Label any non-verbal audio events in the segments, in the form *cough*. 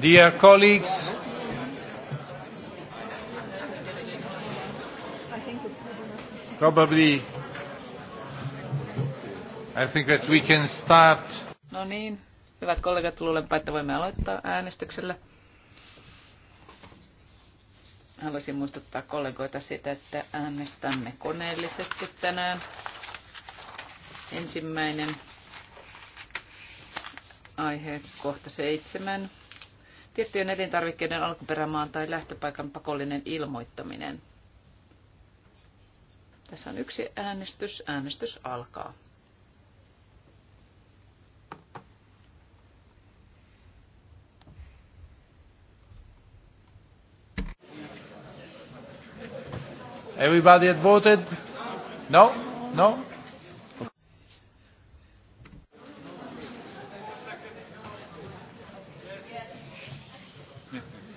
Dear colleagues, probably I think that we can start. No niin, hyvät kollegat, luulenpa, että voimme aloittaa äänestyksellä. Haluaisin muistuttaa kollegoita siitä, että äänestämme koneellisesti tänään. Ensimmäinen aihe kohta seitsemän Tiettyjen elintarvikkeiden alkuperämaan tai lähtöpaikan pakollinen ilmoittaminen. Tässä on yksi äänestys. Äänestys alkaa. Everybody had voted? No? No?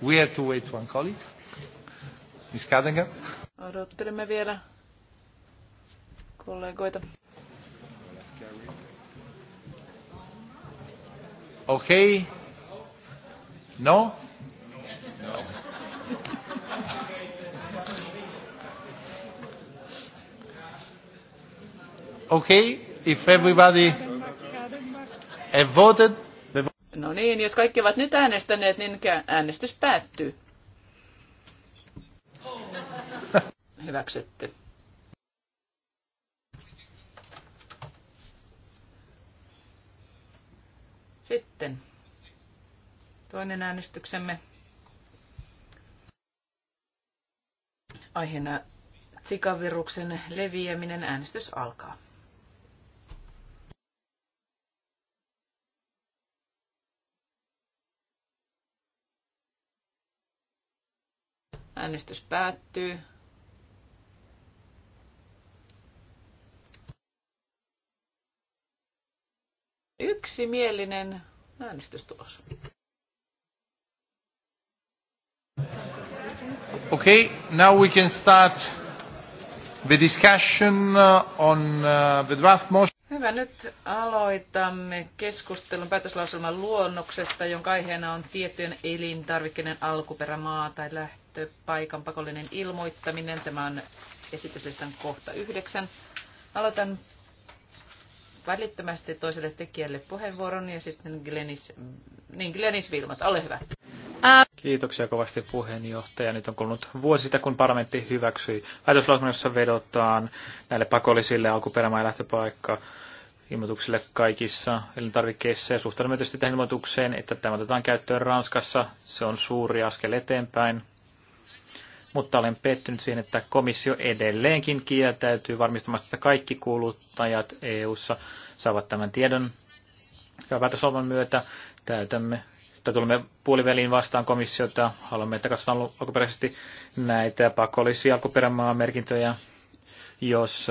We have to wait one colleague. Ms. Kadenga. Odottelemme vielä kollegoita. Okay. No? No. okay, if everybody have voted, No niin, jos kaikki ovat nyt äänestäneet, niin äänestys päättyy. Hyväksytty. Sitten toinen äänestyksemme. Aiheena sikaviruksen leviäminen. Äänestys alkaa. Äänestys päättyy. Yksimielinen äänestystulos. Okay, now we can start the discussion uh, on uh, the draft motion. Hyvä, nyt aloitamme keskustelun päätöslauselman luonnoksesta, jonka aiheena on tiettyjen elintarvikkeiden alkuperämaa tai lähtöpaikan pakollinen ilmoittaminen. Tämä on esityslistan kohta yhdeksän. Aloitan välittömästi toiselle tekijälle puheenvuoron ja sitten Glenis, niin Glenis Vilmat, ole hyvä. Kiitoksia kovasti puheenjohtaja. Nyt on kulunut vuosi sitä, kun parlamentti hyväksyi päätöslauselman, jossa vedotaan näille pakollisille alkuperämaa- ja lähtöpaikka ilmoitukselle kaikissa elintarvikkeissa ja suhtaudumme tietysti tähän ilmoitukseen, että tämä otetaan käyttöön Ranskassa. Se on suuri askel eteenpäin. Mutta olen pettynyt siihen, että komissio edelleenkin kieltäytyy varmistamasta, että kaikki kuluttajat EU:ssa saavat tämän tiedon. Päätösolman myötä täytämme tai tulemme puoliväliin vastaan komissiota. Haluamme, että katsotaan alkuperäisesti näitä pakollisia alkuperämaamerkintöjä, jos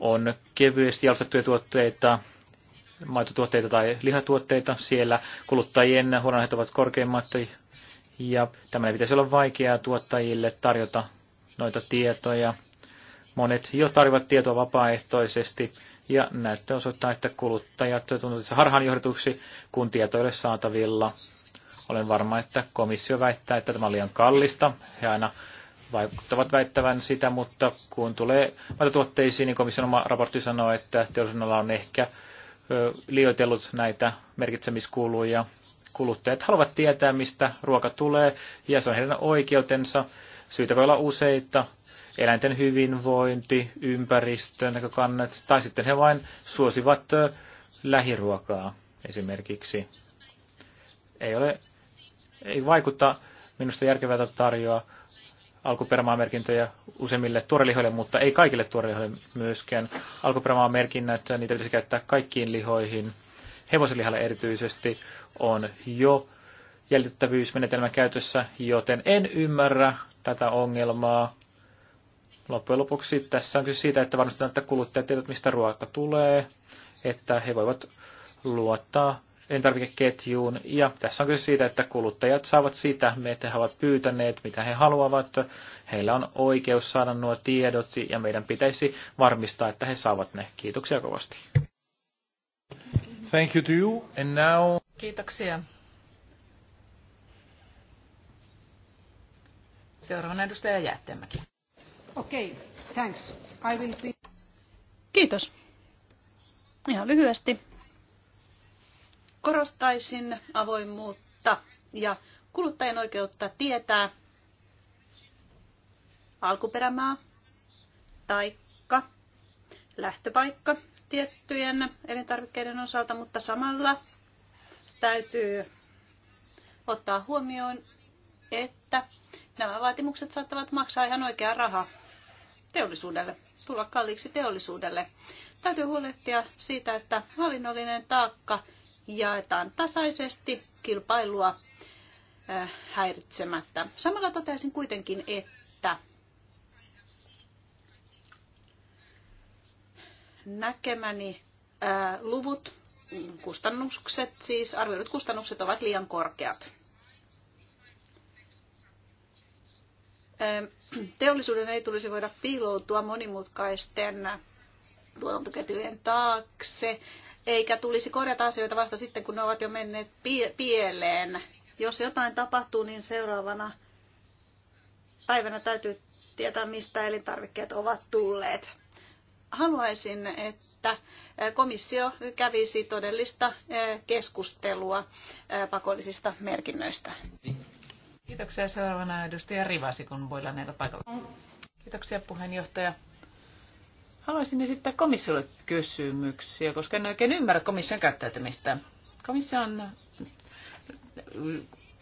on kevyesti jalostettuja tuotteita, maitotuotteita tai lihatuotteita. Siellä kuluttajien huolenaiheet ovat korkeimmat ja tämä pitäisi olla vaikeaa tuottajille tarjota noita tietoja. Monet jo tarjoavat tietoa vapaaehtoisesti ja näyttö osoittaa, että kuluttajat tuntuvat harhaanjohdetuksi, kun tieto ei ole saatavilla. Olen varma, että komissio väittää, että tämä on liian kallista. He aina vaikuttavat väittävän sitä, mutta kun tulee tuotteisiin, niin komission oma raportti sanoo, että teollisuudella on ehkä liioitellut näitä merkitsemiskuluja. Kuluttajat haluavat tietää, mistä ruoka tulee, ja se on heidän oikeutensa. Syitä voi olla useita, eläinten hyvinvointi, ympäristön näkökannat, tai sitten he vain suosivat lähiruokaa esimerkiksi. Ei, ole, ei vaikuta minusta järkevältä tarjoa alkuperämaamerkintöjä useimmille tuorelihoille, mutta ei kaikille tuorelihoille myöskään. Alkuperämaamerkinnät, niitä pitäisi käyttää kaikkiin lihoihin. Hevosenlihalle erityisesti on jo jäljitettävyysmenetelmä käytössä, joten en ymmärrä tätä ongelmaa. Loppujen lopuksi tässä on kyse siitä, että varmistetaan, että kuluttajat tietävät, mistä ruoka tulee, että he voivat luottaa elintarvikeketjuun. Ja tässä on kyse siitä, että kuluttajat saavat sitä, mitä he ovat pyytäneet, mitä he haluavat. Heillä on oikeus saada nuo tiedot ja meidän pitäisi varmistaa, että he saavat ne. Kiitoksia kovasti. Thank you to you. And now... Kiitoksia. Seuraavana edustaja Jäätteenmäki. Okei, okay, thanks. I will be... Kiitos. Ihan lyhyesti Korostaisin avoimuutta ja kuluttajan oikeutta tietää alkuperämaa tai lähtöpaikka tiettyjen elintarvikkeiden osalta, mutta samalla täytyy ottaa huomioon, että nämä vaatimukset saattavat maksaa ihan oikea raha teollisuudelle, tulla kalliiksi teollisuudelle. Täytyy huolehtia siitä, että hallinnollinen taakka jaetaan tasaisesti kilpailua äh, häiritsemättä. Samalla toteaisin kuitenkin, että näkemäni äh, luvut, mm, kustannukset, siis arvioidut kustannukset ovat liian korkeat. Äh, teollisuuden ei tulisi voida piiloutua monimutkaisten tuotantoketjujen taakse eikä tulisi korjata asioita vasta sitten, kun ne ovat jo menneet pieleen. Jos jotain tapahtuu, niin seuraavana päivänä täytyy tietää, mistä elintarvikkeet ovat tulleet. Haluaisin, että komissio kävisi todellista eh, keskustelua eh, pakollisista merkinnöistä. Kiitoksia seuraavana edustaja Rivasi, kun näillä paikalla. Mm. Kiitoksia puheenjohtaja. Haluaisin esittää komissiolle kysymyksiä, koska en oikein ymmärrä komission käyttäytymistä. Komissio on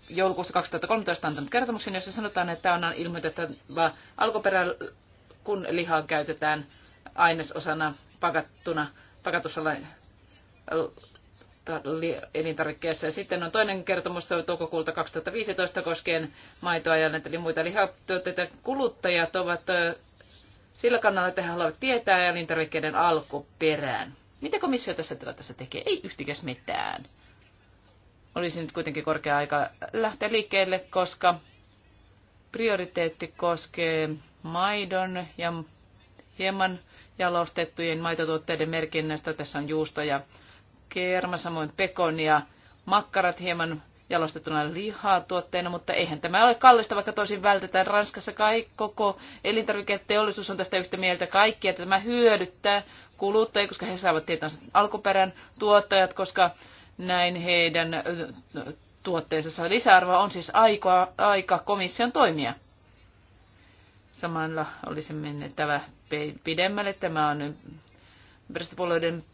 joulukuussa 2013 antanut kertomuksen, jossa sanotaan, että on ilmoitettava alkuperä, kun lihaa käytetään ainesosana pakattuna, pakatussa äh, elintarvikkeessa. Ja sitten on toinen kertomus toukokuulta 2015 koskien maitoa ja näitä muita lihatuotteita. Kuluttajat ovat äh, sillä kannalla, että he haluavat tietää elintarvikkeiden alkuperään. Mitä komissio tässä tilanteessa tekee? Ei yhtikäs mitään. Olisi nyt kuitenkin korkea aika lähteä liikkeelle, koska prioriteetti koskee maidon ja hieman jalostettujen maitotuotteiden merkinnästä. Tässä on juusto ja kerma, samoin pekonia, makkarat hieman jalostettuna lihaa tuotteena, mutta eihän tämä ole kallista, vaikka toisin vältetään. Ranskassa kai koko elintarviketeollisuus on tästä yhtä mieltä kaikki, että tämä hyödyttää kuluttajia, koska he saavat tietää alkuperän tuottajat, koska näin heidän tuotteensa saa lisäarvoa. On siis aika, aika komission toimia. Samalla olisi mennettävä pidemmälle. Tämä on ympäristöpuolueiden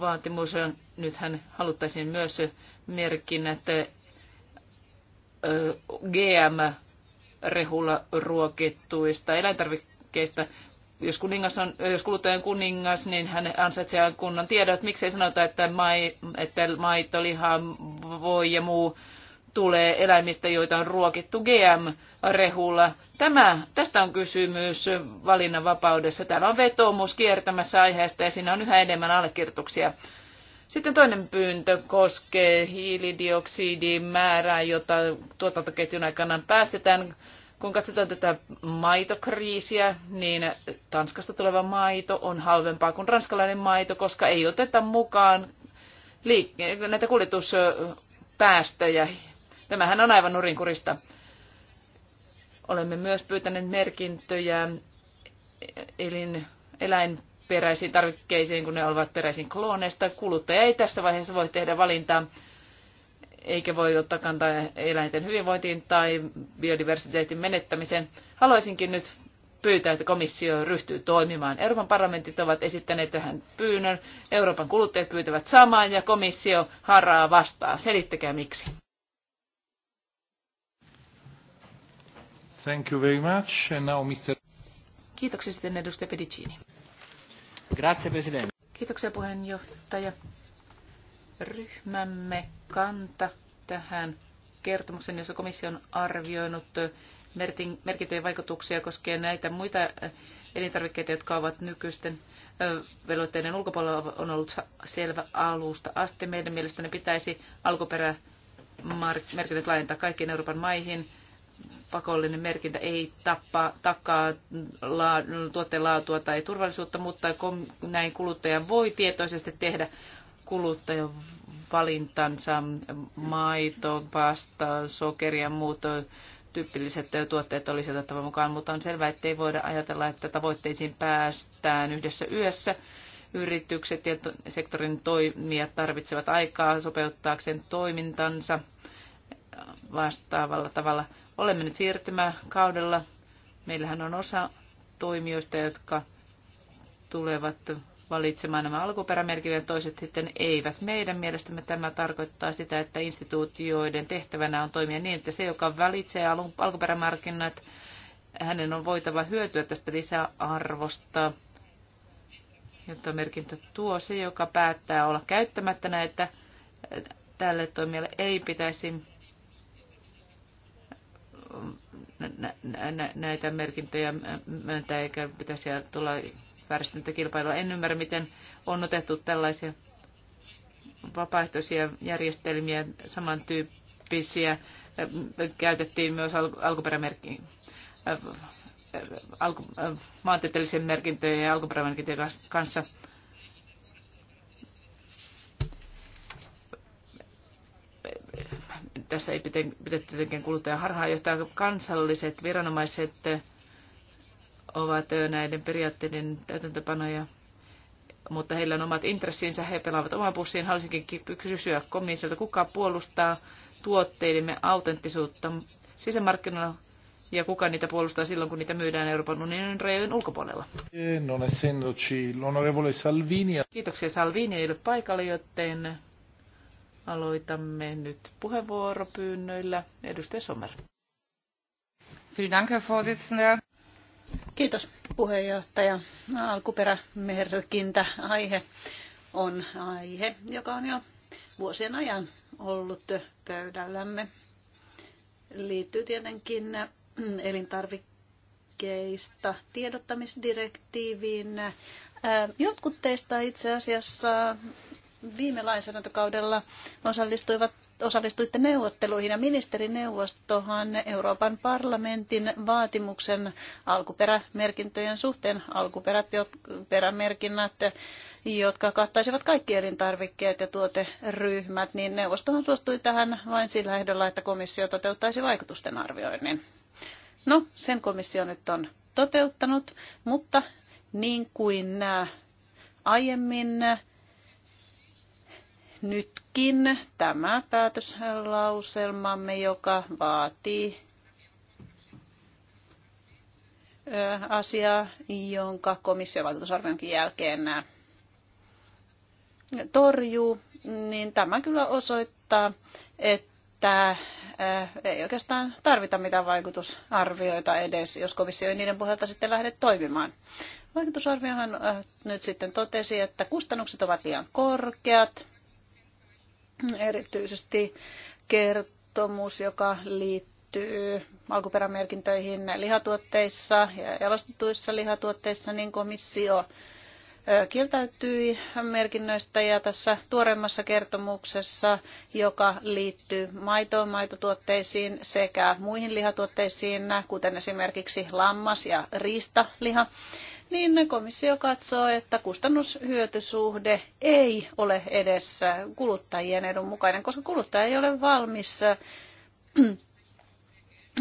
vaatimus. Nythän haluttaisiin myös että GM-rehulla ruokittuista eläintarvikkeista. Jos, kuningas on, jos kuluttaja on kuningas, niin hän ansaitsee kunnon tiedot. Miksei sanota, että, mai, että maito, liha, voi ja muu tulee eläimistä, joita on ruokittu GM-rehulla. Tämä, tästä on kysymys valinnanvapaudessa. Täällä on vetoomus kiertämässä aiheesta ja siinä on yhä enemmän allekirjoituksia. Sitten toinen pyyntö koskee hiilidioksidin määrää, jota tuotantoketjun aikana päästetään. Kun katsotaan tätä maitokriisiä, niin Tanskasta tuleva maito on halvempaa kuin ranskalainen maito, koska ei oteta mukaan liik- näitä kuljetuspäästöjä Tämähän on aivan nurinkurista. Olemme myös pyytäneet merkintöjä elin, eläinperäisiin tarvikkeisiin, kun ne ovat peräisin klooneista. Kuluttaja ei tässä vaiheessa voi tehdä valintaa, eikä voi ottaa kantaa eläinten hyvinvointiin tai biodiversiteetin menettämiseen. Haluaisinkin nyt pyytää, että komissio ryhtyy toimimaan. Euroopan parlamentit ovat esittäneet tähän pyynnön, Euroopan kuluttajat pyytävät samaan ja komissio haraa vastaa. Selittäkää miksi. Thank you very much. And now Mr. Kiitoksia sitten edustaja Pedicini. Grazie, Presidente. Kiitoksia puheenjohtaja. Ryhmämme kanta tähän kertomuksen, jossa komissio on arvioinut merkintöjen vaikutuksia koskien näitä muita elintarvikkeita, jotka ovat nykyisten velvoitteiden ulkopuolella, on ollut selvä alusta asti. Meidän mielestäni pitäisi alkuperämerkinnät laajentaa kaikkiin Euroopan maihin pakollinen merkintä ei tappaa, takaa tuotteen laatua tai turvallisuutta, mutta näin kuluttaja voi tietoisesti tehdä kuluttajan valintansa maito, pasta, sokeri ja muut tyypilliset tuotteet olisi otettava mukaan, mutta on selvää, että ei voida ajatella, että tavoitteisiin päästään yhdessä yössä. Yritykset ja sektorin toimijat tarvitsevat aikaa sopeuttaakseen toimintansa vastaavalla tavalla Olemme nyt siirtymäkaudella. Meillähän on osa toimijoista, jotka tulevat valitsemaan nämä alkuperämerkinnät, toiset sitten eivät. Meidän mielestämme tämä tarkoittaa sitä, että instituutioiden tehtävänä on toimia niin, että se, joka valitsee alkuperämarkkinat, hänen on voitava hyötyä tästä lisäarvosta, jotta merkintä tuo se, joka päättää olla käyttämättä näitä. Tälle toimijalle ei pitäisi näitä merkintöjä myöntää, eikä pitäisi tulla vääristynyttä kilpailua. En ymmärrä, miten on otettu tällaisia vapaaehtoisia järjestelmiä, samantyyppisiä. Käytettiin myös alkuperämerkkiä äh, äh, äh, alku, maantieteellisen merkintöjen ja alkuperämerkintöjen kanssa. Tässä ei pidä tietenkään kuluttaja harhaa, josta kansalliset viranomaiset ovat näiden periaatteiden täytäntöpanoja mutta heillä on omat intressinsä, he pelaavat oman pussiin. Haluaisinkin kysyä komissiolta, kuka puolustaa tuotteidemme autenttisuutta sisämarkkinoilla ja kuka niitä puolustaa silloin, kun niitä myydään Euroopan unionin rajojen ulkopuolella. Eh, Kiitoksia Salvini ei ole paikalla, joten Aloitamme nyt puheenvuoropyynnöillä. Edustaja Sommer. Kiitos puheenjohtaja. Alkuperämerkintä aihe on aihe, joka on jo vuosien ajan ollut pöydällämme. Liittyy tietenkin elintarvikkeista tiedottamisdirektiiviin. Jotkut teistä itse asiassa viime lainsäädäntökaudella osallistuivat, osallistuitte neuvotteluihin ja ministerineuvostohan Euroopan parlamentin vaatimuksen alkuperämerkintöjen suhteen alkuperät, perämerkinnät, jotka kattaisivat kaikki elintarvikkeet ja tuoteryhmät, niin neuvostohan suostui tähän vain sillä ehdolla, että komissio toteuttaisi vaikutusten arvioinnin. No, sen komissio nyt on toteuttanut, mutta niin kuin äh, aiemmin nytkin tämä päätöslauselmamme, joka vaatii asiaa, jonka komission vaikutusarvionkin jälkeen torjuu, niin tämä kyllä osoittaa, että ei oikeastaan tarvita mitään vaikutusarvioita edes, jos komissio ei niiden pohjalta sitten lähde toimimaan. Vaikutusarviohan nyt sitten totesi, että kustannukset ovat liian korkeat, erityisesti kertomus, joka liittyy alkuperämerkintöihin lihatuotteissa ja jalostetuissa lihatuotteissa, niin komissio kieltäytyi merkinnöistä ja tässä tuoreimmassa kertomuksessa, joka liittyy maitoon, maitotuotteisiin sekä muihin lihatuotteisiin, kuten esimerkiksi lammas- ja riistaliha, niin komissio katsoo, että kustannushyötysuhde ei ole edessä kuluttajien edun mukainen, koska kuluttaja ei ole valmis äh, *clears throat*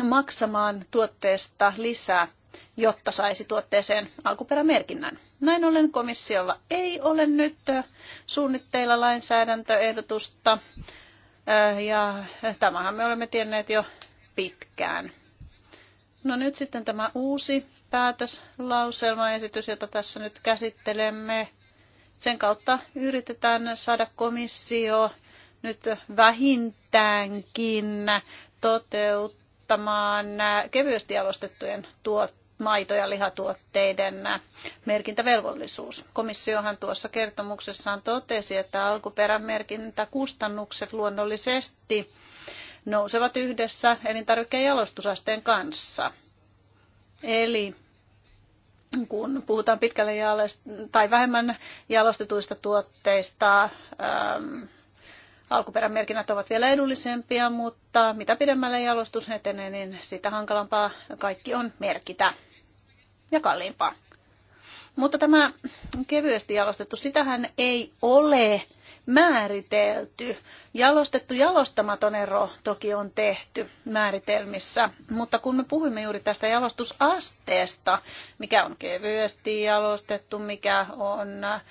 maksamaan tuotteesta lisää, jotta saisi tuotteeseen alkuperämerkinnän. Näin ollen komissiolla ei ole nyt äh, suunnitteilla lainsäädäntöehdotusta, äh, ja tämähän me olemme tienneet jo pitkään. No nyt sitten tämä uusi päätöslauselmaesitys, jota tässä nyt käsittelemme. Sen kautta yritetään saada komissio nyt vähintäänkin toteuttamaan kevyesti alostettujen tuot, maito- ja lihatuotteiden merkintävelvollisuus. Komissiohan tuossa kertomuksessaan totesi, että alkuperämerkintäkustannukset luonnollisesti nousevat yhdessä elintarvikkeen jalostusasteen kanssa. Eli kun puhutaan pitkälle jalest- tai vähemmän jalostetuista tuotteista, ähm, alkuperämerkinnät ovat vielä edullisempia, mutta mitä pidemmälle jalostus etenee, niin sitä hankalampaa kaikki on merkitä ja kalliimpaa. Mutta tämä kevyesti jalostettu, sitähän ei ole määritelty. Jalostettu jalostamaton ero toki on tehty määritelmissä, mutta kun me puhumme juuri tästä jalostusasteesta, mikä on kevyesti jalostettu, mikä on äh,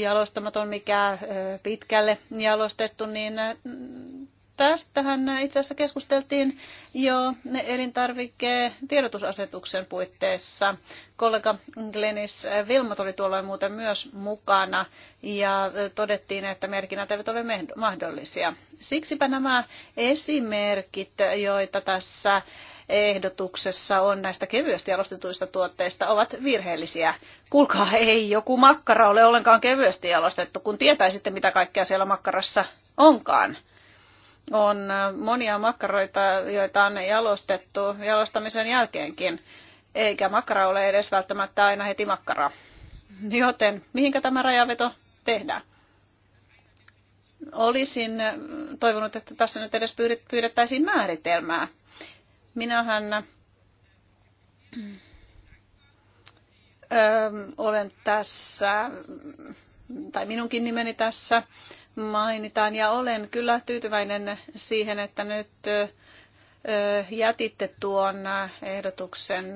jalostamaton, mikä äh, pitkälle jalostettu, niin mm, Tästähän itse asiassa keskusteltiin jo elintarvikkeen tiedotusasetuksen puitteissa. Kollega Glenis Vilmat oli tuolloin muuten myös mukana ja todettiin, että merkinnät eivät ole mahdollisia. Siksipä nämä esimerkit, joita tässä ehdotuksessa on näistä kevyesti jalostetuista tuotteista ovat virheellisiä. Kuulkaa, ei joku makkara ole ollenkaan kevyesti jalostettu, kun tietäisitte mitä kaikkea siellä makkarassa onkaan on monia makkaroita, joita on jalostettu jalostamisen jälkeenkin, eikä makkara ole edes välttämättä aina heti makkara. Joten mihinkä tämä rajaveto tehdään? Olisin toivonut, että tässä nyt edes pyydettäisiin määritelmää. Minähän öö, olen tässä, tai minunkin nimeni tässä, mainitaan. Ja olen kyllä tyytyväinen siihen, että nyt jätitte tuon ehdotuksen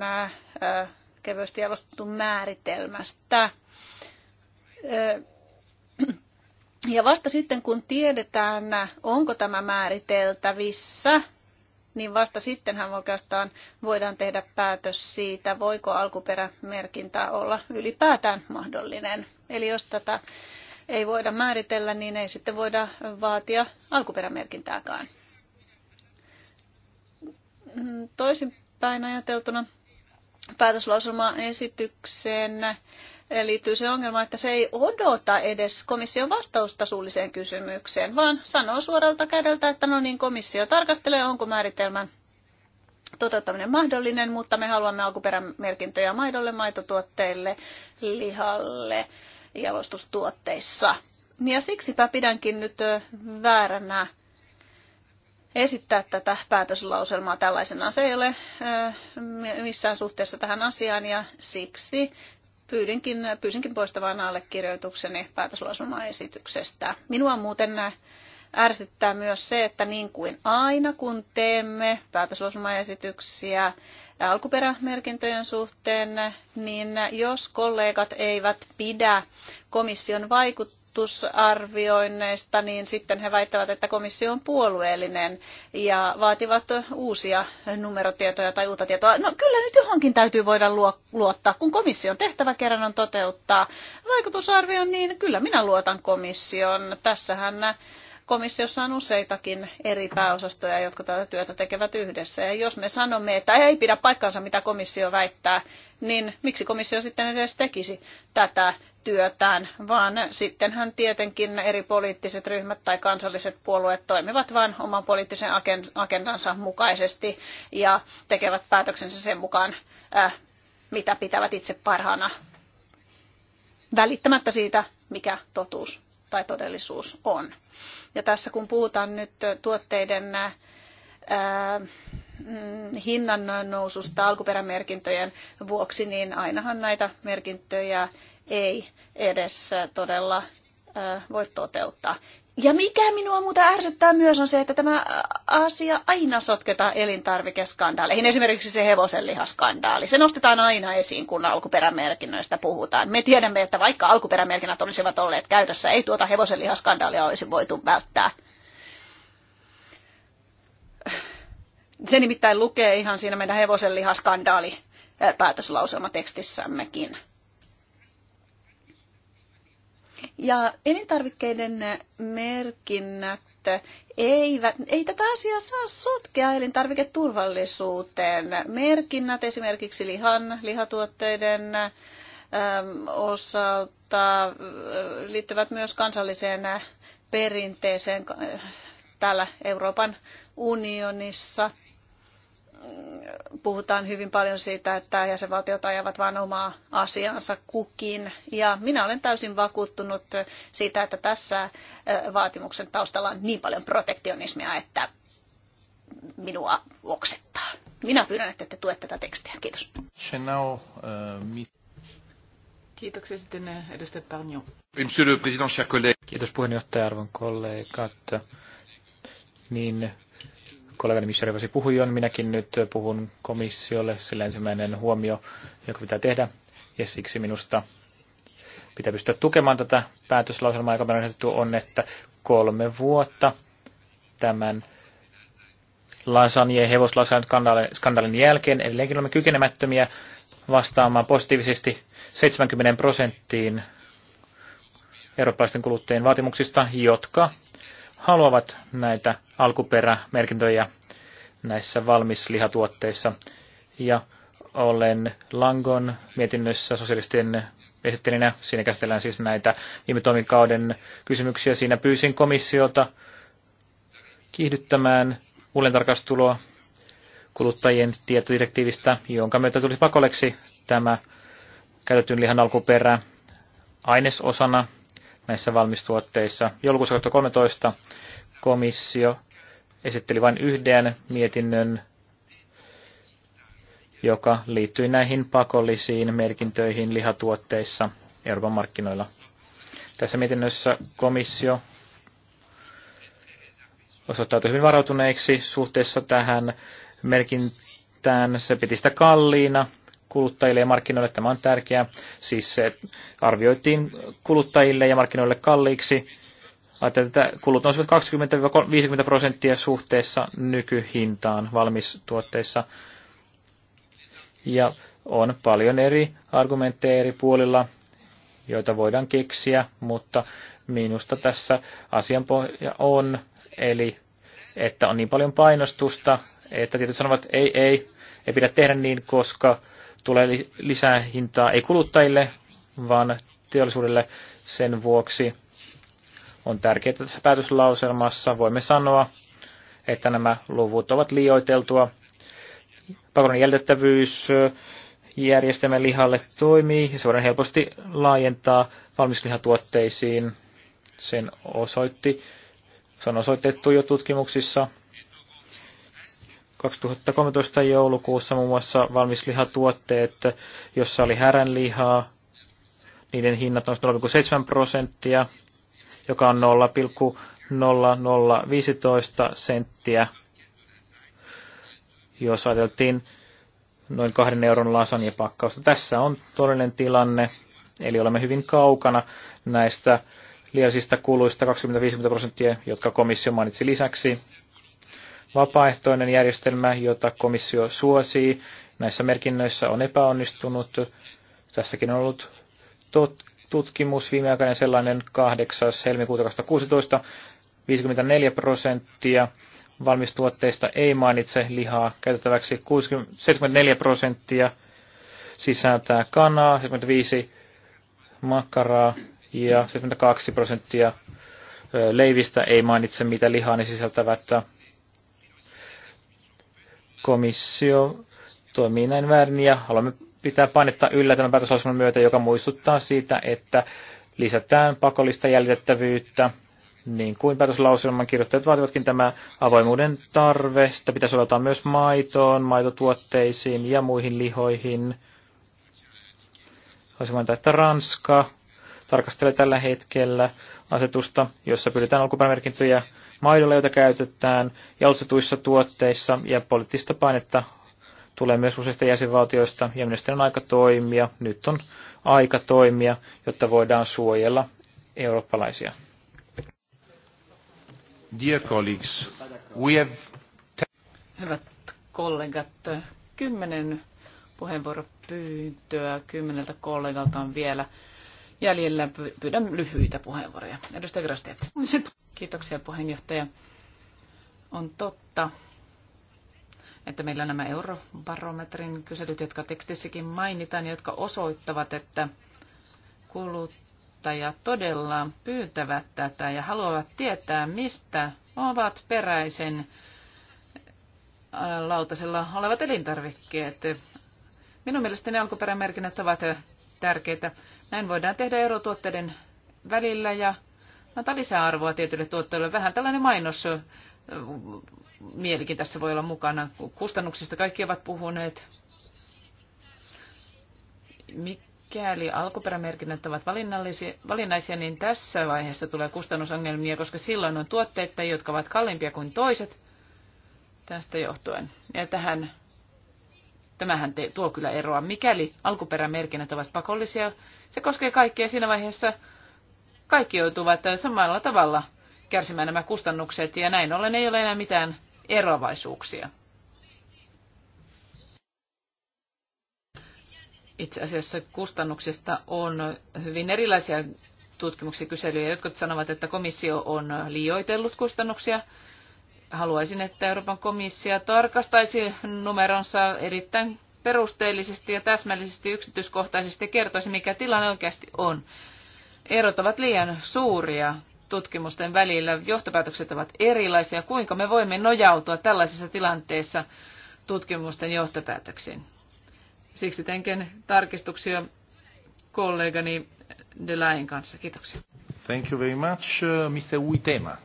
kevyesti jalostetun määritelmästä. Ja vasta sitten, kun tiedetään, onko tämä määriteltävissä, niin vasta sittenhän oikeastaan voidaan tehdä päätös siitä, voiko alkuperämerkintä olla ylipäätään mahdollinen. Eli jos tätä ei voida määritellä, niin ei sitten voida vaatia alkuperämerkintääkään. Toisinpäin ajateltuna päätöslauselmaesitykseen liittyy se ongelma, että se ei odota edes komission vastausta suulliseen kysymykseen, vaan sanoo suoralta kädeltä, että no niin, komissio tarkastelee, onko määritelmän toteuttaminen mahdollinen, mutta me haluamme alkuperämerkintöjä maidolle, maitotuotteille, lihalle jalostustuotteissa. Ja siksipä pidänkin nyt vääränä esittää tätä päätöslauselmaa tällaisenaan. Se ei ole missään suhteessa tähän asiaan ja siksi pyydinkin, pyysinkin poistamaan allekirjoitukseni esityksestä. Minua muuten ärsyttää myös se, että niin kuin aina kun teemme päätöslauselmaesityksiä, alkuperämerkintöjen suhteen, niin jos kollegat eivät pidä komission vaikuttaa, arvioinneista, niin sitten he väittävät, että komissio on puolueellinen ja vaativat uusia numerotietoja tai uutta tietoa. No kyllä nyt johonkin täytyy voida luottaa, kun komission tehtävä kerran on toteuttaa vaikutusarvion, niin kyllä minä luotan komission. Tässähän komissiossa on useitakin eri pääosastoja, jotka tätä työtä tekevät yhdessä. Ja jos me sanomme, että ei pidä paikkaansa, mitä komissio väittää, niin miksi komissio sitten edes tekisi tätä työtään, vaan sittenhän tietenkin eri poliittiset ryhmät tai kansalliset puolueet toimivat vain oman poliittisen agendansa mukaisesti ja tekevät päätöksensä sen mukaan, äh, mitä pitävät itse parhaana, välittämättä siitä, mikä totuus tai todellisuus on. Ja tässä kun puhutaan nyt tuotteiden ää, mm, hinnan noususta alkuperämerkintöjen vuoksi, niin ainahan näitä merkintöjä ei edes todella voi toteuttaa. Ja mikä minua muuta ärsyttää myös on se, että tämä asia aina sotketaan elintarvikeskandaaleihin. Esimerkiksi se lihaskandaali. Se nostetaan aina esiin, kun alkuperämerkinnöistä puhutaan. Me tiedämme, että vaikka alkuperämerkinnät olisivat olleet käytössä, ei tuota lihaskandaalia olisi voitu välttää. Se nimittäin lukee ihan siinä meidän hevosenlihaskandaali päätöslauselmatekstissämmekin. Ja elintarvikkeiden merkinnät eivät, ei tätä asiaa saa sotkea elintarviketurvallisuuteen. Merkinnät esimerkiksi lihan, lihatuotteiden ähm, osalta äh, liittyvät myös kansalliseen perinteeseen äh, täällä Euroopan unionissa – puhutaan hyvin paljon siitä, että jäsenvaltiot ajavat vain omaa asiansa kukin. Ja minä olen täysin vakuuttunut siitä, että tässä vaatimuksen taustalla on niin paljon protektionismia, että minua oksettaa. Minä pyydän, että te tuette tätä tekstiä. Kiitos. Euh, Kiitoksia sitten edustaja Parnio. Monsieur Kiitos puheenjohtaja, arvon kollegat. Niin kollegani Michel Rivasi puhui on, minäkin nyt puhun komissiolle, sillä ensimmäinen huomio, joka pitää tehdä, ja siksi minusta pitää pystyä tukemaan tätä päätöslauselmaa, joka on ehdotettu, on, että kolme vuotta tämän lasagne hevoslasan skandaalin jälkeen edelleenkin olemme kykenemättömiä vastaamaan positiivisesti 70 prosenttiin eurooppalaisten kuluttajien vaatimuksista, jotka haluavat näitä alkuperämerkintöjä näissä valmislihatuotteissa. Ja olen Langon mietinnössä sosialistien esittelinä. Siinä käsitellään siis näitä viime toimikauden kysymyksiä. Siinä pyysin komissiota kiihdyttämään uudentarkastuloa kuluttajien tietodirektiivistä, jonka myötä tulisi pakolleksi tämä käytetyn lihan alkuperä ainesosana näissä valmistuotteissa. Joulukuussa 2013 komissio esitteli vain yhden mietinnön, joka liittyi näihin pakollisiin merkintöihin lihatuotteissa Euroopan markkinoilla. Tässä mietinnössä komissio osoittautui hyvin varautuneeksi suhteessa tähän merkintään. Se piti sitä kalliina kuluttajille ja markkinoille. Tämä on tärkeää. Siis se arvioitiin kuluttajille ja markkinoille kalliiksi. Ajattelin, että kulut nousivat 20-50 prosenttia suhteessa nykyhintaan valmistuotteissa. Ja on paljon eri argumentteja eri puolilla, joita voidaan keksiä, mutta minusta tässä asianpohja on, eli että on niin paljon painostusta, että tietyt sanovat, ei, ei, ei pidä tehdä niin, koska tulee lisää hintaa ei kuluttajille, vaan teollisuudelle sen vuoksi. On tärkeää, että tässä päätöslauselmassa voimme sanoa, että nämä luvut ovat liioiteltua. Pakon jäljitettävyys järjestelmän lihalle toimii ja se voidaan helposti laajentaa valmislihatuotteisiin. Sen osoitti, se on osoitettu jo tutkimuksissa 2013 joulukuussa muun muassa valmislihatuotteet, jossa oli häränlihaa, niiden hinnat nousi 0,7 prosenttia, joka on 0,0015 senttiä, jos ajateltiin noin kahden euron pakkausta. Tässä on todellinen tilanne, eli olemme hyvin kaukana näistä liiallisista kuluista 20-50 prosenttia, jotka komissio mainitsi lisäksi Vapaaehtoinen järjestelmä, jota komissio suosii, näissä merkinnöissä on epäonnistunut. Tässäkin on ollut tot- tutkimus, viimeaikainen sellainen 8. helmikuuta 2016, 54 prosenttia valmistuotteista ei mainitse lihaa käytettäväksi, 60, 74 prosenttia sisältää kanaa, 75 makkaraa ja 72 prosenttia leivistä ei mainitse, mitä lihaa ne sisältävät komissio toimii näin väärin ja haluamme pitää painetta yllä tämän päätöslauselman myötä, joka muistuttaa siitä, että lisätään pakollista jäljitettävyyttä. Niin kuin päätöslauselman kirjoittajat vaativatkin tämä avoimuuden tarve, sitä pitäisi soveltaa myös maitoon, maitotuotteisiin ja muihin lihoihin. Voisi mainita, että Ranska tarkastelee tällä hetkellä asetusta, jossa pyritään alkuperämerkintöjä maidolla, jota käytetään jalostetuissa tuotteissa ja poliittista painetta tulee myös useista jäsenvaltioista ja mielestäni on aika toimia. Nyt on aika toimia, jotta voidaan suojella eurooppalaisia. Dear colleagues, we have... Hyvät kollegat, kymmenen puheenvuoropyyntöä kymmeneltä kollegalta on vielä jäljellä. Pyydän lyhyitä puheenvuoroja. Edustaja Grasteet. Kiitoksia puheenjohtaja. On totta, että meillä nämä eurobarometrin kyselyt, jotka tekstissäkin mainitaan, jotka osoittavat, että kuluttajat todella pyytävät tätä ja haluavat tietää, mistä ovat peräisen äh, lautasella olevat elintarvikkeet. Minun mielestäni alkuperämerkinnät ovat tärkeitä. Näin voidaan tehdä erotuotteiden välillä ja antaa arvoa tietylle tuotteelle. Vähän tällainen mainos mielikin tässä voi olla mukana. Kustannuksista kaikki ovat puhuneet. Mikäli alkuperämerkinnät ovat valinnaisia, niin tässä vaiheessa tulee kustannusongelmia, koska silloin on tuotteita, jotka ovat kalliimpia kuin toiset tästä johtuen. Ja tähän, tämähän te, tuo kyllä eroa. Mikäli alkuperämerkinnät ovat pakollisia, se koskee kaikkia siinä vaiheessa kaikki joutuvat samalla tavalla kärsimään nämä kustannukset ja näin ollen ei ole enää mitään eroavaisuuksia. Itse asiassa kustannuksista on hyvin erilaisia tutkimuksia kyselyjä. Jotkut sanovat, että komissio on liioitellut kustannuksia. Haluaisin, että Euroopan komissio tarkastaisi numeronsa erittäin perusteellisesti ja täsmällisesti yksityiskohtaisesti ja kertoisi, mikä tilanne oikeasti on erot ovat liian suuria tutkimusten välillä. Johtopäätökset ovat erilaisia. Kuinka me voimme nojautua tällaisessa tilanteessa tutkimusten johtopäätöksiin? Siksi teenkin tarkistuksia kollegani Delain kanssa. Kiitoksia. Thank you very much, uh, Mr. Uitema.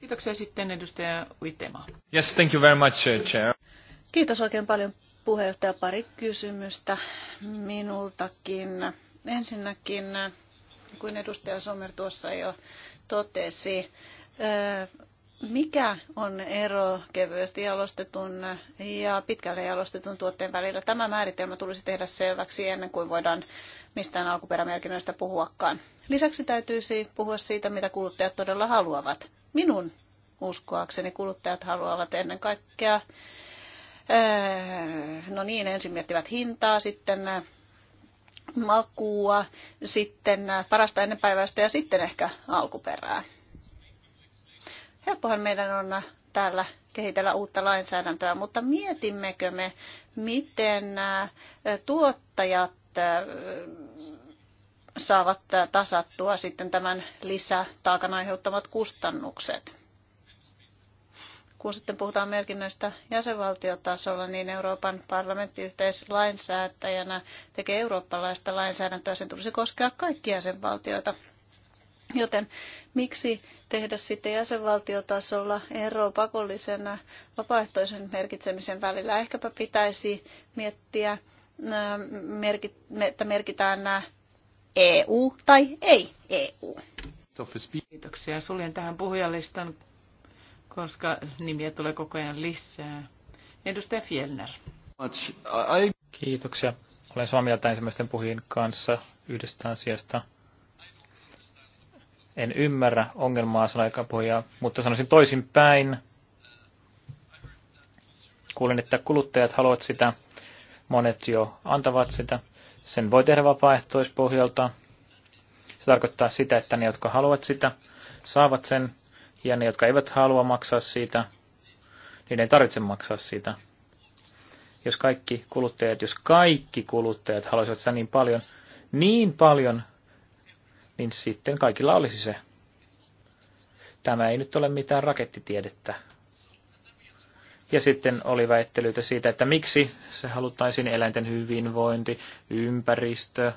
Kiitoksia sitten edustaja Uitema. Yes, thank you very much, uh, Chair. Kiitos oikein paljon puheenjohtaja. Pari kysymystä minultakin. Ensinnäkin kuin edustaja Sommer tuossa jo totesi. Mikä on ero kevyesti jalostetun ja pitkälle jalostetun tuotteen välillä? Tämä määritelmä tulisi tehdä selväksi ennen kuin voidaan mistään alkuperämerkinnöistä puhuakaan. Lisäksi täytyisi puhua siitä, mitä kuluttajat todella haluavat. Minun uskoakseni kuluttajat haluavat ennen kaikkea, no niin, ensin miettivät hintaa, sitten makua, sitten äh, parasta ennenpäiväistä ja sitten ehkä alkuperää. Helppohan meidän on äh, täällä kehitellä uutta lainsäädäntöä, mutta mietimmekö me, miten äh, tuottajat saavat tasattua sitten tämän lisätaakan aiheuttamat kustannukset? kun sitten puhutaan merkinnöistä jäsenvaltiotasolla, niin Euroopan parlamentti yhteislainsäätäjänä tekee eurooppalaista lainsäädäntöä. Sen tulisi koskea kaikkia jäsenvaltioita. Joten miksi tehdä sitten jäsenvaltiotasolla ero pakollisena vapaaehtoisen merkitsemisen välillä? Ehkäpä pitäisi miettiä, että merkitään nämä EU tai ei EU. Kiitoksia. Suljen tähän puhujalistan koska nimiä tulee koko ajan lisää. Edustaja Fjellner. Kiitoksia. Olen samaa mieltä ensimmäisten puhujien kanssa yhdestä asiasta. En ymmärrä ongelmaa salaikapuhujaa, mutta sanoisin toisinpäin. Kuulin, että kuluttajat haluavat sitä. Monet jo antavat sitä. Sen voi tehdä vapaaehtoispohjalta. Se tarkoittaa sitä, että ne, jotka haluavat sitä, saavat sen ja ne, jotka eivät halua maksaa siitä, niin ei tarvitse maksaa siitä. Jos kaikki kuluttajat, jos kaikki kuluttajat haluaisivat sitä niin paljon, niin paljon, niin sitten kaikilla olisi se. Tämä ei nyt ole mitään rakettitiedettä. Ja sitten oli väittelyitä siitä, että miksi se haluttaisiin eläinten hyvinvointi, ympäristö,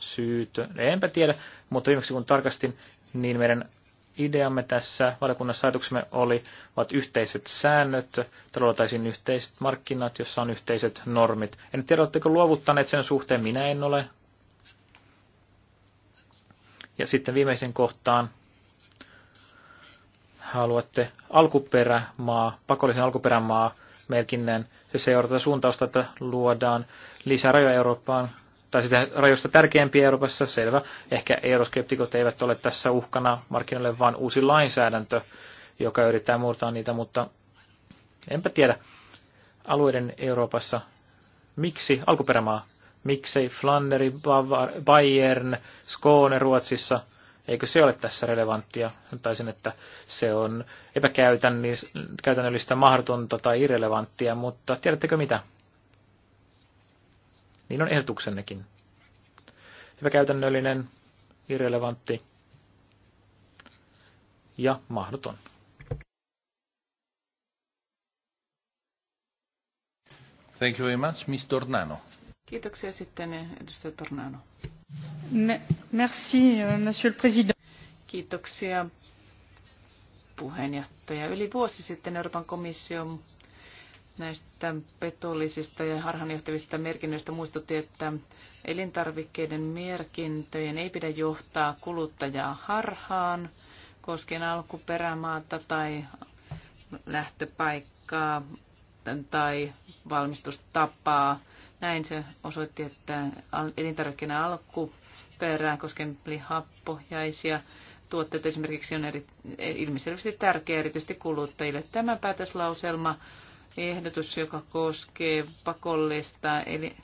syytö. Enpä tiedä, mutta viimeksi kun tarkastin, niin meidän ideamme tässä valiokunnassa ajatuksemme oli, ovat yhteiset säännöt, taloudeltaisiin yhteiset markkinat, jossa on yhteiset normit. En tiedä, oletteko luovuttaneet sen suhteen, minä en ole. Ja sitten viimeisen kohtaan haluatte alkuperämaa, pakollisen alkuperämaa merkinnän. Se seurata suuntausta, että luodaan lisää rajoja Eurooppaan tai sitä rajoista tärkeämpiä Euroopassa, selvä. Ehkä euroskeptikot eivät ole tässä uhkana markkinoille, vaan uusi lainsäädäntö, joka yrittää murtaa niitä, mutta enpä tiedä alueiden Euroopassa, miksi alkuperämaa, miksei Flanderi, Bavar, Bayern, Skåne Ruotsissa, eikö se ole tässä relevanttia? Taisin, että se on epäkäytännöllistä, mahdotonta tai irrelevanttia, mutta tiedättekö mitä? Niin on ehdotuksennekin. Hyvä käytännöllinen, irrelevantti ja mahdoton. Thank you very much, Miss Tornano. Kiitoksia sitten edustaja Tornano. Me, merci, euh, monsieur le président. Kiitoksia puheenjohtaja. Yli vuosi sitten Euroopan komission näistä petollisista ja harhanjohtavista merkinnöistä muistutti, että elintarvikkeiden merkintöjen ei pidä johtaa kuluttajaa harhaan koskien alkuperämaata tai lähtöpaikkaa tai valmistustapaa. Näin se osoitti, että elintarvikkeiden alkuperää koskien lihapohjaisia tuotteet esimerkiksi on eri, ilmiselvästi tärkeä erityisesti kuluttajille. Tämä päätöslauselma ehdotus, joka koskee pakollista eli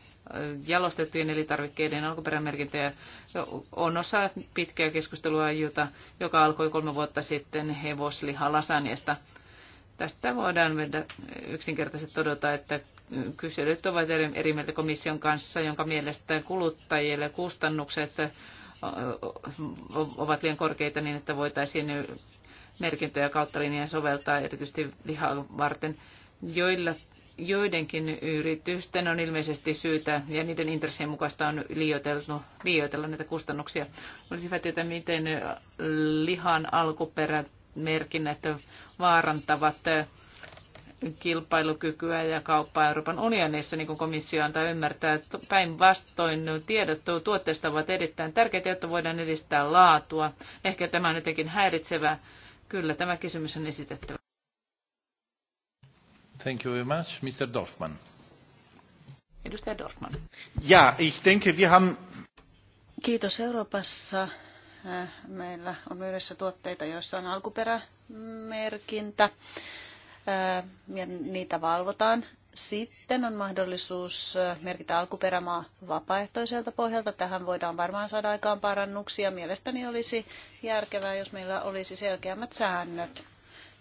jalostettujen elintarvikkeiden alkuperämerkintöjä on osa pitkää keskustelua, jota, joka alkoi kolme vuotta sitten hevoslihalasaniasta. Tästä voidaan mennä yksinkertaisesti todeta, että kyselyt ovat eri, eri mieltä komission kanssa, jonka mielestä kuluttajille kustannukset ovat liian korkeita niin, että voitaisiin merkintöjä kautta linjaa soveltaa erityisesti lihaa varten joilla joidenkin yritysten on ilmeisesti syytä ja niiden intressien mukaista on liioiteltu, liioitella näitä kustannuksia. Olisi hyvä tietää, miten lihan alkuperämerkinnät vaarantavat kilpailukykyä ja kauppaa Euroopan unionissa, niin kuin komissio antaa ymmärtää. Päinvastoin tiedot tuotteista ovat erittäin tärkeitä, jotta voidaan edistää laatua. Ehkä tämä on jotenkin häiritsevä. Kyllä, tämä kysymys on esitettävä. Thank you very much. Mr. Dorfman. Edustaja Dorfman. Ja, ich denke, wir haben... Kiitos Euroopassa. Äh, meillä on yhdessä tuotteita, joissa on alkuperämerkintä äh, ja niitä valvotaan. Sitten on mahdollisuus äh, merkitä alkuperämaa vapaaehtoiselta pohjalta. Tähän voidaan varmaan saada aikaan parannuksia. Mielestäni olisi järkevää, jos meillä olisi selkeämmät säännöt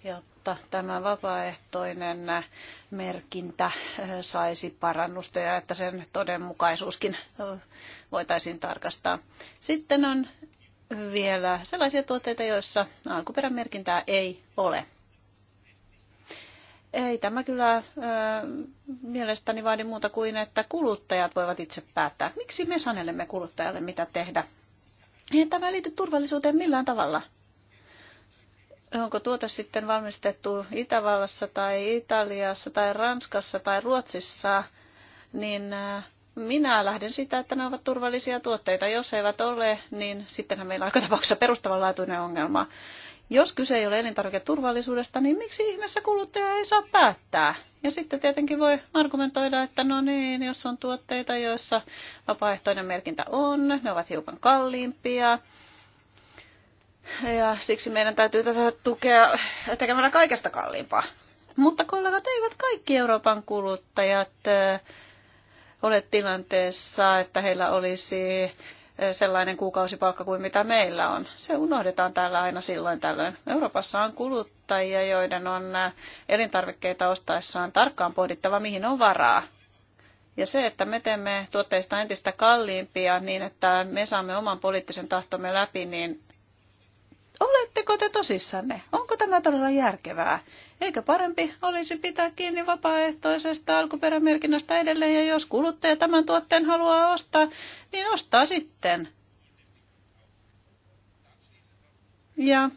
jotta tämä vapaaehtoinen merkintä eh, saisi parannusta ja että sen todenmukaisuuskin eh, voitaisiin tarkastaa. Sitten on vielä sellaisia tuotteita, joissa alkuperämerkintää ei ole. Ei tämä kyllä äh, mielestäni vaadi muuta kuin, että kuluttajat voivat itse päättää. Miksi me sanelemme kuluttajalle, mitä tehdä? Ei tämä liity turvallisuuteen millään tavalla onko tuote sitten valmistettu Itävallassa tai Italiassa tai Ranskassa tai Ruotsissa, niin äh, minä lähden sitä, että ne ovat turvallisia tuotteita. Jos eivät ole, niin sittenhän meillä on aika tapauksessa perustavanlaatuinen ongelma. Jos kyse ei ole elintarviketurvallisuudesta, niin miksi ihmeessä kuluttaja ei saa päättää? Ja sitten tietenkin voi argumentoida, että no niin, jos on tuotteita, joissa vapaaehtoinen merkintä on, ne ovat hiukan kalliimpia, ja siksi meidän täytyy tätä tukea tekemällä kaikesta kalliimpaa. Mutta kollegat, eivät kaikki Euroopan kuluttajat ole tilanteessa, että heillä olisi sellainen kuukausipalkka kuin mitä meillä on. Se unohdetaan täällä aina silloin tällöin. Euroopassa on kuluttajia, joiden on elintarvikkeita ostaessaan tarkkaan pohdittava, mihin on varaa. Ja se, että me teemme tuotteista entistä kalliimpia niin, että me saamme oman poliittisen tahtomme läpi, niin Oletteko te tosissanne? Onko tämä todella järkevää? Eikö parempi olisi pitää kiinni vapaaehtoisesta alkuperämerkinnästä edelleen, ja jos kuluttaja tämän tuotteen haluaa ostaa, niin ostaa sitten. Ja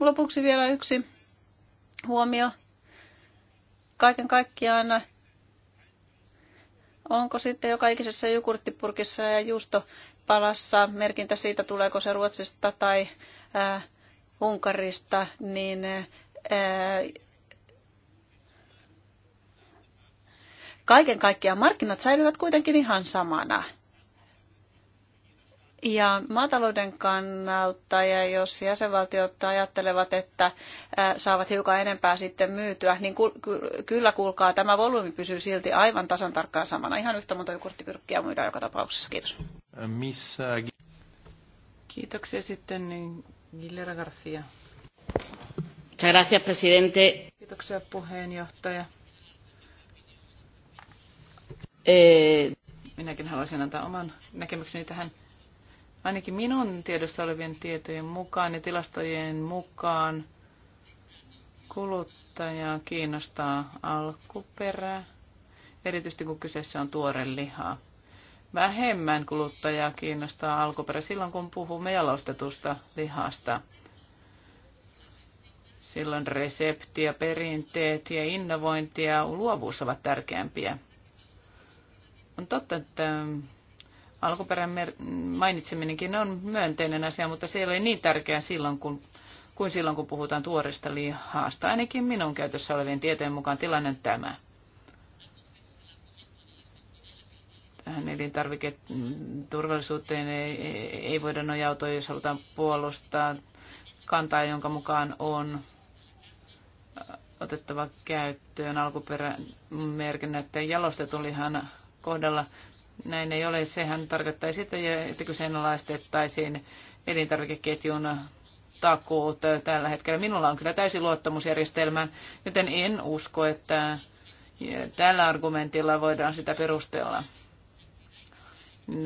lopuksi vielä yksi huomio. Kaiken kaikkiaan, onko sitten joka ikisessä jogurttipurkissa ja juustopalassa merkintä siitä, tuleeko se Ruotsista tai Unkarista, niin kaiken kaikkiaan markkinat säilyvät kuitenkin ihan samana. Ja maatalouden kannalta, ja jos jäsenvaltiot ajattelevat, että saavat hiukan enempää sitten myytyä, niin kyllä kuulkaa, tämä volyymi pysyy silti aivan tasan tarkkaan samana. Ihan yhtä monta jogurttipyrkkiä myydään joka tapauksessa. Kiitos. Missä... Kiitoksia sitten niin. Gilera Garcia. Gracias, presidente. Kiitoksia puheenjohtaja. Eh, Minäkin haluaisin antaa oman näkemykseni tähän. Ainakin minun tiedossa olevien tietojen mukaan ja tilastojen mukaan kuluttajaa kiinnostaa alkuperä, erityisesti kun kyseessä on tuore liha vähemmän kuluttajaa kiinnostaa alkuperä silloin, kun puhumme jalostetusta lihasta. Silloin resepti ja perinteet ja innovointi ja luovuus ovat tärkeämpiä. On totta, että alkuperän mainitseminenkin on myönteinen asia, mutta se ei ole niin tärkeää silloin, kun, kuin silloin, kun puhutaan tuoresta lihasta. Ainakin minun käytössä olevien tietojen mukaan tilanne tämä. tähän elintarviketurvallisuuteen ei, ei voida nojautua, jos halutaan puolustaa kantaa, jonka mukaan on otettava käyttöön alkuperämerkinnät jalostetun lihan kohdalla. Näin ei ole. Sehän tarkoittaisi, että, että kyseenalaistettaisiin elintarvikeketjun takuut tällä hetkellä. Minulla on kyllä täysi luottamusjärjestelmään, joten en usko, että tällä argumentilla voidaan sitä perustella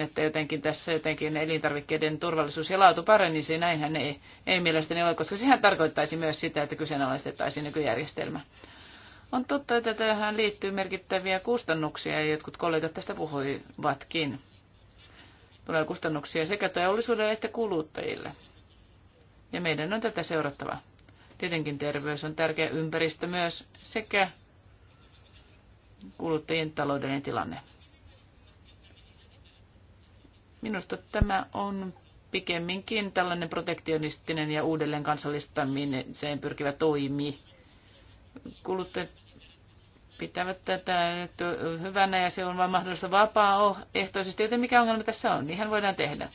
että jotenkin tässä jotenkin elintarvikkeiden turvallisuus ja laatu paranisi. Näinhän ei, ei mielestäni ole, koska sehän tarkoittaisi myös sitä, että kyseenalaistettaisiin nykyjärjestelmä. On totta, että tähän liittyy merkittäviä kustannuksia ja jotkut kollegat tästä puhuivatkin. Tulee kustannuksia sekä teollisuudelle että kuluttajille. Ja meidän on tätä seurattava. Tietenkin terveys on tärkeä ympäristö myös sekä kuluttajien taloudellinen tilanne. Minusta tämä on pikemminkin tällainen protektionistinen ja uudelleen kansallistamiseen pyrkivä toimi. Kuluttajat pitävät tätä nyt hyvänä ja se on vain mahdollista vapaaehtoisesti, joten mikä ongelma tässä on, niinhän voidaan tehdä.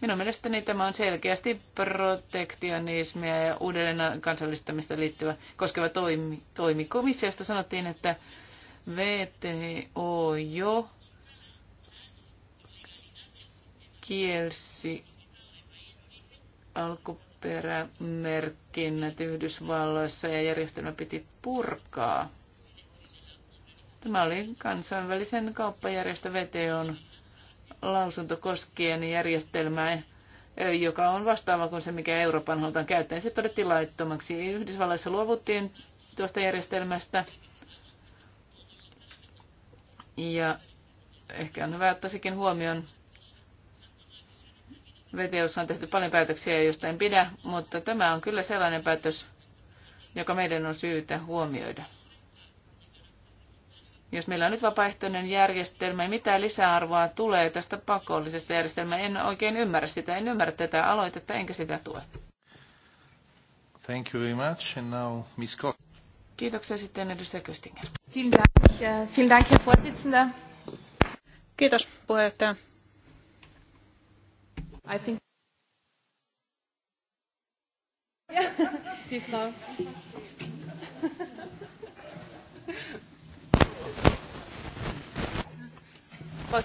Minun mielestäni tämä on selkeästi protektionismia ja uudelleen kansallistamista liittyvä koskeva toimi. toimi. Komissiosta sanottiin, että VTO jo kielsi alkuperämerkinnät Yhdysvalloissa ja järjestelmä piti purkaa. Tämä oli kansainvälisen kauppajärjestö VTOn lausunto koskien järjestelmää, joka on vastaava kuin se, mikä Euroopan halutaan käyttää. Se todettiin laittomaksi. Yhdysvalloissa luovuttiin tuosta järjestelmästä. Ja ehkä on hyvä ottaa sekin huomioon, VTOssa on tehty paljon päätöksiä, joista en pidä, mutta tämä on kyllä sellainen päätös, joka meidän on syytä huomioida. Jos meillä on nyt vapaaehtoinen järjestelmä, niin mitä lisäarvoa tulee tästä pakollisesta järjestelmästä? En oikein ymmärrä sitä, en ymmärrä tätä aloitetta, enkä sitä tue. Thank you very much. And now Ms. Koch. Kiitoksia sitten edustaja Köstinger. Vielen Dank, äh, Herr Vorsitzender. Kiitos puheenjohtaja. I think... Die Frau. *laughs*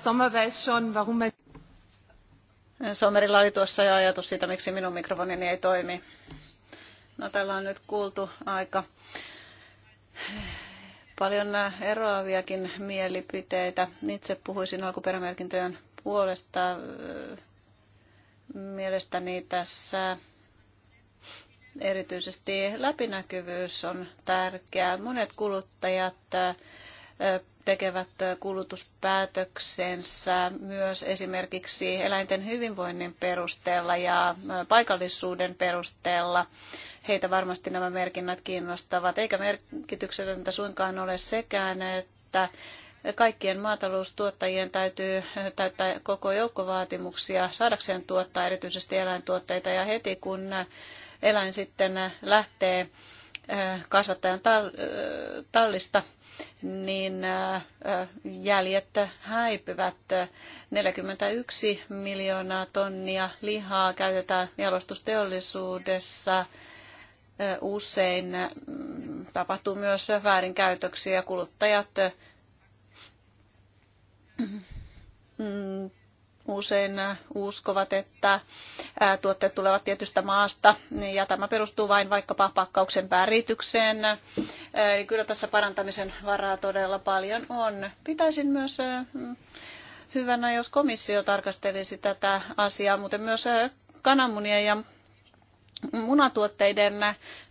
Sommer weiß schon, warum mein... Er- Sommerilla oli tuossa jo ajatus siitä, miksi minun mikrofonini ei toimi. No täällä on nyt kuultu aika paljon eroaviakin mielipiteitä. Itse puhuisin alkuperämerkintöjen puolesta Mielestäni tässä erityisesti läpinäkyvyys on tärkeää. Monet kuluttajat tekevät kulutuspäätöksensä myös esimerkiksi eläinten hyvinvoinnin perusteella ja paikallisuuden perusteella. Heitä varmasti nämä merkinnät kiinnostavat, eikä merkityksetöntä suinkaan ole sekään, että kaikkien maataloustuottajien täytyy täyttää koko joukko vaatimuksia saadakseen tuottaa erityisesti eläintuotteita ja heti kun eläin sitten lähtee eh, kasvattajan eh, tallista, niin eh, jäljet häipyvät. 41 miljoonaa tonnia lihaa käytetään jalostusteollisuudessa usein mm, tapahtuu myös väärinkäytöksiä ja kuluttajat Mm, usein uskovat, että tuotteet tulevat tietystä maasta niin, ja tämä perustuu vain vaikkapa pakkauksen pääritykseen. Eli kyllä tässä parantamisen varaa todella paljon on. Pitäisin myös hyvänä, jos komissio tarkastelisi tätä asiaa, mutta myös kananmunien ja munatuotteiden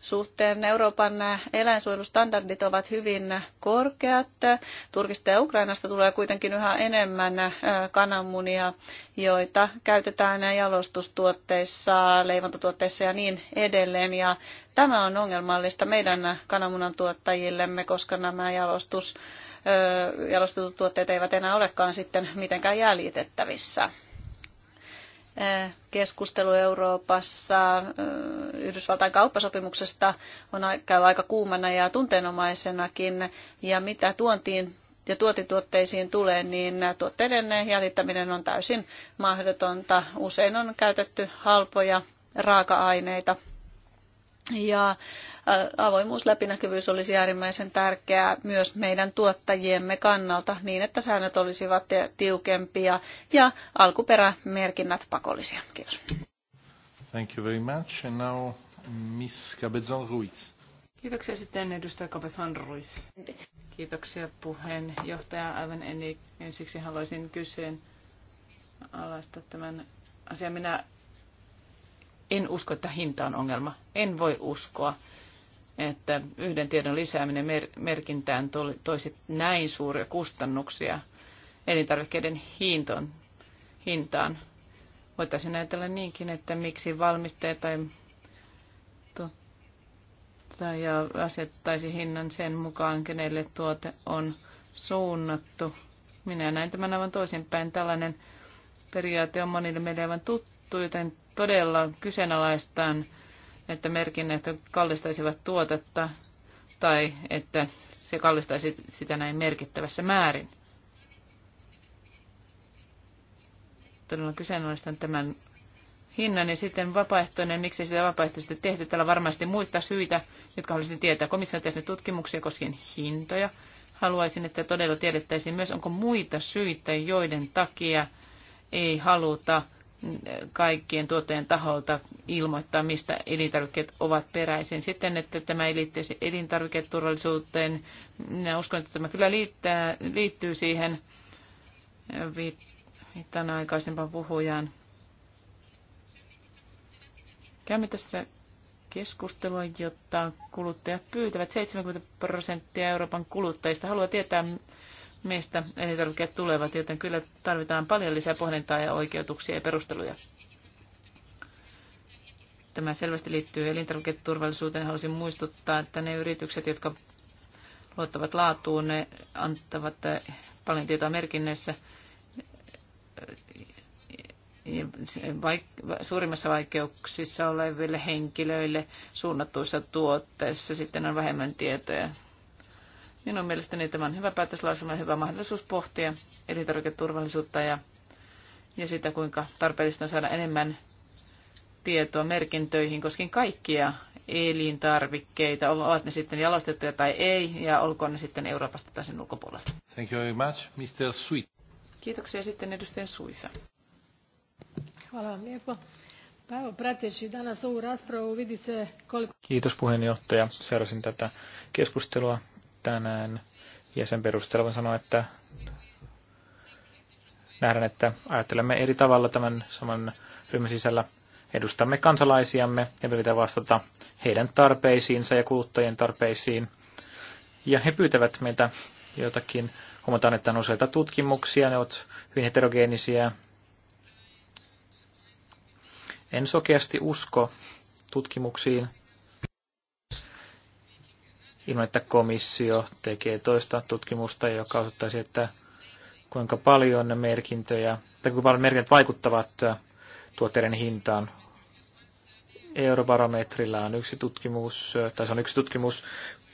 suhteen Euroopan eläinsuojelustandardit ovat hyvin korkeat. Turkista ja Ukrainasta tulee kuitenkin yhä enemmän äh, kananmunia, joita käytetään jalostustuotteissa, leivontatuotteissa ja niin edelleen. Ja tämä on ongelmallista meidän kananmunan tuottajillemme, koska nämä jalostus, äh, jalostetut tuotteet eivät enää olekaan sitten mitenkään jäljitettävissä. Eh, keskustelu Euroopassa eh, Yhdysvaltain kauppasopimuksesta on käy aika kuumana ja tunteenomaisenakin. Ja mitä tuontiin ja tuotituotteisiin tulee, niin tuotteiden jäljittäminen on täysin mahdotonta. Usein on käytetty halpoja raaka-aineita. Ja avoimuus, läpinäkyvyys olisi äärimmäisen tärkeää myös meidän tuottajiemme kannalta niin, että säännöt olisivat tiukempia ja alkuperämerkinnät pakollisia. Kiitos. Thank you very much. And now Miss Cabezon Ruiz. Kiitoksia sitten edustaja Cabezon Ruiz. Kiitoksia puheenjohtaja. Aivan ensiksi haluaisin kysyä alasta tämän asian. Minä en usko, että hinta on ongelma. En voi uskoa että yhden tiedon lisääminen merkintään toisi näin suuria kustannuksia elintarvikkeiden hintoon, hintaan. Voitaisiin ajatella niinkin, että miksi valmistaja tai ja asettaisi hinnan sen mukaan, kenelle tuote on suunnattu. Minä näin tämän aivan toisinpäin. Tällainen periaate on monille meille aivan tuttu, joten todella kyseenalaistaan että merkinnät kallistaisivat tuotetta tai että se kallistaisi sitä näin merkittävässä määrin. Todella kyseenalaistan tämän hinnan ja sitten vapaaehtoinen, miksi sitä vapaaehtoisesti tehty. Täällä on varmasti muita syitä, jotka haluaisin tietää. Komissio on tehnyt tutkimuksia koskien hintoja. Haluaisin, että todella tiedettäisiin myös, onko muita syitä, joiden takia ei haluta kaikkien tuotteen taholta ilmoittaa, mistä elintarvikkeet ovat peräisin. Sitten, että tämä ei liittyisi elintarviketurvallisuuteen, minä uskon, että tämä kyllä liittää, liittyy siihen viittaan aikaisempaan puhujaan. Käymme tässä keskustelua, jotta kuluttajat pyytävät. 70 prosenttia Euroopan kuluttajista haluaa tietää, mistä elintarvikkeet tulevat, joten kyllä tarvitaan paljon lisää pohdintaa ja oikeutuksia ja perusteluja. Tämä selvästi liittyy elintarviketurvallisuuteen. Haluaisin muistuttaa, että ne yritykset, jotka luottavat laatuun, ne antavat paljon tietoa merkinnöissä. Suurimmassa vaikeuksissa oleville henkilöille suunnattuissa tuotteissa sitten on vähemmän tietoja Minun mielestäni tämä on hyvä päätöslausuma ja hyvä mahdollisuus pohtia elintarviketurvallisuutta ja, ja sitä, kuinka tarpeellista on saada enemmän tietoa merkintöihin koskien kaikkia elintarvikkeita, ovat ne sitten jalostettuja tai ei, ja olkoon ne sitten Euroopasta tai sen ulkopuolelta. Thank you very much, Mr. Sweet. Kiitoksia sitten edustajan Suisa. Kiitos puheenjohtaja. Seurasin tätä keskustelua tänään. Ja sen perusteella voin sanoa, että nähdään, että ajattelemme eri tavalla tämän saman ryhmän sisällä. Edustamme kansalaisiamme ja me pitää vastata heidän tarpeisiinsa ja kuluttajien tarpeisiin. Ja he pyytävät meitä, jotakin. Huomataan, että on useita tutkimuksia, ne ovat hyvin heterogeenisiä. En sokeasti usko tutkimuksiin, ilman, että komissio tekee toista tutkimusta, joka osoittaisi, että kuinka paljon ne merkintöjä, tai kuinka paljon merkinnät vaikuttavat tuotteiden hintaan. Eurobarometrillä on yksi tutkimus, tai se on yksi tutkimus,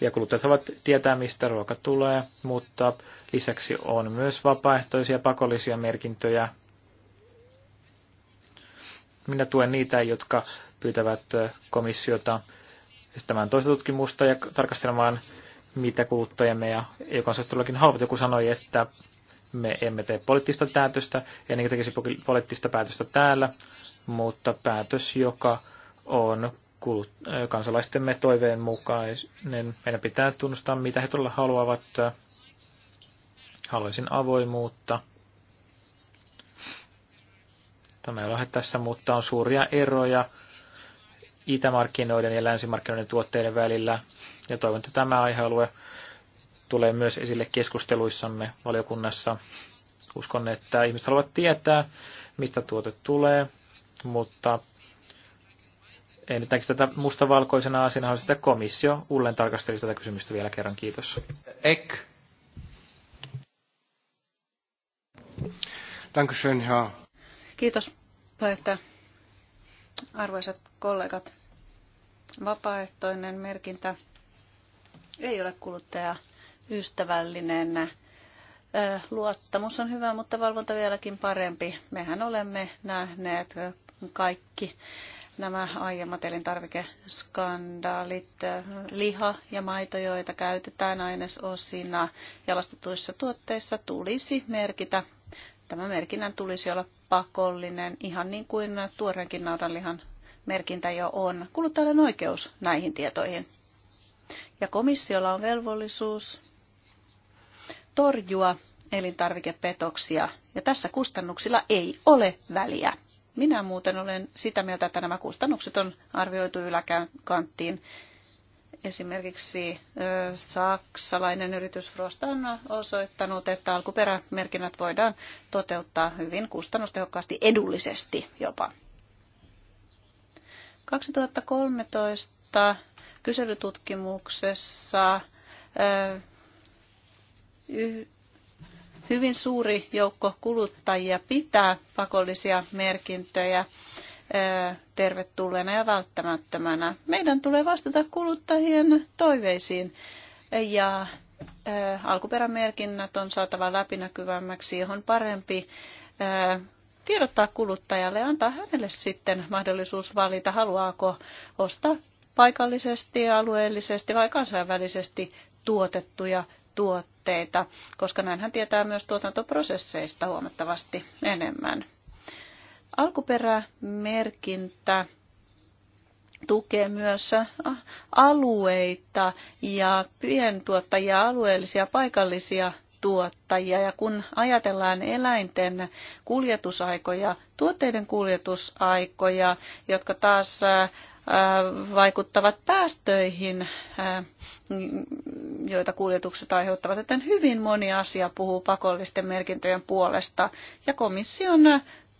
ja kuluttajat ovat tietää, mistä ruoka tulee, mutta lisäksi on myös vapaaehtoisia pakollisia merkintöjä. Minä tuen niitä, jotka pyytävät komissiota Siis tämän toista tutkimusta ja tarkastelemaan, mitä kuluttajamme ja joka e on todellakin halvat. Joku sanoi, että me emme tee poliittista päätöstä, ennen kuin tekisi poliittista päätöstä täällä, mutta päätös, joka on kansalaistemme toiveen mukainen. Meidän pitää tunnustaa, mitä he todella haluavat. Haluaisin avoimuutta. Tämä ei ole tässä, mutta on suuria eroja itämarkkinoiden ja länsimarkkinoiden tuotteiden välillä. Ja toivon, että tämä aihealue tulee myös esille keskusteluissamme valiokunnassa. Uskon, että ihmiset haluavat tietää, mistä tuote tulee, mutta en nyt näkisi tätä mustavalkoisena asiana, on sitä komissio ullen tarkasteli tätä kysymystä vielä kerran. Kiitos. Ek. schön Herr. Kiitos, puheenjohtaja. Arvoisat kollegat, vapaaehtoinen merkintä ei ole kuluttaja ystävällinen. Luottamus on hyvä, mutta valvonta vieläkin parempi. Mehän olemme nähneet kaikki nämä aiemmat elintarvikeskandaalit, liha ja maito, joita käytetään ainesosina jalostetuissa tuotteissa, tulisi merkitä Tämän merkinnän tulisi olla pakollinen, ihan niin kuin tuoreenkin naudanlihan merkintä jo on. Kuluttajalla on oikeus näihin tietoihin. Ja komissiolla on velvollisuus torjua elintarvikepetoksia, ja tässä kustannuksilla ei ole väliä. Minä muuten olen sitä mieltä, että nämä kustannukset on arvioitu yläkanttiin Esimerkiksi saksalainen yritys Frosta on osoittanut, että alkuperämerkinnät voidaan toteuttaa hyvin kustannustehokkaasti, edullisesti jopa. 2013 kyselytutkimuksessa hyvin suuri joukko kuluttajia pitää pakollisia merkintöjä tervetulleena ja välttämättömänä. Meidän tulee vastata kuluttajien toiveisiin ja alkuperämerkinnät on saatava läpinäkyvämmäksi, johon parempi tiedottaa kuluttajalle ja antaa hänelle sitten mahdollisuus valita, haluaako ostaa paikallisesti, alueellisesti vai kansainvälisesti tuotettuja tuotteita, koska näinhän tietää myös tuotantoprosesseista huomattavasti enemmän. Alkuperämerkintä tukee myös äh, alueita ja pientuottajia, alueellisia, paikallisia tuottajia. Ja kun ajatellaan eläinten kuljetusaikoja, tuotteiden kuljetusaikoja, jotka taas äh, vaikuttavat päästöihin, äh, joita kuljetukset aiheuttavat, joten hyvin moni asia puhuu pakollisten merkintöjen puolesta. Ja komission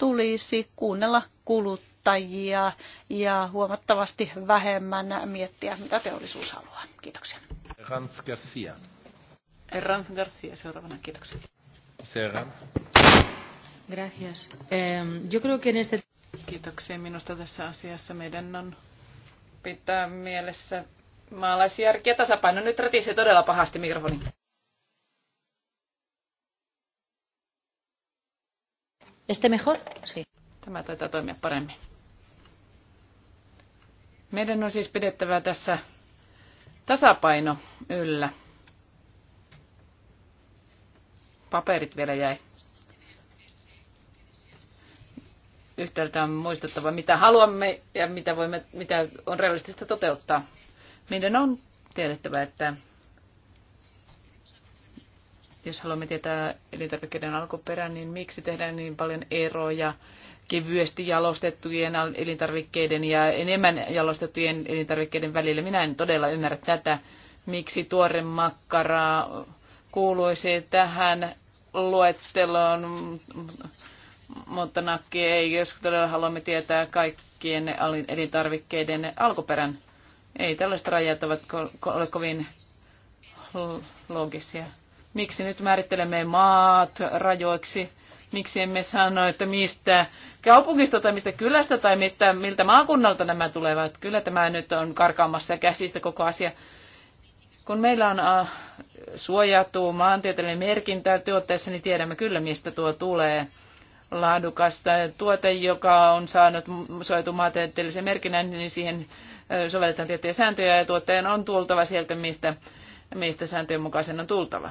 tulisi kuunnella kuluttajia ja huomattavasti vähemmän miettiä, mitä teollisuus haluaa. Kiitoksia. Rans Garcia. Rans Garcia seuraavana. Kiitoksia. Seuraava. Gracias. Eh, yo creo que en este... Kiitoksia minusta tässä asiassa. Meidän on pitää mielessä maalaisjärki ja tasapaino. Nyt rätisee todella pahasti mikrofoni. Este mejor? Sí. Tämä taitaa toimia paremmin. Meidän on siis pidettävä tässä tasapaino yllä. Paperit vielä jäi. Yhtäältä on muistettava, mitä haluamme ja mitä, voimme, mitä on realistista toteuttaa. Meidän on tiedettävä, että jos haluamme tietää elintarvikkeiden alkuperän, niin miksi tehdään niin paljon eroja kevyesti jalostettujen elintarvikkeiden ja enemmän jalostettujen elintarvikkeiden välillä? Minä en todella ymmärrä tätä, miksi tuore makkara kuuluisi tähän luetteloon, mutta nakki ei, jos todella haluamme tietää kaikkien elintarvikkeiden alkuperän. Ei tällaista rajat ole kovin loogisia. Miksi nyt määrittelemme maat rajoiksi? Miksi emme sano, että mistä kaupungista tai mistä kylästä tai mistä, miltä maakunnalta nämä tulevat? Kyllä tämä nyt on karkaamassa käsistä koko asia. Kun meillä on äh, suojattu maantieteellinen merkintä tuotteessa, niin tiedämme kyllä, mistä tuo tulee laadukasta tuote, joka on saanut suojattu maantieteellisen merkinnän, niin siihen äh, sovelletaan tiettyjä sääntöjä ja tuotteen on tultava sieltä, mistä, mistä sääntöjen mukaisen on tultava.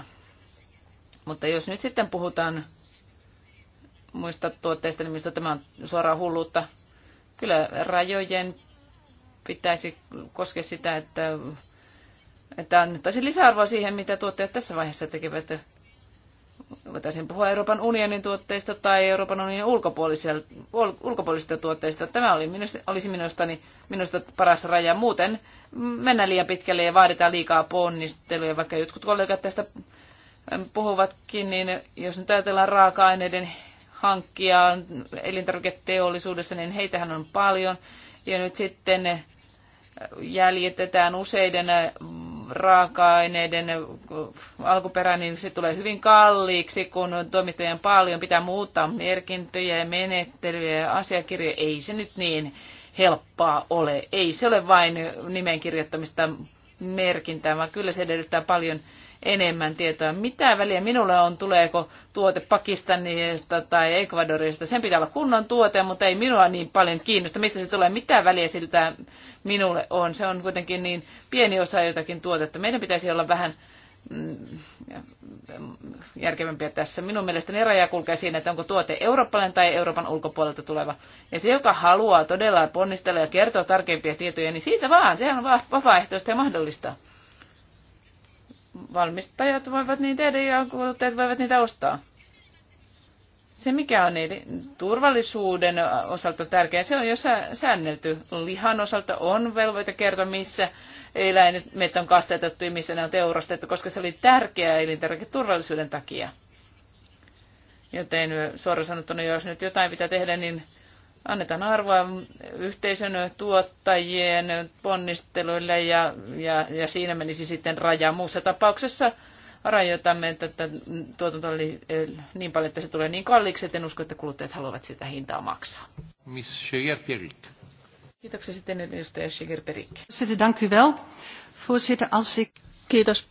Mutta jos nyt sitten puhutaan muista tuotteista, niin mistä tämä on suoraan hulluutta. Kyllä rajojen pitäisi koskea sitä, että, että annettaisiin lisäarvoa siihen, mitä tuotteet tässä vaiheessa tekevät. Voitaisiin puhua Euroopan unionin tuotteista tai Euroopan unionin ulkopuolisista tuotteista. Tämä oli minusta, olisi minusta, niin minusta paras raja. Muuten mennään liian pitkälle ja vaaditaan liikaa ponnisteluja, vaikka jotkut kollegat tästä puhuvatkin, niin jos nyt ajatellaan raaka-aineiden hankkia elintarviketeollisuudessa, niin heitähän on paljon. Ja nyt sitten jäljitetään useiden raaka-aineiden alkuperä, niin se tulee hyvin kalliiksi, kun toimittajien paljon pitää muuttaa merkintöjä ja menettelyjä ja asiakirjoja. Ei se nyt niin helppoa ole. Ei se ole vain nimen kirjoittamista merkintää, vaan kyllä se edellyttää paljon enemmän tietoa. Mitä väliä minulle on, tuleeko tuote Pakistanista tai Ecuadorista? Sen pitää olla kunnon tuote, mutta ei minua niin paljon kiinnosta. Mistä se tulee? Mitä väliä siltä minulle on? Se on kuitenkin niin pieni osa jotakin tuotetta. Meidän pitäisi olla vähän mm, järkevämpiä tässä. Minun mielestäni raja kulkee siinä, että onko tuote eurooppalainen tai Euroopan ulkopuolelta tuleva. Ja se, joka haluaa todella ponnistella ja kertoa tarkempia tietoja, niin siitä vaan. Sehän on vapaaehtoista ja mahdollista valmistajat voivat niin tehdä ja kuluttajat voivat niitä ostaa. Se, mikä on niin turvallisuuden osalta tärkeää, se on jo säännelty. Lihan osalta on velvoite kertoa, missä eläimet on kastetettu ja missä ne on teurastettu, koska se oli tärkeää elintarviketurvallisuuden takia. Joten suoraan sanottuna, jos nyt jotain pitää tehdä, niin annetaan arvoa yhteisön tuottajien ponnisteluille ja, ja, ja siinä menisi sitten raja. Muussa tapauksessa rajoitamme että tuotanto oli eh, niin paljon, että se tulee niin kalliiksi, että en usko, että kuluttajat haluavat sitä hintaa maksaa. Miss Kiitoksia sitten edustaja Scheger-Perik. Kiitos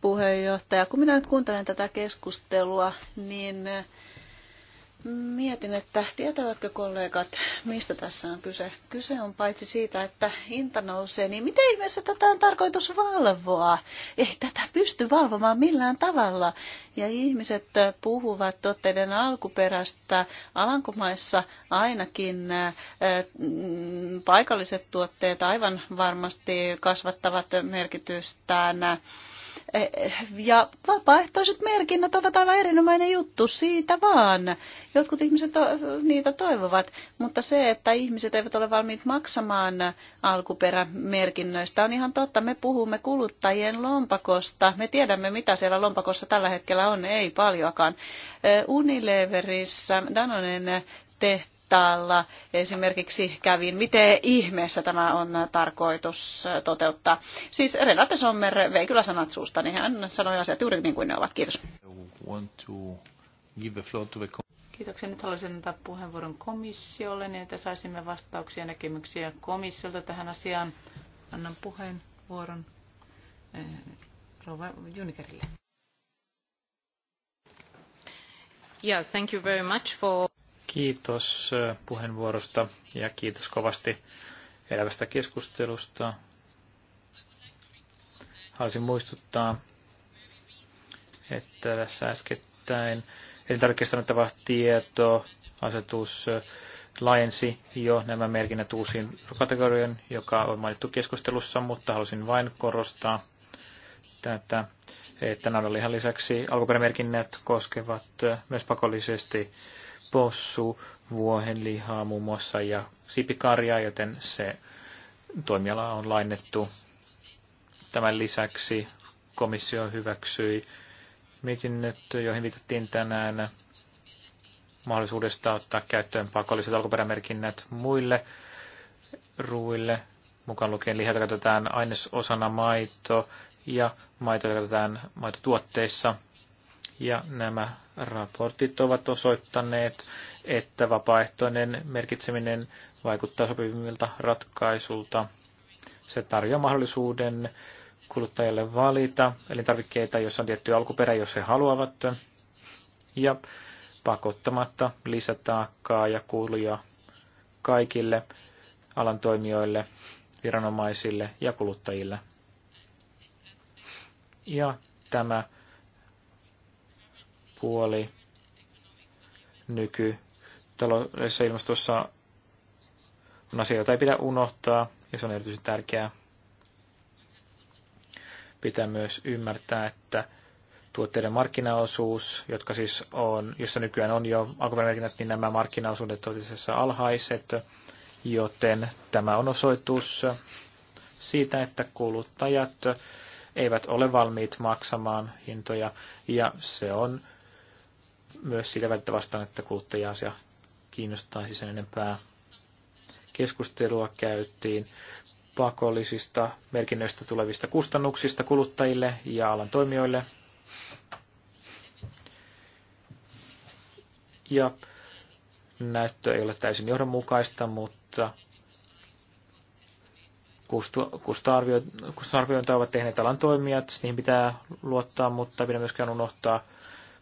puheenjohtaja. Kun minä nyt kuuntelen tätä keskustelua, niin Mietin, että tietävätkö kollegat, mistä tässä on kyse. Kyse on paitsi siitä, että hinta nousee, niin miten ihmeessä tätä on tarkoitus valvoa? Ei tätä pysty valvomaan millään tavalla. Ja ihmiset puhuvat tuotteiden alkuperästä. Alankomaissa ainakin äh, paikalliset tuotteet aivan varmasti kasvattavat merkitystään ja vapaaehtoiset merkinnät ovat aivan erinomainen juttu siitä vaan. Jotkut ihmiset niitä toivovat, mutta se, että ihmiset eivät ole valmiit maksamaan alkuperämerkinnöistä on ihan totta. Me puhumme kuluttajien lompakosta. Me tiedämme, mitä siellä lompakossa tällä hetkellä on. Ei paljoakaan. unileverissä. Danonen tehty portaalla esimerkiksi kävin, miten ihmeessä tämä on tarkoitus toteuttaa. Siis Renate Sommer vei kyllä sanat suusta, niin hän sanoi asiat juuri niin kuin ne ovat. Kiitos. Kiitoksia. Nyt haluaisin antaa puheenvuoron komissiolle, niin että saisimme vastauksia ja näkemyksiä komissiolta tähän asiaan. Annan puheenvuoron eh, rouva Junikerille. Yeah, thank you very much for... Kiitos puheenvuorosta ja kiitos kovasti elävästä keskustelusta. Haluaisin muistuttaa, että tässä äskettäin elintarvikestannettava tieto asetus laajensi jo nämä merkinnät uusiin kategorioihin, joka on mainittu keskustelussa, mutta halusin vain korostaa tätä, että naudanlihan lisäksi alkuperämerkinnät koskevat myös pakollisesti possu, vuohenlihaa muun muassa ja sipikarjaa, joten se toimiala on lainettu. Tämän lisäksi komissio hyväksyi mietinnöt, joihin viitattiin tänään mahdollisuudesta ottaa käyttöön pakolliset alkuperämerkinnät muille ruuille, mukaan lukien lihat käytetään ainesosana maito ja maito käytetään maitotuotteissa. Ja nämä raportit ovat osoittaneet, että vapaaehtoinen merkitseminen vaikuttaa sopivimmilta ratkaisulta. Se tarjoaa mahdollisuuden kuluttajalle valita elintarvikkeita, joissa on tietty alkuperä, jos he haluavat, ja pakottamatta lisätaakkaa ja kuluja kaikille alan toimijoille, viranomaisille ja kuluttajille. Ja tämä huoli nyky taloudellisessa ilmastossa on asia, jota ei pidä unohtaa, ja se on erityisen tärkeää. Pitää myös ymmärtää, että tuotteiden markkinaosuus, jotka siis on, jossa nykyään on jo alkuperämerkinnät, niin nämä markkinaosuudet ovat itse alhaiset, joten tämä on osoitus siitä, että kuluttajat eivät ole valmiit maksamaan hintoja, ja se on myös sitä välttä vastaan, että kuluttaja-asia kiinnostaa sen enempää. Keskustelua käytiin pakollisista merkinnöistä tulevista kustannuksista kuluttajille ja alan toimijoille. Ja näyttö ei ole täysin johdonmukaista, mutta kustoarviointia ovat tehneet alan toimijat, niihin pitää luottaa, mutta pitää myöskään unohtaa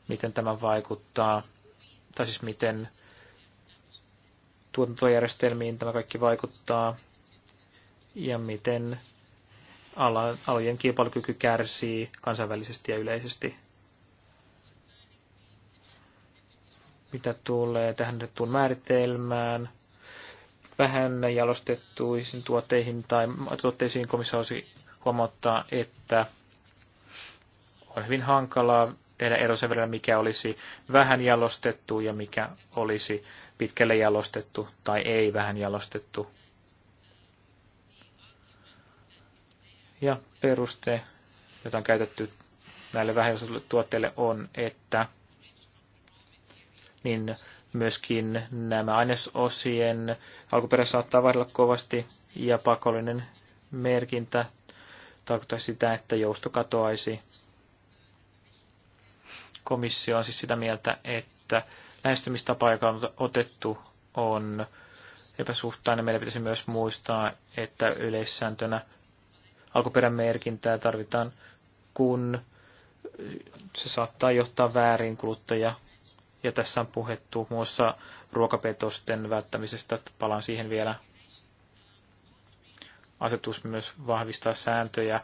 miten tämä vaikuttaa, tai siis miten tuotantojärjestelmiin tämä kaikki vaikuttaa, ja miten alojen kilpailukyky kärsii kansainvälisesti ja yleisesti. Mitä tulee tähän annettuun määritelmään, vähän jalostettuihin tuotteihin tai tuotteisiin komissaari huomauttaa, että on hyvin hankalaa tehdä ero sen verran, mikä olisi vähän jalostettu ja mikä olisi pitkälle jalostettu tai ei vähän jalostettu. Ja peruste, jota on käytetty näille vähän tuotteille, on, että niin myöskin nämä ainesosien alkuperä saattaa vaihdella kovasti ja pakollinen merkintä tarkoittaa sitä, että jousto katoaisi Komissio on siis sitä mieltä, että lähestymistapa, joka on otettu, on epäsuhtainen. Meidän pitäisi myös muistaa, että yleissääntönä alkuperämerkintää tarvitaan, kun se saattaa johtaa väärin kuluttaja. Ja tässä on puhettu muussa ruokapetosten välttämisestä. Palaan siihen vielä. Asetus myös vahvistaa sääntöjä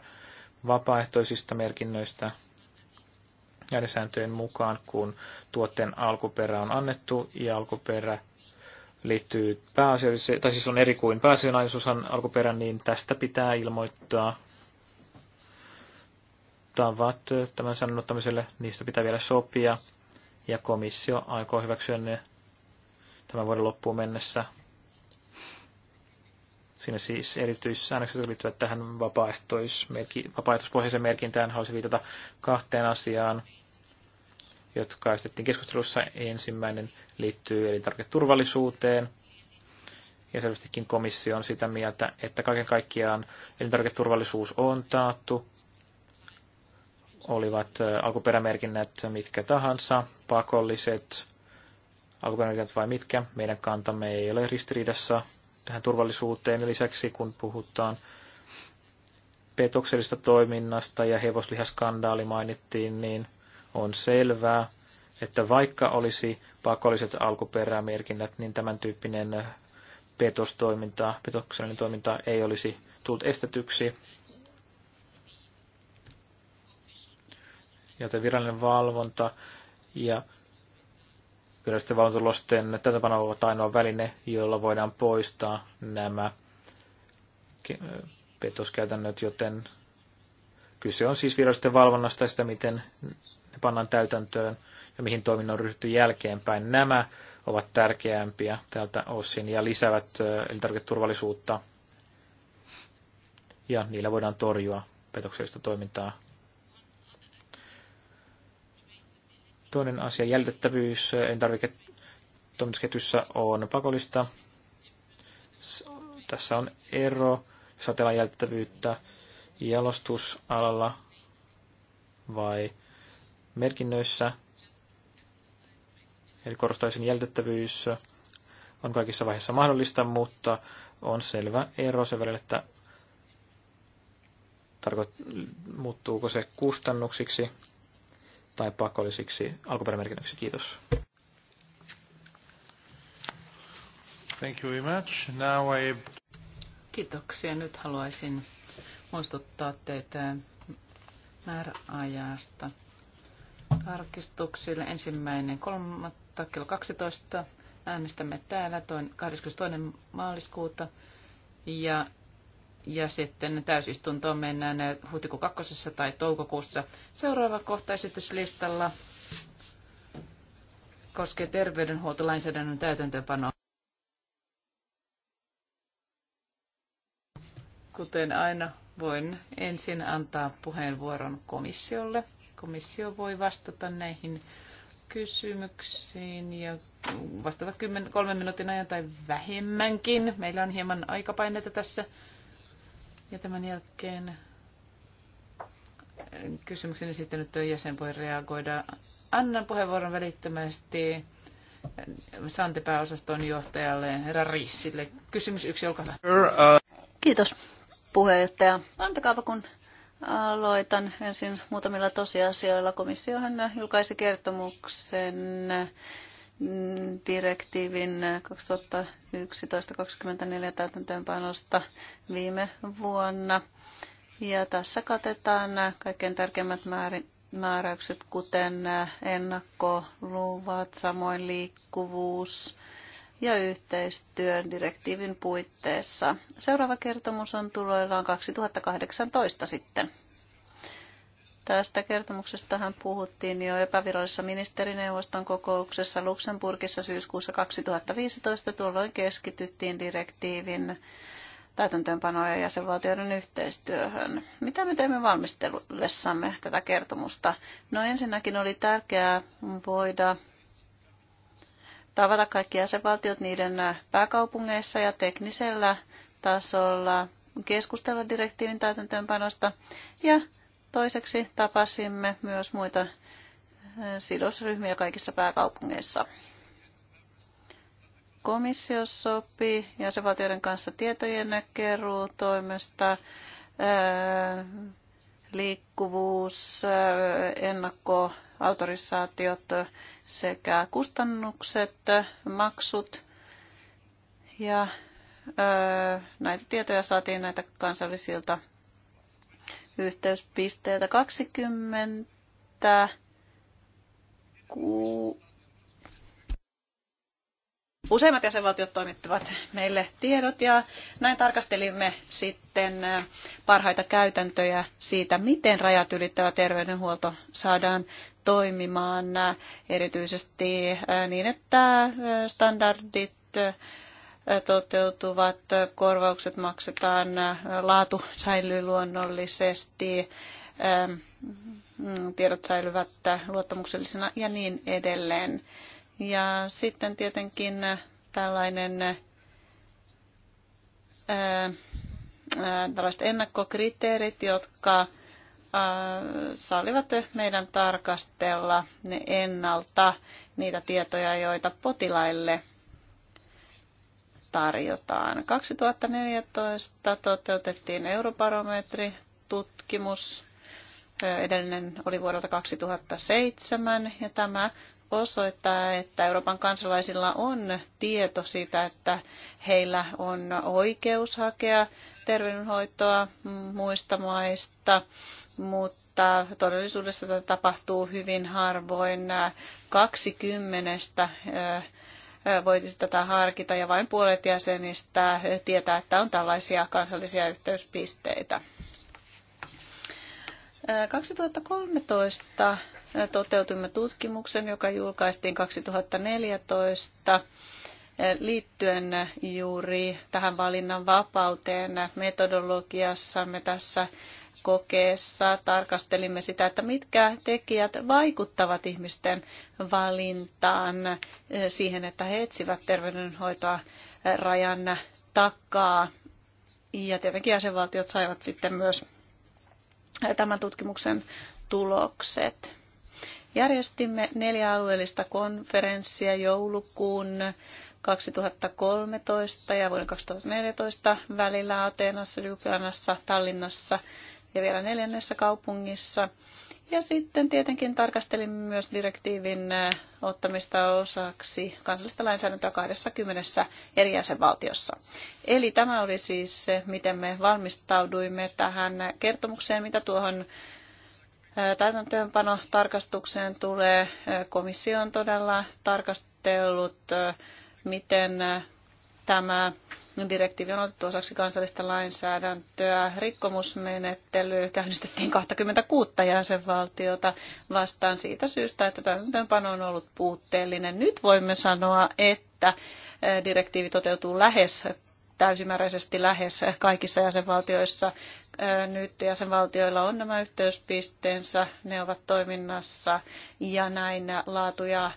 vapaaehtoisista merkinnöistä näiden sääntöjen mukaan, kun tuotteen alkuperä on annettu ja alkuperä liittyy pääasiassa tai siis on eri kuin pääasiallisuusan alkuperä, niin tästä pitää ilmoittaa tavat tämän sanottamiselle, niistä pitää vielä sopia, ja komissio aikoo hyväksyä ne tämän vuoden loppuun mennessä. Siinä siis erityissäännökset liittyvät tähän vapaaehtois, vapaaehtoispohjaisen merkintään. Haluaisin viitata kahteen asiaan jotka esitettiin keskustelussa. Ensimmäinen liittyy elintarviketurvallisuuteen. Ja selvästikin komissio on sitä mieltä, että kaiken kaikkiaan elintarviketurvallisuus on taattu. Olivat alkuperämerkinnät mitkä tahansa, pakolliset, alkuperämerkinnät vai mitkä. Meidän kantamme ei ole ristiriidassa tähän turvallisuuteen. Lisäksi kun puhutaan petoksellisesta toiminnasta ja hevoslihaskandaali mainittiin, niin – on selvää, että vaikka olisi pakolliset alkuperämerkinnät, niin tämän tyyppinen petostoiminta, petoksellinen toiminta ei olisi tullut estetyksi. Joten virallinen valvonta ja virallisten valvontalosten täytäntöpano ovat ainoa väline, jolla voidaan poistaa nämä petoskäytännöt, joten kyse on siis virallisten valvonnasta ja sitä, miten ja pannaan täytäntöön ja mihin toiminnon on ryhdytty jälkeenpäin. Nämä ovat tärkeämpiä tältä osin ja lisäävät elintarviketurvallisuutta ja niillä voidaan torjua petoksellista toimintaa. Toinen asia, jäljitettävyys elintarviketoimitusketjussa on pakollista. Tässä on ero, satelan ajatellaan jäljitettävyyttä jalostusalalla vai merkinnöissä, eli korostaisin jäljitettävyys on kaikissa vaiheissa mahdollista, mutta on selvä ero sen välillä, että tarkoit- muuttuuko se kustannuksiksi tai pakollisiksi alkuperämerkinnöksi. Kiitos. Thank you very much. Now I... Kiitoksia. Nyt haluaisin muistuttaa teitä määräajasta tarkistuksille. Ensimmäinen kolmatta kello 12. Äänestämme täällä toin, 22. maaliskuuta. Ja, ja sitten täysistuntoon mennään huhtikuun kakkosessa tai toukokuussa. Seuraava kohta esityslistalla koskee terveydenhuoltolainsäädännön täytäntöönpanoa. Kuten aina Voin ensin antaa puheenvuoron komissiolle. Komissio voi vastata näihin kysymyksiin ja vastata kymmen, kolmen minuutin ajan tai vähemmänkin. Meillä on hieman aikapaineita tässä. Ja tämän jälkeen kysymyksen esittänyt jäsen voi reagoida. Annan puheenvuoron välittömästi Sante-pääosaston johtajalle, herra Rissille. Kysymys yksi, olkaa hyvä. Uh, Kiitos puheenjohtaja. Antakaapa kun aloitan ensin muutamilla tosiasioilla. Komissiohan julkaisi kertomuksen direktiivin 2011 2024 täytäntöönpanosta viime vuonna. Ja tässä katetaan kaikkein tärkeimmät määräykset, kuten ennakkoluvat, samoin liikkuvuus, ja yhteistyön direktiivin puitteissa. Seuraava kertomus on tuloillaan 2018 sitten. Tästä kertomuksestahan puhuttiin jo epävirallisessa ministerineuvoston kokouksessa Luxemburgissa syyskuussa 2015. Tuolloin keskityttiin direktiivin täytäntöönpanoja jäsenvaltioiden yhteistyöhön. Mitä me teemme valmistellessamme tätä kertomusta? No ensinnäkin oli tärkeää voida tavata kaikki jäsenvaltiot niiden äh, pääkaupungeissa ja teknisellä tasolla keskustella direktiivin täytäntöönpanosta. Ja toiseksi tapasimme myös muita äh, sidosryhmiä kaikissa pääkaupungeissa. Komissio sopii jäsenvaltioiden kanssa tietojen keruutoimesta, äh, liikkuvuus, ennakko autorisaatiot sekä kustannukset, maksut ja näitä tietoja saatiin näitä kansallisilta yhteyspisteiltä 20 Useimmat jäsenvaltiot toimittavat meille tiedot ja näin tarkastelimme sitten parhaita käytäntöjä siitä, miten rajat ylittävä terveydenhuolto saadaan toimimaan erityisesti niin, että standardit toteutuvat, korvaukset maksetaan, laatu säilyy luonnollisesti, mm, tiedot säilyvät luottamuksellisena ja niin edelleen. Ja sitten tietenkin tällainen tällaiset ennakkokriteerit, jotka sallivat meidän tarkastella ne ennalta niitä tietoja, joita potilaille tarjotaan. 2014 toteutettiin eurobarometritutkimus. Edellinen oli vuodelta 2007 ja tämä osoittaa, että Euroopan kansalaisilla on tieto siitä, että heillä on oikeus hakea terveydenhoitoa muista maista mutta todellisuudessa tätä tapahtuu hyvin harvoin. 20 voisi tätä harkita ja vain puolet jäsenistä tietää, että on tällaisia kansallisia yhteyspisteitä. 2013 toteutimme tutkimuksen, joka julkaistiin 2014 liittyen juuri tähän valinnan vapauteen metodologiassamme tässä kokeessa tarkastelimme sitä, että mitkä tekijät vaikuttavat ihmisten valintaan eh, siihen, että he etsivät terveydenhoitoa eh, rajan takaa. Ja tietenkin jäsenvaltiot saivat sitten myös eh, tämän tutkimuksen tulokset. Järjestimme neljä alueellista konferenssia joulukuun 2013 ja vuoden 2014 välillä Ateenassa, Ljubljanassa, Tallinnassa ja vielä neljännessä kaupungissa. Ja sitten tietenkin tarkastelimme myös direktiivin eh, ottamista osaksi kansallista lainsäädäntöä 20 eri jäsenvaltiossa. Eli tämä oli siis se, miten me valmistauduimme tähän kertomukseen, mitä tuohon eh, täytäntöönpanotarkastukseen tulee. Eh, komissio on todella tarkastellut, miten tämä Direktiivi on otettu osaksi kansallista lainsäädäntöä. Rikkomusmenettely käynnistettiin 26 jäsenvaltiota vastaan siitä syystä, että täytäntöönpano on ollut puutteellinen. Nyt voimme sanoa, että eh, direktiivi toteutuu lähes täysimääräisesti lähes kaikissa jäsenvaltioissa. Eh, nyt jäsenvaltioilla on nämä yhteyspisteensä, ne ovat toiminnassa ja näin laatu ja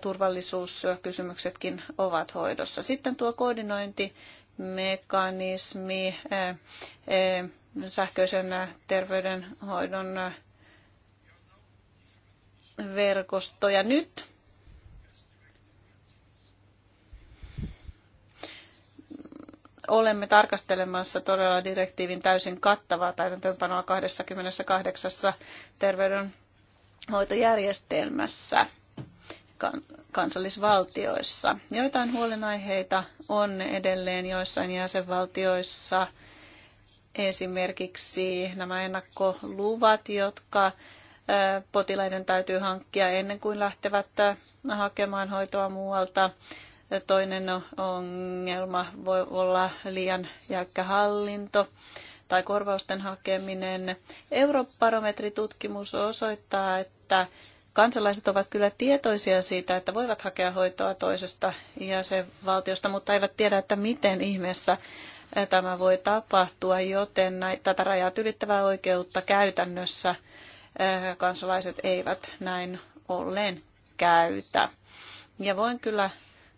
turvallisuuskysymyksetkin ovat hoidossa. Sitten tuo koordinointimekanismi eh, eh, sähköisen terveydenhoidon verkosto. Ja nyt olemme tarkastelemassa todella direktiivin täysin kattavaa täytäntöönpanoa 28 terveydenhoitojärjestelmässä kansallisvaltioissa. Joitain huolenaiheita on edelleen joissain jäsenvaltioissa, esimerkiksi nämä ennakkoluvat, jotka potilaiden täytyy hankkia ennen kuin lähtevät hakemaan hoitoa muualta. Toinen ongelma voi olla liian jäykkä hallinto tai korvausten hakeminen. Eurobarometritutkimus osoittaa, että kansalaiset ovat kyllä tietoisia siitä, että voivat hakea hoitoa toisesta jäsenvaltiosta, mutta eivät tiedä, että miten ihmeessä eh, tämä voi tapahtua, joten tätä rajat ylittävää oikeutta käytännössä eh, kansalaiset eivät näin ollen käytä. Ja voin kyllä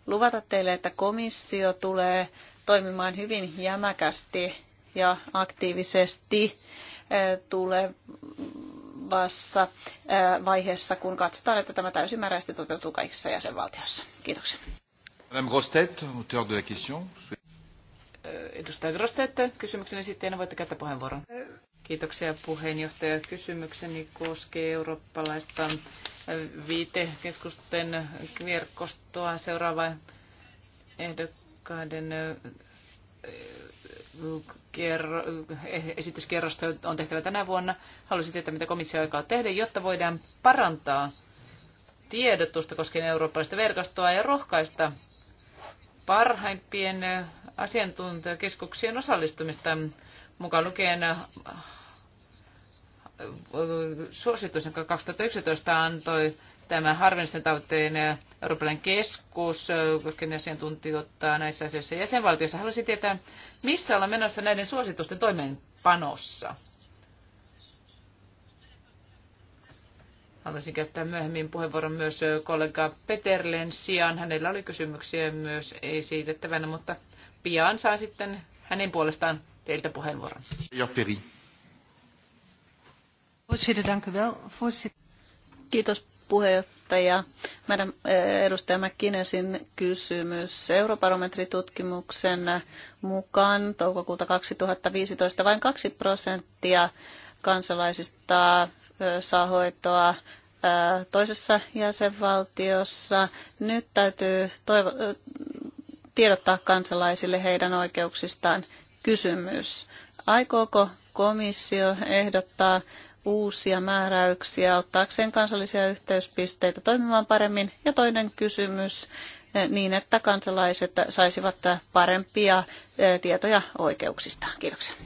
luvata teille, että komissio tulee toimimaan hyvin jämäkästi ja aktiivisesti eh, tulee seuraavassa vaiheessa, kun katsotaan, että tämä täysimääräisesti toteutuu kaikissa jäsenvaltioissa. Kiitoksia. Madame Grostet, auteur de la question. Edustaja Grostet, kysymyksen esittäjänä voitte käyttää puheenvuoron. Kiitoksia puheenjohtaja. Kysymykseni koskee eurooppalaista viitekeskusten verkostoa. Seuraava ehdokkaiden esityskerrosta on tehtävä tänä vuonna. Haluaisin tietää, mitä komissio aikaa tehdä, jotta voidaan parantaa tiedotusta koskien eurooppalaista verkostoa ja rohkaista parhaimpien asiantuntijakeskuksien osallistumista mukaan lukien äh, suositus, jonka 2011 antoi tämä harvinaisten tautien Euroopan keskus, koskien asiantuntijoita näissä asioissa jäsenvaltioissa, Haluaisin tietää, missä ollaan menossa näiden suositusten toimeenpanossa. Haluaisin käyttää myöhemmin puheenvuoron myös kollega Peterlen sijaan. Hänellä oli kysymyksiä myös esitettävänä, mutta pian saa sitten hänen puolestaan teiltä puheenvuoron. Ja Kiitos puheenjohtaja, meidän eh, edustaja McKinnesin kysymys. Eurobarometritutkimuksen mukaan toukokuuta 2015 vain 2 prosenttia kansalaisista eh, saa hoitoa eh, toisessa jäsenvaltiossa. Nyt täytyy toivo- tiedottaa kansalaisille heidän oikeuksistaan kysymys. Aikooko komissio ehdottaa uusia määräyksiä ottaakseen kansallisia yhteyspisteitä toimimaan paremmin? Ja toinen kysymys, eh, niin että kansalaiset saisivat parempia eh, tietoja oikeuksistaan. Kiitoksia.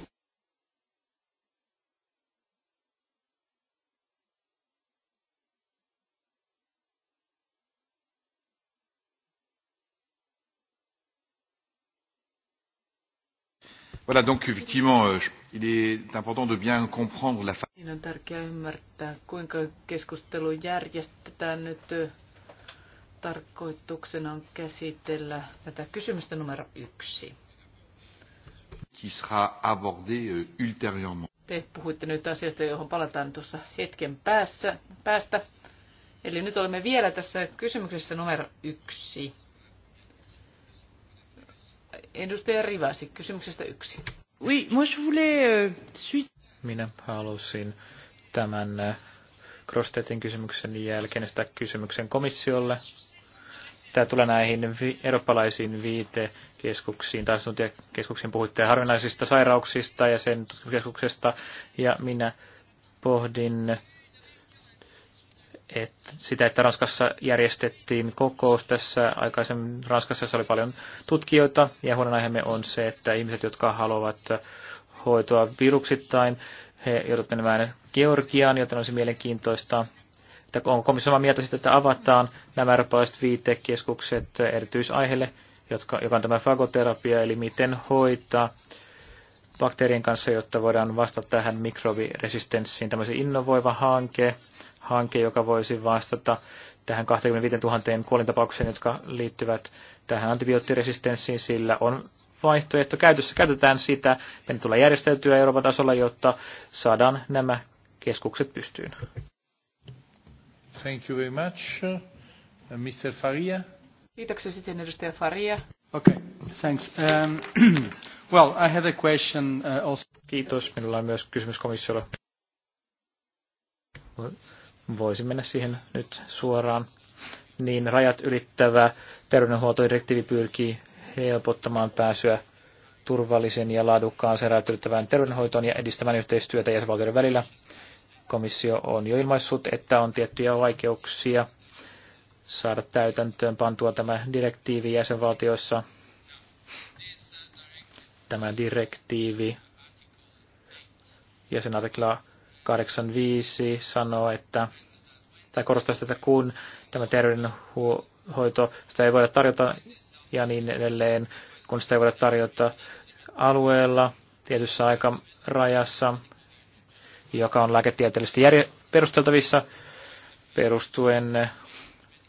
Voilà, donc effectivement, euh, il est important de bien comprendre la façon. on tärkeää ymmärtää, kuinka keskustelu järjestetään nyt. Tarkoituksena on käsitellä tätä kysymystä numero yksi. Qui sera abordé euh, ultérieurement. Te puhuitte nyt asiasta, johon palataan tuossa hetken päässä, päästä. Eli nyt olemme vielä tässä kysymyksessä numero yksi. Edustaja Rivasi, kysymyksestä yksi. Oui, moi je voulais, euh, Minä halusin tämän Krostetin äh, kysymyksen jälkeen sitä kysymyksen komissiolle. Tämä tulee näihin vi- eurooppalaisiin viitekeskuksiin, tai asiantuntijakeskuksiin puhuitte harvinaisista sairauksista ja sen tutkimuskeskuksesta, ja minä pohdin että sitä, että Ranskassa järjestettiin kokous tässä aikaisemmin. Ranskassa oli paljon tutkijoita ja huolenaiheemme on se, että ihmiset, jotka haluavat hoitoa viruksittain, he joudut menemään Georgiaan, joten olisi mielenkiintoista, että on komissio samaa mieltä siitä, että avataan nämä eurooppalaiset viitekeskukset erityisaiheelle, jotka, joka on tämä fagoterapia, eli miten hoitaa bakteerien kanssa, jotta voidaan vastata tähän mikrobiresistenssiin. Tämmöisen innovoiva hanke, hanke, joka voisi vastata tähän 25 000 kuolintapaukseen, jotka liittyvät tähän antibioottiresistenssiin, sillä on vaihtoehto käytössä. Käytetään sitä, meidän tulee järjesteltyä Euroopan tasolla, jotta saadaan nämä keskukset pystyyn. Thank you very much. Uh, Mr. Faria. Kiitoksia sitten edustaja Faria. Okay, thanks. Um, *clears throat* well, I had a question uh, also. Kiitos. Minulla on myös kysymys komissiolle voisi mennä siihen nyt suoraan, niin rajat ylittävä terveydenhuoltodirektiivi pyrkii helpottamaan pääsyä turvallisen ja laadukkaan säädäytyttävään terveydenhoitoon ja edistämään yhteistyötä jäsenvaltioiden välillä. Komissio on jo ilmaissut, että on tiettyjä vaikeuksia saada täytäntöön pantua tämä direktiivi jäsenvaltioissa. Tämä direktiivi jäsenartikla 85 sanoo, että, tai korostaa sitä, että kun tämä terveydenhoito, sitä ei voida tarjota ja niin edelleen, kun sitä ei voida tarjota alueella tietyssä aikarajassa, joka on lääketieteellisesti järje- perusteltavissa perustuen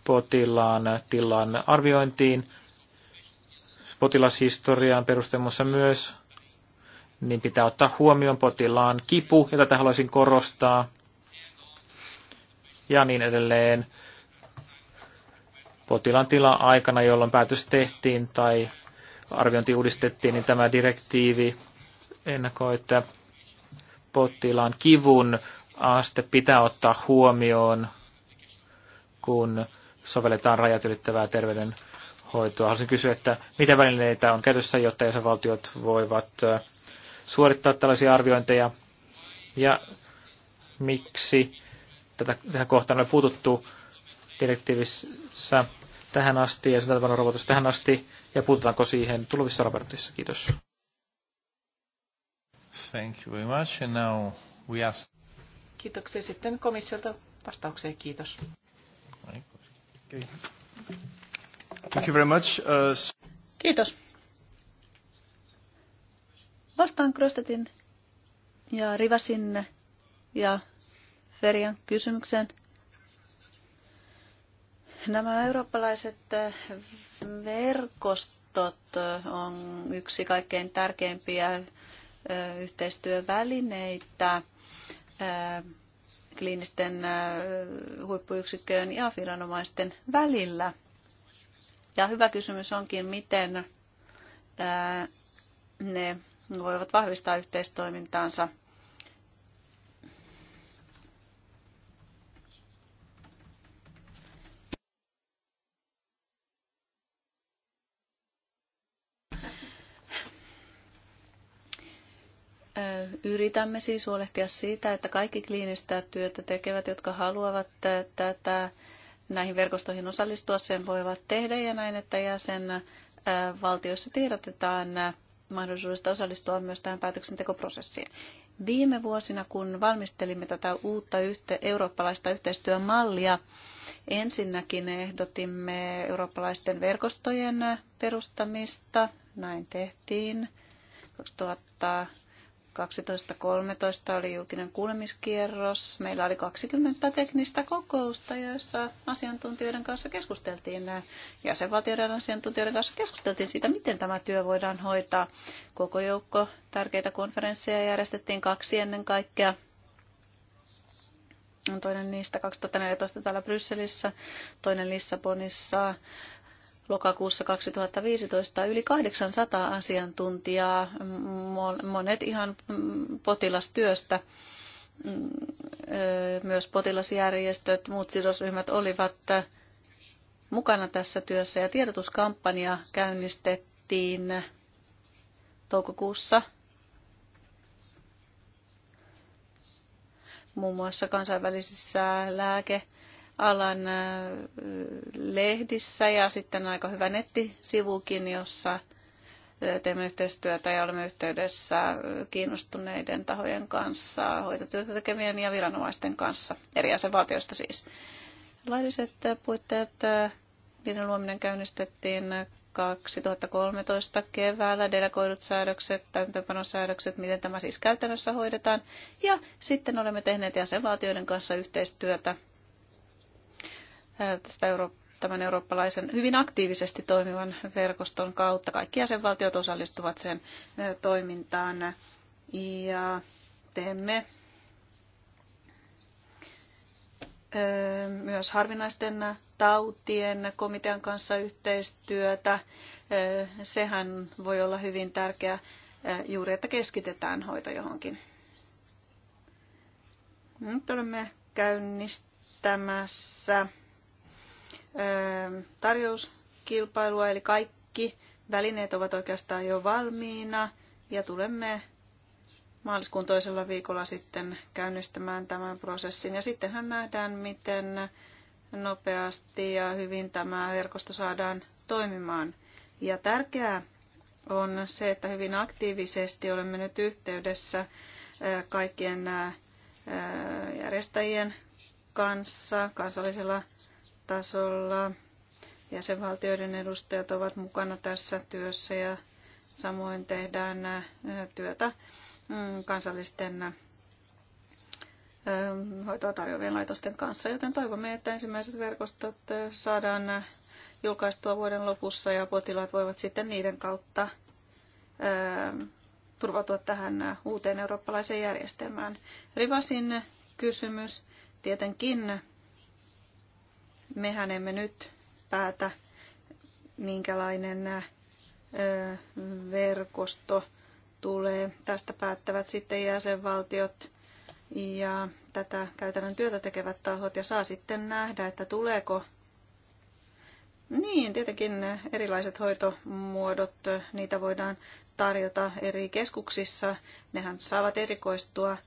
potilaan tilan arviointiin, potilashistoriaan perustemussa myös niin pitää ottaa huomioon potilaan kipu, ja tätä haluaisin korostaa, ja niin edelleen potilaan tila aikana, jolloin päätös tehtiin tai arviointi uudistettiin, niin tämä direktiivi ennakoi, että potilaan kivun aste pitää ottaa huomioon, kun sovelletaan rajat ylittävää terveydenhoitoa. Haluaisin kysyä, että mitä välineitä on käytössä, jotta jäsenvaltiot voivat suorittaa tällaisia arviointeja ja miksi tätä, tähän kohtaan on puututtu direktiivissä tähän asti ja sen täytäntöön robotus tähän asti ja puututaanko siihen tulevissa raportissa. Kiitos. Thank you very much. And now we ask... Kiitoksia sitten komissiolta vastaukseen. Kiitos. Okay. Thank you very much. Uh... Kiitos. Vastaan Krostetin ja Rivasin ja Ferian kysymykseen. Nämä eurooppalaiset verkostot on yksi kaikkein tärkeimpiä yhteistyövälineitä kliinisten huippuyksikköjen ja viranomaisten välillä. Ja hyvä kysymys onkin, miten ne voivat vahvistaa yhteistoimintaansa. Yritämme siis huolehtia siitä, että kaikki kliinistä työtä tekevät, jotka haluavat tätä näihin verkostoihin osallistua, sen voivat tehdä ja näin, että jäsenvaltioissa tiedotetaan mahdollisuudesta osallistua myös tähän päätöksentekoprosessiin. Viime vuosina, kun valmistelimme tätä uutta yhte- eurooppalaista yhteistyömallia, ensinnäkin ehdotimme eurooppalaisten verkostojen perustamista. Näin tehtiin 2000 12.13 oli julkinen kuulemiskierros. Meillä oli 20 teknistä kokousta, joissa asiantuntijoiden kanssa keskusteltiin, Ja jäsenvaltioiden asiantuntijoiden kanssa keskusteltiin siitä, miten tämä työ voidaan hoitaa. Koko joukko tärkeitä konferensseja järjestettiin kaksi ennen kaikkea. Toinen niistä 2014 täällä Brysselissä, toinen Lissabonissa lokakuussa 2015 yli 800 asiantuntijaa, monet ihan mm, potilastyöstä. Mm, myös potilasjärjestöt, muut sidosryhmät olivat mukana tässä työssä ja tiedotuskampanja käynnistettiin toukokuussa muun muassa kansainvälisissä lääke- alan äh, lehdissä ja sitten aika hyvä nettisivukin, jossa äh, teemme yhteistyötä ja olemme yhteydessä äh, kiinnostuneiden tahojen kanssa, hoitotyötä tekevien ja viranomaisten kanssa, eri jäsenvaltioista siis. Lailliset puitteet, niiden luominen käynnistettiin 2013 keväällä, delegoidut säädökset, täytäntöönpanosäädökset, miten tämä siis käytännössä hoidetaan. Ja sitten olemme tehneet jäsenvaltioiden kanssa yhteistyötä tästä Euro- tämän eurooppalaisen hyvin aktiivisesti toimivan verkoston kautta. Kaikki jäsenvaltiot osallistuvat sen toimintaan ja teemme myös harvinaisten tautien komitean kanssa yhteistyötä. Sehän voi olla hyvin tärkeä juuri, että keskitetään hoito johonkin. Nyt olemme käynnistämässä Öö, tarjouskilpailua, eli kaikki välineet ovat oikeastaan jo valmiina ja tulemme maaliskuun toisella viikolla sitten käynnistämään tämän prosessin. Ja sittenhän nähdään, miten nopeasti ja hyvin tämä verkosto saadaan toimimaan. Ja tärkeää on se, että hyvin aktiivisesti olemme nyt yhteydessä öö, kaikkien öö, järjestäjien kanssa kansallisella tasolla. Jäsenvaltioiden edustajat ovat mukana tässä työssä ja samoin tehdään työtä mm, kansallisten hoitoa tarjoavien laitosten kanssa, joten toivomme, että ensimmäiset verkostot saadaan julkaistua vuoden lopussa ja potilaat voivat sitten niiden kautta turvautua tähän uuteen eurooppalaiseen järjestelmään. Rivasin kysymys tietenkin mehän emme nyt päätä, minkälainen verkosto tulee. Tästä päättävät sitten jäsenvaltiot ja tätä käytännön työtä tekevät tahot ja saa sitten nähdä, että tuleeko niin, tietenkin erilaiset hoitomuodot, niitä voidaan tarjota eri keskuksissa. Nehän saavat erikoistua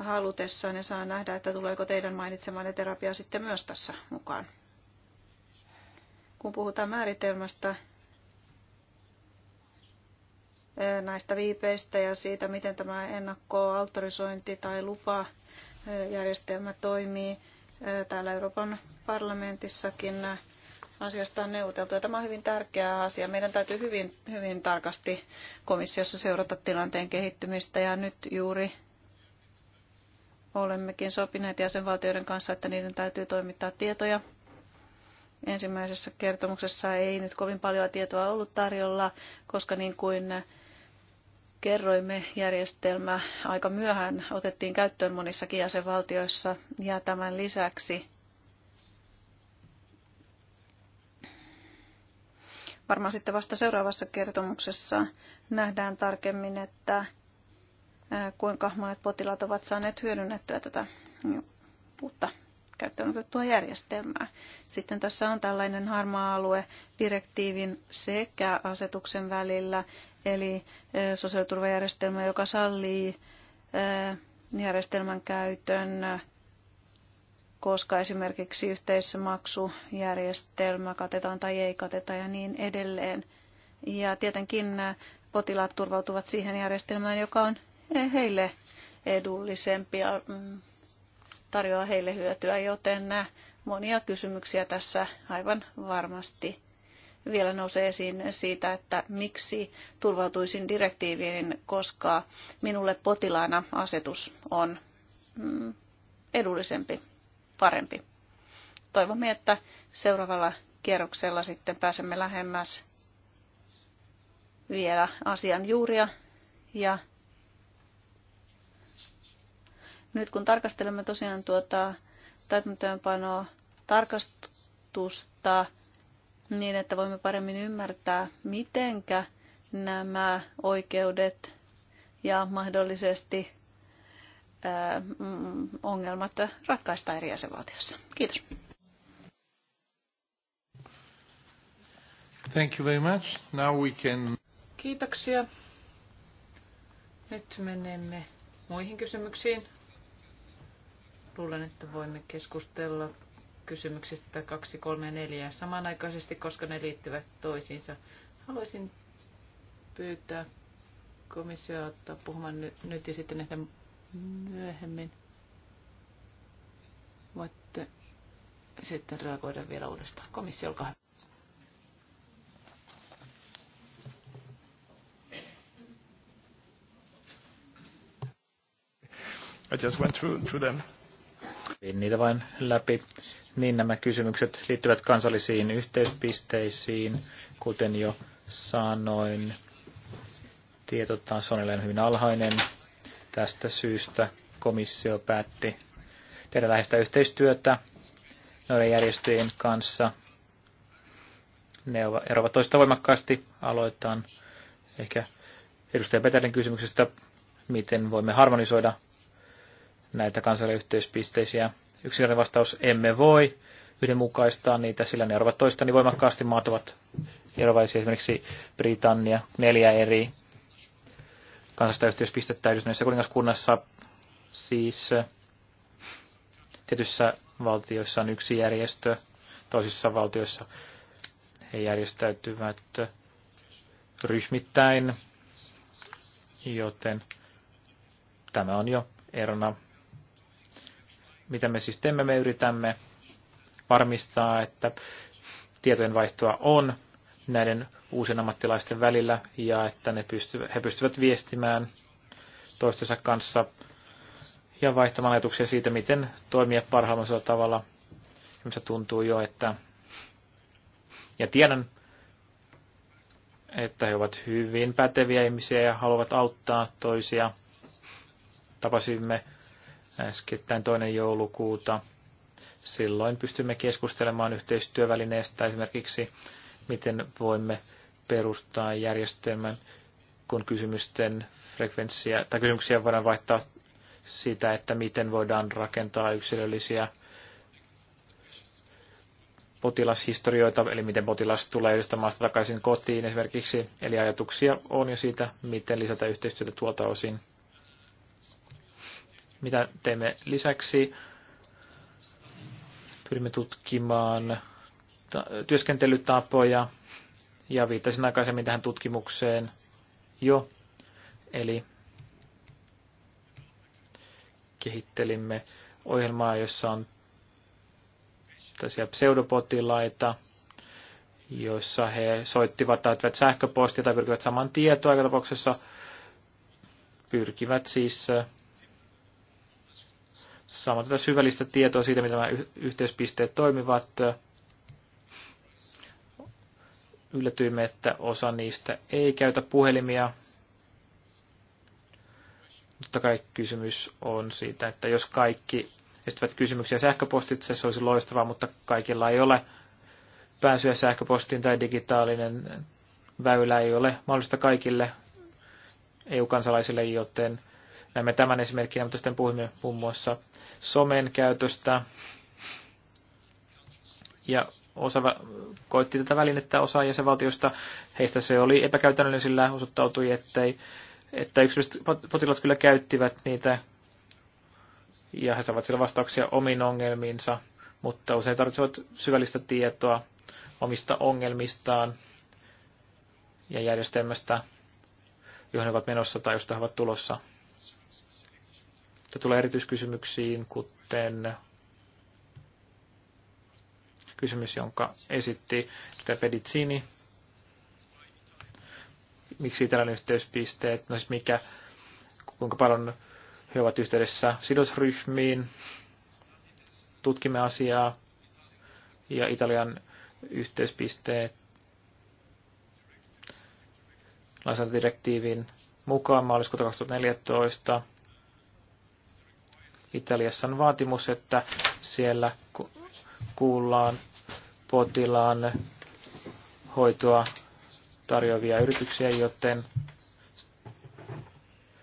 halutessaan ja saa nähdä, että tuleeko teidän mainitsemanne terapia sitten myös tässä mukaan kun puhutaan määritelmästä näistä viipeistä ja siitä, miten tämä ennakkoautorisointi tai lupajärjestelmä toimii. Täällä Euroopan parlamentissakin asiasta on neuvoteltu. Ja tämä on hyvin tärkeä asia. Meidän täytyy hyvin, hyvin tarkasti komissiossa seurata tilanteen kehittymistä ja nyt juuri olemmekin sopineet jäsenvaltioiden kanssa, että niiden täytyy toimittaa tietoja ensimmäisessä kertomuksessa ei nyt kovin paljon tietoa ollut tarjolla, koska niin kuin kerroimme, järjestelmä aika myöhään otettiin käyttöön monissakin jäsenvaltioissa ja tämän lisäksi varmaan sitten vasta seuraavassa kertomuksessa nähdään tarkemmin, että kuinka monet potilaat ovat saaneet hyödynnettyä tätä uutta käyttöön otettua järjestelmää. Sitten tässä on tällainen harmaa alue direktiivin sekä asetuksen välillä, eli sosiaaliturvajärjestelmä, joka sallii järjestelmän käytön, koska esimerkiksi yhteismaksujärjestelmä katetaan tai ei kateta ja niin edelleen. Ja tietenkin potilaat turvautuvat siihen järjestelmään, joka on heille edullisempi ja mm, tarjoaa heille hyötyä, joten monia kysymyksiä tässä aivan varmasti vielä nousee esiin siitä, että miksi turvautuisin direktiiviin, koska minulle potilaana asetus on mm, edullisempi, parempi. Toivomme, että seuraavalla kierroksella sitten pääsemme lähemmäs vielä asian juuria ja nyt kun tarkastelemme tosiaan tuota täytäntöönpanoa tarkastusta niin, että voimme paremmin ymmärtää, mitenkä nämä oikeudet ja mahdollisesti mm, ongelmat ratkaistaan eri jäsenvaltiossa. Kiitos. Thank you very much. Now we can... Kiitoksia. Nyt menemme muihin kysymyksiin. Luulen, että voimme keskustella kysymyksistä 2, 3 ja 4 samanaikaisesti, koska ne liittyvät toisiinsa. Haluaisin pyytää komissiota puhumaan nyt ja sitten ehkä myöhemmin. Voitte sitten reagoida vielä uudestaan. Komissio, olkaa hyvä. I just went through, through them kävin niitä vain läpi, niin nämä kysymykset liittyvät kansallisiin yhteyspisteisiin, kuten jo sanoin. Tietotaso on hyvin alhainen. Tästä syystä komissio päätti tehdä läheistä yhteistyötä noiden järjestöjen kanssa. Ne eroavat toista voimakkaasti. Aloitetaan ehkä edustaja Peterin kysymyksestä, miten voimme harmonisoida näitä kansallisyhteyspisteisiä. Yksinkertainen vastaus, emme voi yhdenmukaistaa niitä, sillä ne eroavat toista, niin voimakkaasti maat ovat eroavaisia. Esimerkiksi Britannia, neljä eri kansallista yhteyspistettä yhdistyneessä kuningaskunnassa, siis eh, tietyissä valtioissa on yksi järjestö, toisissa valtioissa he järjestäytyvät ryhmittäin, joten tämä on jo erona mitä me siis teemme, me yritämme varmistaa, että tietojen vaihtoa on näiden uusien ammattilaisten välillä ja että ne pystyvät, he pystyvät viestimään toistensa kanssa ja vaihtamaan ajatuksia siitä, miten toimia parhaimmalla tavalla. Minusta tuntuu jo, että ja tiedän, että he ovat hyvin päteviä ihmisiä ja haluavat auttaa toisia. Tapasimme äskettäin toinen joulukuuta. Silloin pystymme keskustelemaan yhteistyövälineestä esimerkiksi, miten voimme perustaa järjestelmän, kun kysymysten frekvenssiä tai kysymyksiä voidaan vaihtaa siitä, että miten voidaan rakentaa yksilöllisiä potilashistorioita, eli miten potilas tulee yhdestä maasta takaisin kotiin esimerkiksi. Eli ajatuksia on jo siitä, miten lisätä yhteistyötä tuolta osin. Mitä teemme lisäksi? Pyrimme tutkimaan työskentelytapoja ja viittasin aikaisemmin tähän tutkimukseen jo. Eli kehittelimme ohjelmaa, jossa on tällaisia pseudopotilaita, joissa he soittivat tai ottivat sähköpostia tai pyrkivät saman tietoa. Aika tapauksessa pyrkivät siis saamaan tätä syvällistä tietoa siitä, miten nämä yhteispisteet toimivat. Yllätyimme, että osa niistä ei käytä puhelimia. Totta kai kysymys on siitä, että jos kaikki estävät kysymyksiä sähköpostitse, se olisi loistavaa, mutta kaikilla ei ole pääsyä sähköpostiin tai digitaalinen väylä ei ole mahdollista kaikille EU-kansalaisille, joten Näemme tämän esimerkkinä, mutta sitten puhumme muun muassa somen käytöstä. Ja osa koitti tätä välinettä osa jäsenvaltiosta. Heistä se oli epäkäytännöllinen, sillä osoittautui, ettei, että yksityiset potilaat kyllä käyttivät niitä ja he saavat sillä vastauksia omiin ongelmiinsa, mutta usein tarvitsevat syvällistä tietoa omista ongelmistaan ja järjestelmästä, johon he ovat menossa tai josta he ovat tulossa. Sitten tulee erityiskysymyksiin, kuten kysymys, jonka esitti tämä Pedicini. Miksi tällainen yhteyspisteet? No siis mikä, kuinka paljon he ovat yhteydessä sidosryhmiin? Tutkimme asiaa ja Italian yhteyspisteet lainsäädäntödirektiivin mukaan maaliskuuta 2014 Italiassa on vaatimus, että siellä kuullaan potilaan hoitoa tarjoavia yrityksiä, joten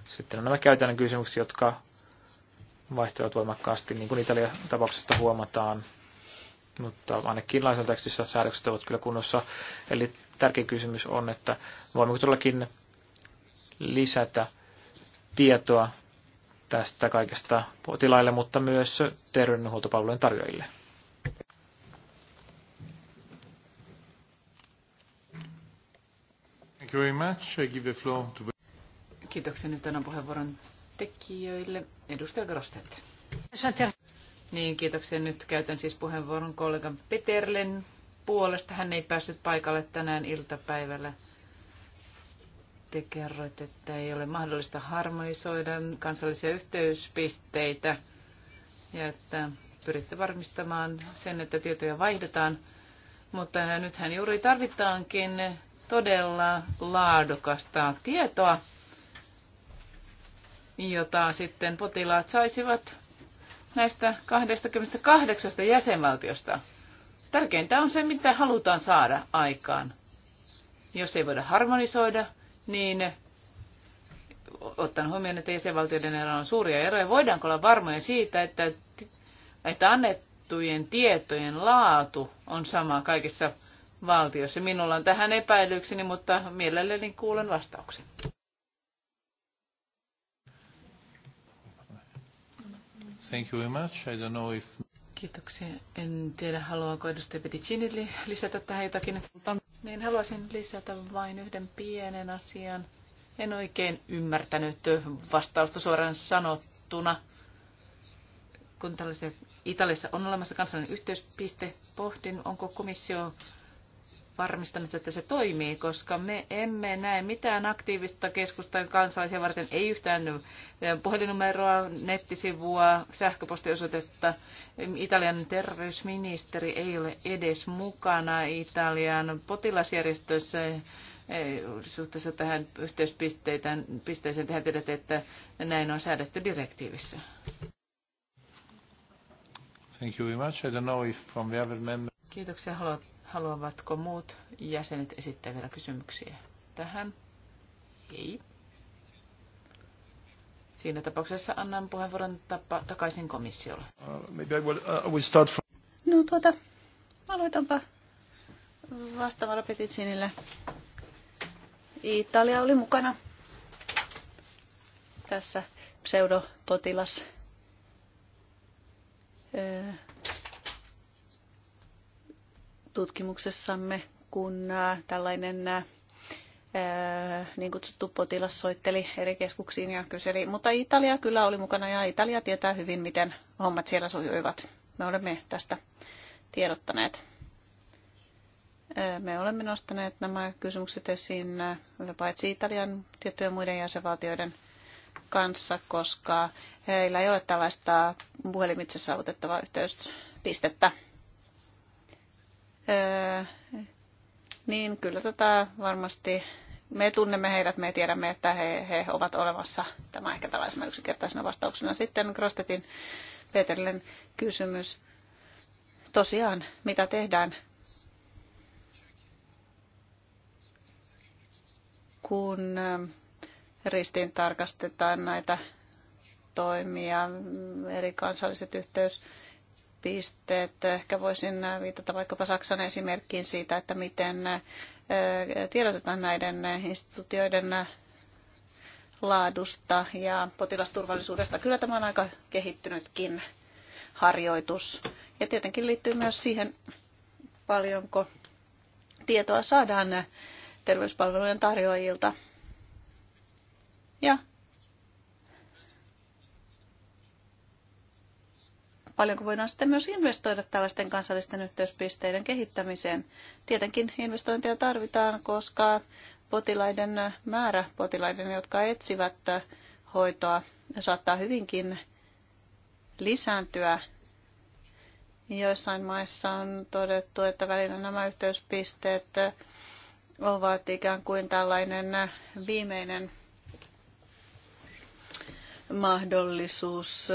sitten on nämä käytännön kysymykset, jotka vaihtelevat voimakkaasti, niin kuin Italian tapauksesta huomataan. Mutta ainakin lainsäädäntöksissä säädökset ovat kyllä kunnossa. Eli tärkeä kysymys on, että voimmeko todellakin lisätä tietoa tästä kaikesta potilaille, mutta myös terveydenhuoltopalvelujen tarjoajille. Thank you very much. I give the floor to... Kiitoksia nyt tämän puheenvuoron tekijöille. Edustaja Grostet. Niin, kiitoksia. Nyt käytän siis puheenvuoron kollegan Peterlen puolesta. Hän ei päässyt paikalle tänään iltapäivällä. Te kerroitte, että ei ole mahdollista harmonisoida kansallisia yhteyspisteitä ja että pyritte varmistamaan sen, että tietoja vaihdetaan. Mutta nythän juuri tarvitaankin todella laadukasta tietoa, jota sitten potilaat saisivat näistä 28 jäsenvaltiosta. Tärkeintä on se, mitä halutaan saada aikaan. Jos ei voida harmonisoida, niin ottaen huomioon, että jäsenvaltioiden ero on suuria eroja, voidaanko olla varmoja siitä, että, että annettujen tietojen laatu on sama kaikissa valtioissa? Minulla on tähän epäilykseni, mutta mielelläni kuulen vastauksen. Thank you very much. I don't know if... Kiitoksia. En tiedä, haluaako edustaja Petticini lisätä tähän jotakin. Niin haluaisin lisätä vain yhden pienen asian. En oikein ymmärtänyt vastausta suoraan sanottuna. Kun tällaisessa Italiassa on olemassa kansallinen yhteyspiste, pohdin, onko komissio varmistaneet, että se toimii, koska me emme näe mitään aktiivista keskustan kansalaisia varten, ei yhtään eh, puhelinnumeroa, nettisivua, sähköpostiosoitetta. Italian terveysministeri ei ole edes mukana Italian potilasjärjestöissä eh, suhteessa tähän yhteispisteeseen. Tehän tiedätte, että näin on säädetty direktiivissä. Thank you very much. I don't know if from the other Kiitoksia. Haluat Haluavatko muut jäsenet esittää vielä kysymyksiä tähän? Ei. Siinä tapauksessa annan puheenvuoron tapa, takaisin komissiolle. Uh, uh, no tuota, aloitanpa vastaavalla petitsinillä. Italia oli mukana tässä pseudopotilas tutkimuksessamme, kun äh, tällainen äh, niin kutsuttu potilas soitteli eri keskuksiin ja kyseli. Mutta Italia kyllä oli mukana ja Italia tietää hyvin, miten hommat siellä sujuivat. Me olemme tästä tiedottaneet. Me olemme nostaneet nämä kysymykset esiin paitsi Italian tiettyjen muiden jäsenvaltioiden kanssa, koska heillä ei ole tällaista puhelimitse saavutettavaa yhteyspistettä niin kyllä tätä tota varmasti me tunnemme heidät, me tiedämme, että he, he ovat olemassa. Tämä ehkä tällaisena yksinkertaisena vastauksena. Sitten Krostetin Peterlen kysymys. Tosiaan, mitä tehdään, kun ristiin tarkastetaan näitä toimia, eri kansalliset yhteys, pisteet. Ehkä voisin viitata vaikkapa Saksan esimerkkiin siitä, että miten tiedotetaan näiden instituutioiden laadusta ja potilasturvallisuudesta. Kyllä tämä on aika kehittynytkin harjoitus. Ja tietenkin liittyy myös siihen, paljonko tietoa saadaan terveyspalvelujen tarjoajilta. Ja paljonko voidaan sitten myös investoida tällaisten kansallisten yhteyspisteiden kehittämiseen. Tietenkin investointia tarvitaan, koska potilaiden määrä, potilaiden, jotka etsivät hoitoa, saattaa hyvinkin lisääntyä. Joissain maissa on todettu, että välillä nämä yhteyspisteet ovat ikään kuin tällainen viimeinen mahdollisuus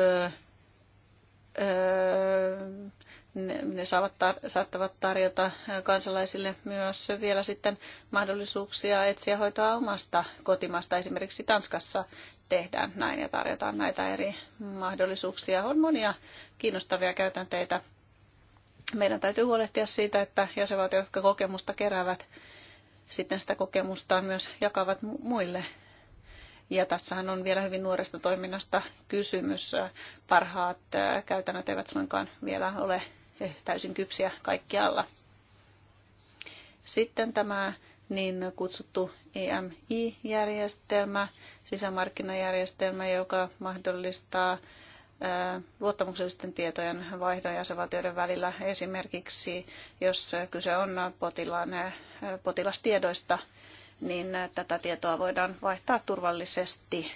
ne, ne saavat tar- saattavat tarjota kansalaisille myös vielä sitten mahdollisuuksia etsiä hoitoa omasta kotimasta. Esimerkiksi Tanskassa tehdään näin ja tarjotaan näitä eri mahdollisuuksia. On monia kiinnostavia käytänteitä. Meidän täytyy huolehtia siitä, että jäsenvaltiot, jotka kokemusta keräävät, sitten sitä kokemustaan myös jakavat muille ja tässähän on vielä hyvin nuoresta toiminnasta kysymys. Parhaat käytännöt eivät suinkaan vielä ole eh, täysin kypsiä kaikkialla. Sitten tämä niin kutsuttu EMI-järjestelmä, sisämarkkinajärjestelmä, joka mahdollistaa luottamuksellisten tietojen vaihdon jäsenvaltioiden välillä. Esimerkiksi jos kyse on potilaan, potilastiedoista, niin äh, tätä tietoa voidaan vaihtaa turvallisesti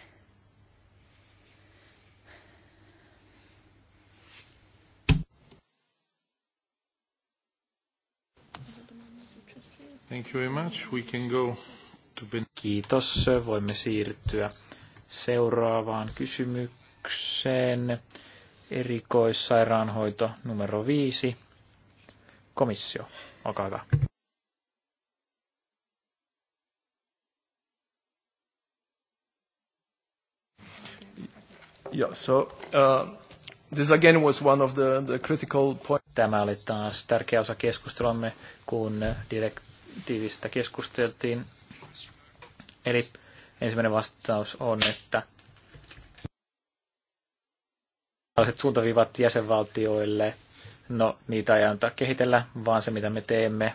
Thank you very much. We can go to the... Kiitos. Voimme siirtyä seuraavaan kysymykseen. Erikoissairaanhoito numero viisi. Komissio, olkaa hyvä. Yeah, so, uh, this again was one of the, the critical Tämä oli taas tärkeä osa keskustelumme, kun direktiivistä keskusteltiin. Eli ensimmäinen vastaus on, että tällaiset suuntaviivat jäsenvaltioille, no niitä ei anneta kehitellä, vaan se mitä me teemme,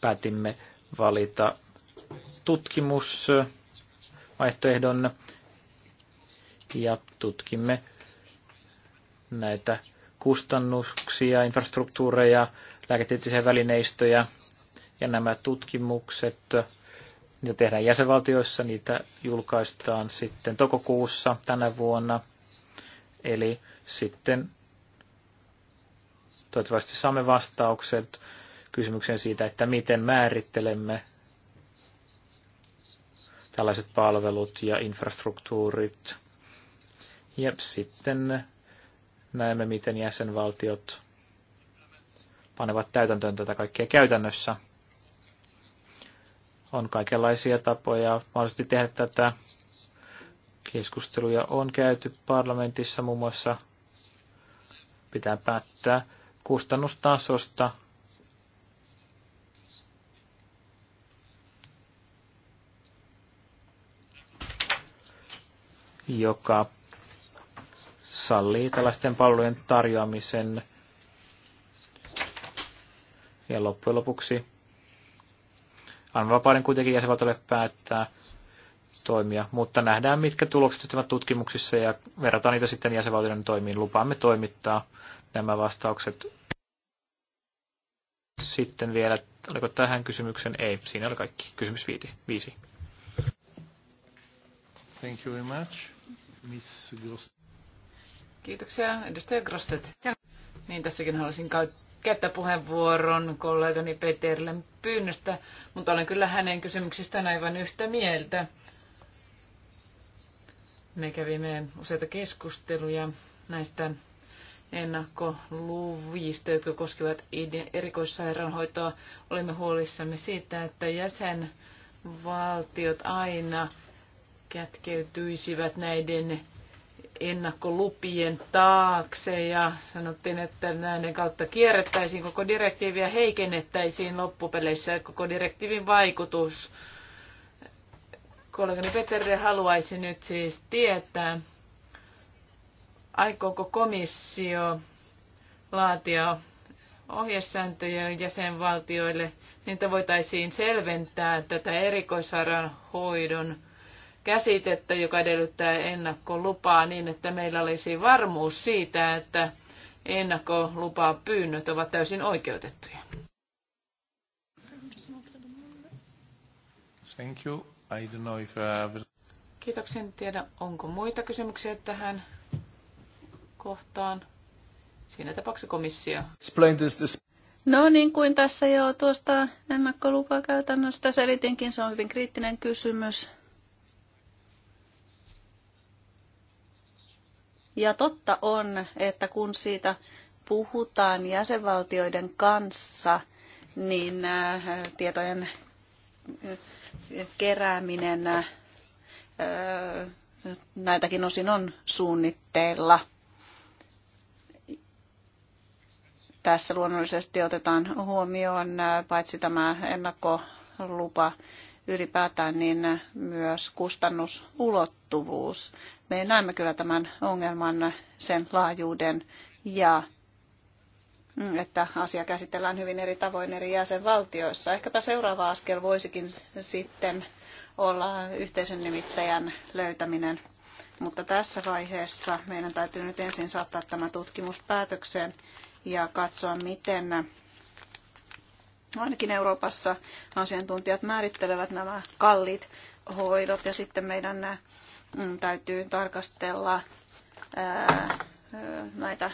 päätimme valita tutkimus, vaihtoehdon ja tutkimme näitä kustannuksia, infrastruktuureja, lääketieteellisiä välineistöjä ja nämä tutkimukset, niitä tehdään jäsenvaltioissa, niitä julkaistaan sitten tokokuussa tänä vuonna. Eli sitten toivottavasti saamme vastaukset kysymykseen siitä, että miten määrittelemme tällaiset palvelut ja infrastruktuurit. Ja sitten näemme, miten jäsenvaltiot panevat täytäntöön tätä kaikkea käytännössä. On kaikenlaisia tapoja mahdollisesti tehdä tätä. Keskusteluja on käyty parlamentissa muun muassa. Pitää päättää kustannustasosta joka sallii tällaisten palvelujen tarjoamisen. Ja loppujen lopuksi annan vapauden kuitenkin jäsenvaltiolle päättää toimia, mutta nähdään mitkä tulokset ovat tutkimuksissa ja verrataan niitä sitten jäsenvaltioiden toimiin. Lupaamme toimittaa nämä vastaukset. Sitten vielä, oliko tähän kysymykseen Ei, siinä oli kaikki. Kysymys viisi. Thank you very much. Miss Kiitoksia, edustaja Grostet. Niin, tässäkin haluaisin käyttää puheenvuoron kollegani Peterlen pyynnöstä, mutta olen kyllä hänen kysymyksistään aivan yhtä mieltä. Me kävimme useita keskusteluja näistä ennakkoluvista, jotka koskevat erikoissairaanhoitoa. Olimme huolissamme siitä, että jäsenvaltiot aina kätkeytyisivät näiden ennakkolupien taakse ja sanottiin, että näiden kautta kierrettäisiin koko direktiiviä, heikennettäisiin loppupeleissä koko direktiivin vaikutus. Kollegani Peter haluaisi nyt siis tietää, aikooko komissio laatia ohjesääntöjä jäsenvaltioille, niin että voitaisiin selventää tätä erikoissairaanhoidon hoidon käsitettä, joka edellyttää ennakkolupaa niin, että meillä olisi varmuus siitä, että ennakkolupaa pyynnöt ovat täysin oikeutettuja. Thank you. I don't know if I uh, have... Kiitoksia. En tiedä, onko muita kysymyksiä tähän kohtaan. Siinä tapauksessa komissio. No niin kuin tässä jo tuosta ennakkolupakäytännöstä selitinkin, se on hyvin kriittinen kysymys Ja totta on, että kun siitä puhutaan jäsenvaltioiden kanssa, niin äh, tietojen äh, kerääminen äh, näitäkin osin on suunnitteilla. Tässä luonnollisesti otetaan huomioon paitsi tämä ennakkolupa ylipäätään niin myös kustannusulottuvuus. Me näemme kyllä tämän ongelman, sen laajuuden ja mm, että asia käsitellään hyvin eri tavoin eri jäsenvaltioissa. Ehkäpä seuraava askel voisikin sitten olla yhteisen nimittäjän löytäminen. Mutta tässä vaiheessa meidän täytyy nyt ensin saattaa tämä tutkimus päätökseen ja katsoa, miten ainakin Euroopassa asiantuntijat määrittelevät nämä kalliit hoidot ja sitten meidän mm, täytyy tarkastella näitä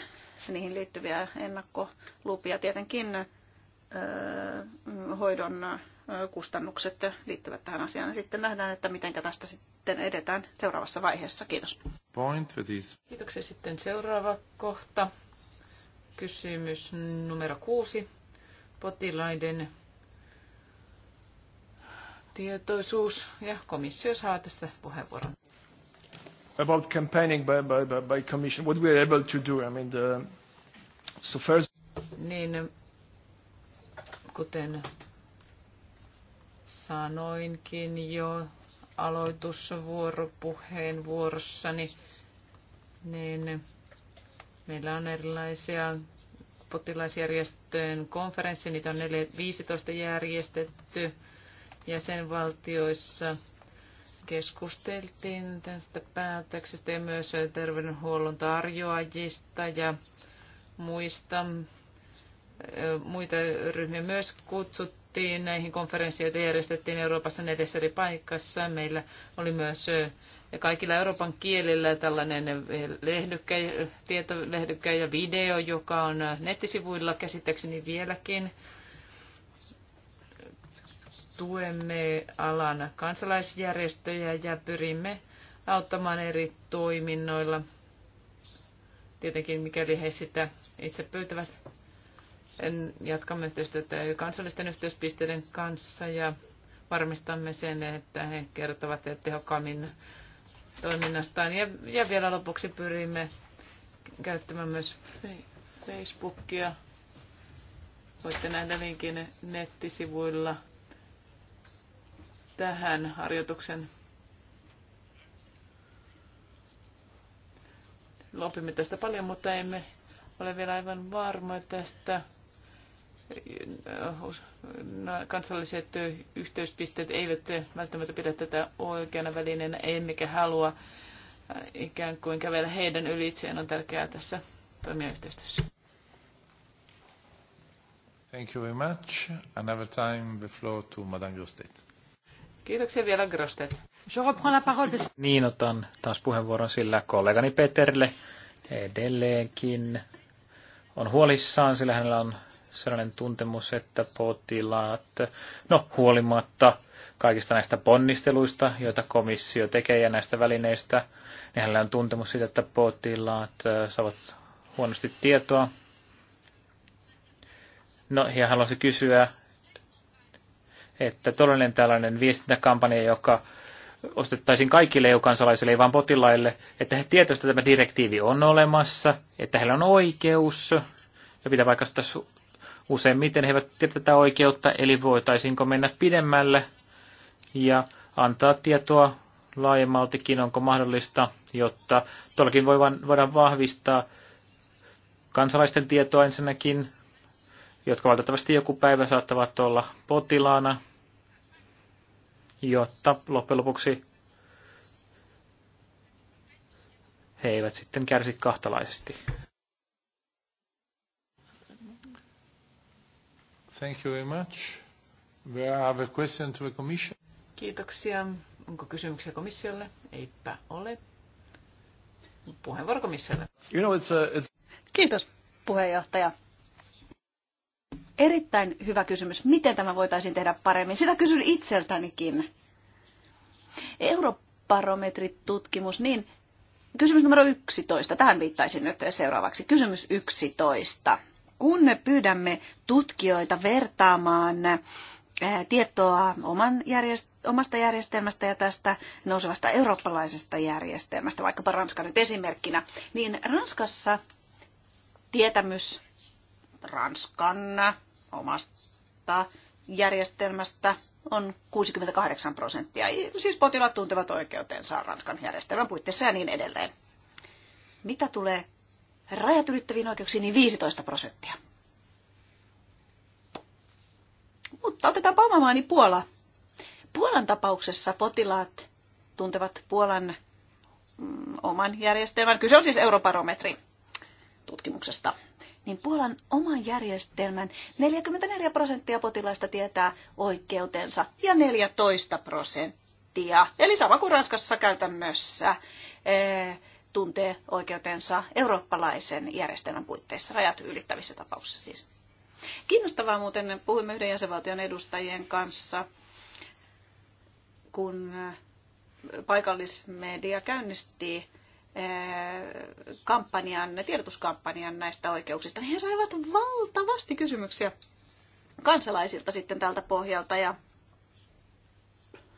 niihin liittyviä ennakkolupia. Tietenkin hoidon kustannukset liittyvät tähän asiaan. Sitten nähdään, että miten tästä sitten edetään seuraavassa vaiheessa. Kiitos. Point Kiitoksia. Sitten seuraava kohta. Kysymys numero kuusi potilaiden tietoisuus ja komissio saa tästä puheenvuoron. About campaigning by, by, by, by commission, what we are able to do, I mean, the, so first... Niin, kuten sanoinkin jo aloitusvuoropuheen vuorossani, niin meillä on erilaisia potilasjärjestöjen konferenssi, niitä on 15 järjestetty jäsenvaltioissa. Keskusteltiin tästä päätöksestä ja myös terveydenhuollon tarjoajista ja muista. Muita ryhmiä myös kutsuttiin kutsuttiin näihin konferenssiin, joita järjestettiin Euroopassa neljässä eri paikassa. Meillä oli myös kaikilla Euroopan kielillä tällainen lehdykkä, tietolehdykkä ja video, joka on nettisivuilla käsittääkseni vieläkin. Tuemme alan kansalaisjärjestöjä ja pyrimme auttamaan eri toiminnoilla, tietenkin mikäli he sitä itse pyytävät Jatkamme yhteistyötä kansallisten yhteyspisteiden kanssa ja varmistamme sen, että he kertovat tehokkaammin toiminnastaan. Ja, ja vielä lopuksi pyrimme käyttämään myös Facebookia. Voitte nähdä linkin nettisivuilla tähän harjoituksen. Lopimme tästä paljon, mutta emme ole vielä aivan varmoja tästä kansalliset yhteyspisteet eivät välttämättä pidä tätä oikeana välineenä, emmekä halua ikään kuin kävellä heidän ylitseen. On tärkeää tässä toimia yhteistyössä. Thank you very much. Another time the floor to Madame Grostet. Kiitoksia vielä Grostet. Niin otan taas puheenvuoron sillä kollegani Peterille edelleenkin on huolissaan, sillä hänellä on sellainen tuntemus, että potilaat, no huolimatta kaikista näistä ponnisteluista, joita komissio tekee ja näistä välineistä, niin hänellä on tuntemus siitä, että potilaat saavat huonosti tietoa. No, ja haluaisin kysyä, että todellinen tällainen viestintäkampanja, joka ostettaisiin kaikille EU-kansalaisille, ei vain potilaille, että he tietoista että tämä direktiivi on olemassa, että heillä on oikeus, ja pitää vaikka sitä Useimmiten he eivät tiedä tätä oikeutta, eli voitaisiinko mennä pidemmälle ja antaa tietoa laajemmaltikin, onko mahdollista, jotta todellakin voidaan vahvistaa kansalaisten tietoa ensinnäkin, jotka valitettavasti joku päivä saattavat olla potilaana, jotta loppujen lopuksi he eivät sitten kärsi kahtalaisesti. Thank you very much. We have a question to the commission. Kiitoksia. Onko kysymyksiä komissiolle? Eipä ole. Puheenvuoro komissiolle. You know, it's a, it's... Kiitos puheenjohtaja. Erittäin hyvä kysymys. Miten tämä voitaisiin tehdä paremmin? Sitä kysyn itseltänikin. Eurobarometritutkimus, niin kysymys numero 11. Tähän viittaisin nyt seuraavaksi. Kysymys 11 kun me pyydämme tutkijoita vertaamaan tietoa oman järjest- omasta järjestelmästä ja tästä nousevasta eurooppalaisesta järjestelmästä, vaikkapa Ranska nyt esimerkkinä, niin Ranskassa tietämys Ranskan omasta järjestelmästä on 68 prosenttia. Siis potilaat tuntevat oikeutensa Ranskan järjestelmän puitteissa ja niin edelleen. Mitä tulee rajat ylittäviin oikeuksiin, niin 15 prosenttia. Mutta otetaanpa oma maani Puola. Puolan tapauksessa potilaat tuntevat Puolan mm, oman järjestelmän, kyse on siis europarometri tutkimuksesta, niin Puolan oman järjestelmän 44 prosenttia potilaista tietää oikeutensa ja 14 prosenttia, eli sama kuin Ranskassa käytännössä, tuntee oikeutensa eurooppalaisen järjestelmän puitteissa, rajat ylittävissä tapauksissa siis. Kiinnostavaa muuten, puhuimme yhden jäsenvaltion edustajien kanssa, kun eh, paikallismedia käynnisti eh, kampanjan, tiedotuskampanjan näistä oikeuksista, niin he saivat valtavasti kysymyksiä kansalaisilta sitten tältä pohjalta. Ja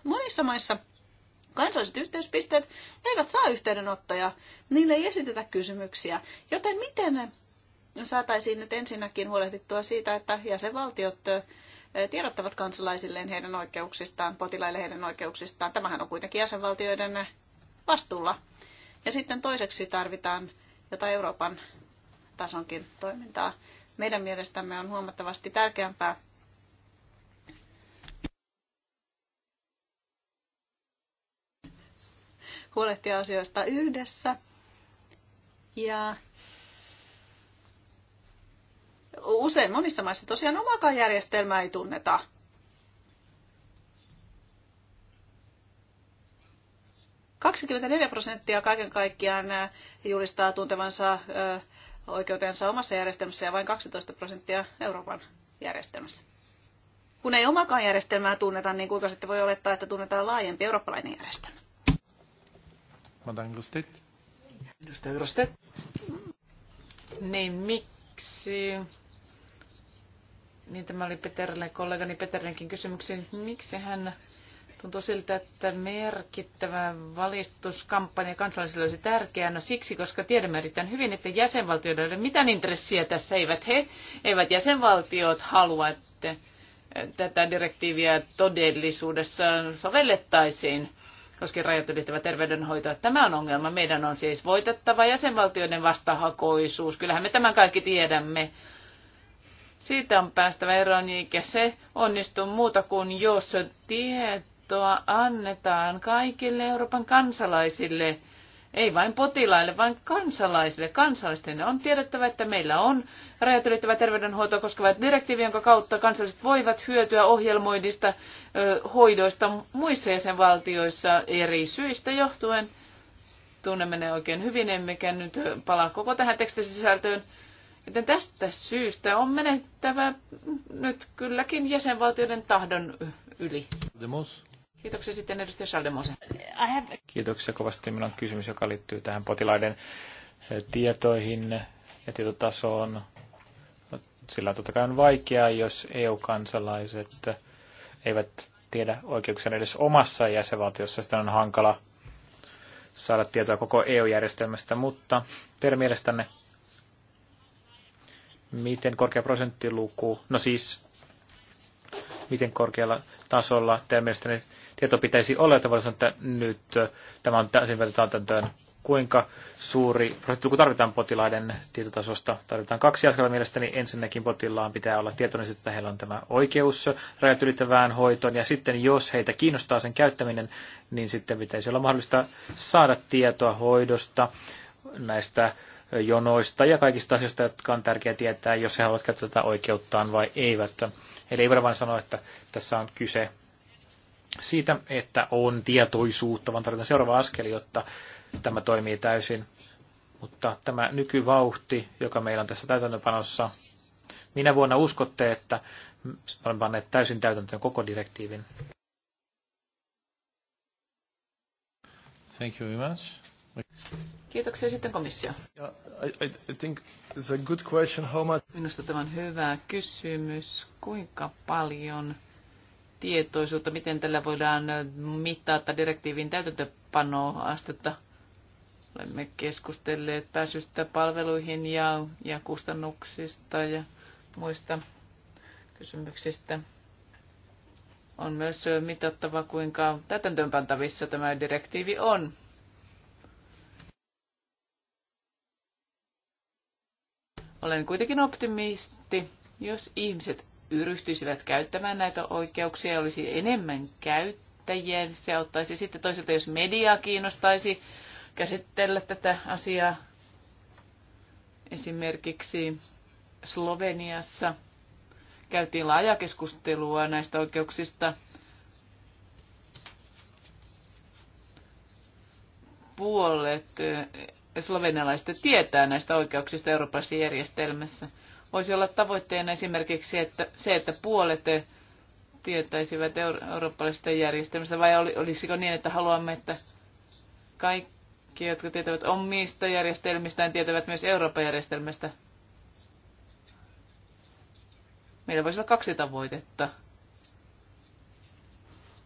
monissa maissa Kansalliset yhteyspisteet eivät saa yhteydenottoja, niille ei esitetä kysymyksiä. Joten miten me saataisiin nyt ensinnäkin huolehdittua siitä, että jäsenvaltiot tiedottavat kansalaisilleen heidän oikeuksistaan, potilaille heidän oikeuksistaan. Tämähän on kuitenkin jäsenvaltioiden vastuulla. Ja sitten toiseksi tarvitaan jotain Euroopan tasonkin toimintaa. Meidän mielestämme on huomattavasti tärkeämpää huolehtia asioista yhdessä. Ja usein monissa maissa tosiaan omakaan järjestelmää ei tunneta. prosenttia kaiken kaikkiaan äh, julistaa tuntevansa äh, oikeutensa omassa järjestelmässä ja vain 12 prosenttia Euroopan järjestelmässä. Kun ei omakaan järjestelmää tunneta, niin kuinka sitten voi olettaa, että tunnetaan laajempi eurooppalainen järjestelmä? Madame Grostet. Edustaja Grostet. Niin, miksi... Niin tämä oli Peterille, kollegani Peterinkin kysymyksiin. Miksi hän tuntuu siltä, että merkittävä valistuskampanja kansalaisille olisi tärkeää? No siksi, koska tiedämme erittäin hyvin, että jäsenvaltioilla ei ole mitään intressiä tässä. Eivät he, eivät jäsenvaltiot halua, että tätä direktiiviä todellisuudessa sovellettaisiin koskien rajat ylittävä että Tämä on ongelma. Meidän on siis voitettava jäsenvaltioiden vastahakoisuus. Kyllähän me tämän kaikki tiedämme. Siitä on päästävä eroon, eikä se onnistu muuta kuin jos tietoa annetaan kaikille Euroopan kansalaisille ei vain potilaille, vaan kansalaisille. Kansalaisten on tiedettävä, että meillä on rajat ylittävä terveydenhuolto koskeva direktiivi, jonka kautta kansalaiset voivat hyötyä ohjelmoidista hoidoista muissa jäsenvaltioissa eri syistä johtuen. Tunnemme ne oikein hyvin, emmekä nyt palaa koko tähän tekstisisältöön. Joten tästä syystä on menettävä nyt kylläkin jäsenvaltioiden tahdon yli. Demos. Kiitoksia sitten edustaja Schaldemose. Have... Kiitoksia kovasti. Minulla on kysymys, joka liittyy tähän potilaiden eh, tietoihin ja tietotasoon. Sillä totta kai on vaikeaa, jos EU-kansalaiset eivät tiedä oikeuksia edes omassa jäsenvaltiossa. Sitä on hankala saada tietoa koko EU-järjestelmästä, mutta teidän mielestänne miten korkea prosenttiluku, no siis miten korkealla tasolla teidän mielestäni tieto pitäisi olla, että voidaan sanoa, että nyt äh, tämä on täysin välttämätöntöön. Kuinka suuri prosenttiluku tarvitaan potilaiden tietotasosta? Tarvitaan kaksi askelta mielestäni. Ensinnäkin potilaan pitää olla tietoinen, että heillä on tämä oikeus rajat ylittävään hoitoon. Ja sitten jos heitä kiinnostaa sen käyttäminen, niin sitten pitäisi olla mahdollista saada tietoa hoidosta, näistä jonoista ja kaikista asioista, jotka on tärkeää tietää, jos he haluavat käyttää tätä oikeuttaan vai eivät. Eli ei voida vain sanoa, että tässä on kyse siitä, että on tietoisuutta, vaan tarvitaan seuraava askel, jotta tämä toimii täysin. Mutta tämä nykyvauhti, joka meillä on tässä täytäntöpanossa, minä vuonna uskotte, että olemme panneet täysin täytäntöön koko direktiivin. Thank you very much. Kiitoksia sitten komissio. Minusta tämä on hyvä kysymys. Kuinka paljon tietoisuutta, miten tällä voidaan mitata direktiivin täytäntöpanoastetta? Olemme keskustelleet pääsystä palveluihin ja, ja kustannuksista ja muista kysymyksistä. On myös mitattava, kuinka täytäntöönpantavissa tämä direktiivi on. Olen kuitenkin optimisti, jos ihmiset ryhtyisivät käyttämään näitä oikeuksia, olisi enemmän käyttäjiä. Niin se auttaisi sitten toisaalta, jos media kiinnostaisi käsitellä tätä asiaa esimerkiksi Sloveniassa käytiin laaja keskustelua näistä oikeuksista. Puolet slovenialaista tietää näistä oikeuksista Euroopan järjestelmässä. Voisi olla tavoitteena esimerkiksi että se, että puolet tietäisivät eurooppalaisesta järjestelmästä, vai olisiko niin, että haluamme, että kaikki, jotka tietävät omista järjestelmistään, tietävät myös Euroopan järjestelmästä? Meillä voisi olla kaksi tavoitetta.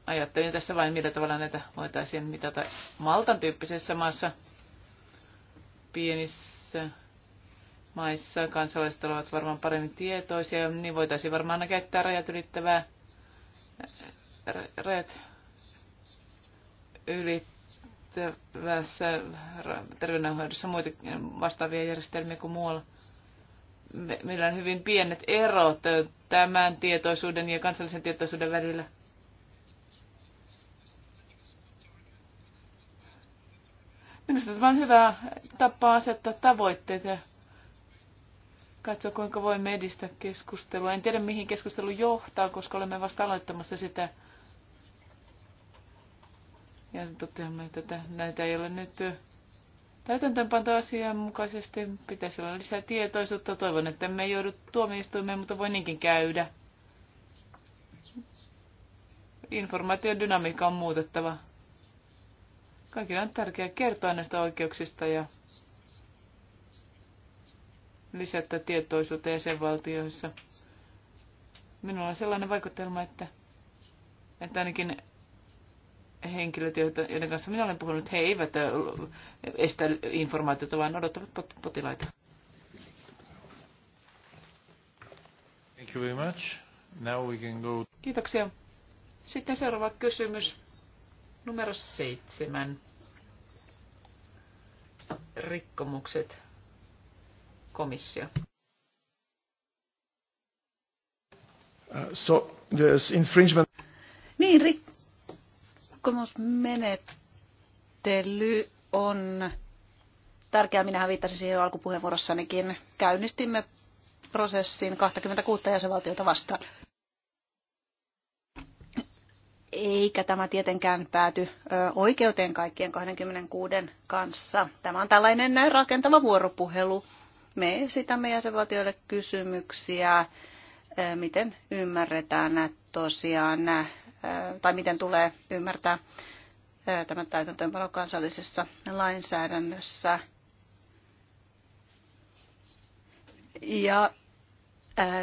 Ajattelin tässä vain, millä tavalla näitä voitaisiin mitata Maltan tyyppisessä maassa – pienissä maissa kansalaiset ovat varmaan paremmin tietoisia, niin voitaisiin varmaan käyttää rajat ylittävää äh, rajat ylittävässä terveydenhoidossa muita vastaavia järjestelmiä kuin muualla. Meillä on hyvin pienet erot tämän tietoisuuden ja kansallisen tietoisuuden välillä. Minusta tämä on hyvä tapa asettaa tavoitteet ja katsoa, kuinka voimme edistää keskustelua. En tiedä, mihin keskustelu johtaa, koska olemme vasta aloittamassa sitä. Ja toteamme, että näitä ei ole nyt täytäntöönpanto mukaisesti. Pitäisi olla lisää tietoisuutta. Toivon, että me joudu tuomioistuimeen, mutta voi niinkin käydä. Informaation dynamiikka on muutettava. Kaikille on tärkeää kertoa näistä oikeuksista ja lisätä tietoisuutta jäsenvaltioissa. Minulla on sellainen vaikutelma, että, että ainakin henkilöt, joiden kanssa minä olen puhunut, he eivät estä informaatiota, vaan odottavat potilaita. Thank you very much. Now we can go... Kiitoksia. Sitten seuraava kysymys. Numero seitsemän. Rikkomukset. Komissio. Uh, so, there's infringement. Niin, rikkomusmenettely on tärkeää. Minähän viittasin siihen alkupuheenvuorossanikin. Käynnistimme prosessin 26 jäsenvaltiota vastaan eikä tämä tietenkään pääty oikeuteen kaikkien 26 kanssa. Tämä on tällainen näin rakentava vuoropuhelu. Me esitämme jäsenvaltioille kysymyksiä, miten ymmärretään tosiaan, tai miten tulee ymmärtää tämä täytäntöönpano kansallisessa lainsäädännössä. Ja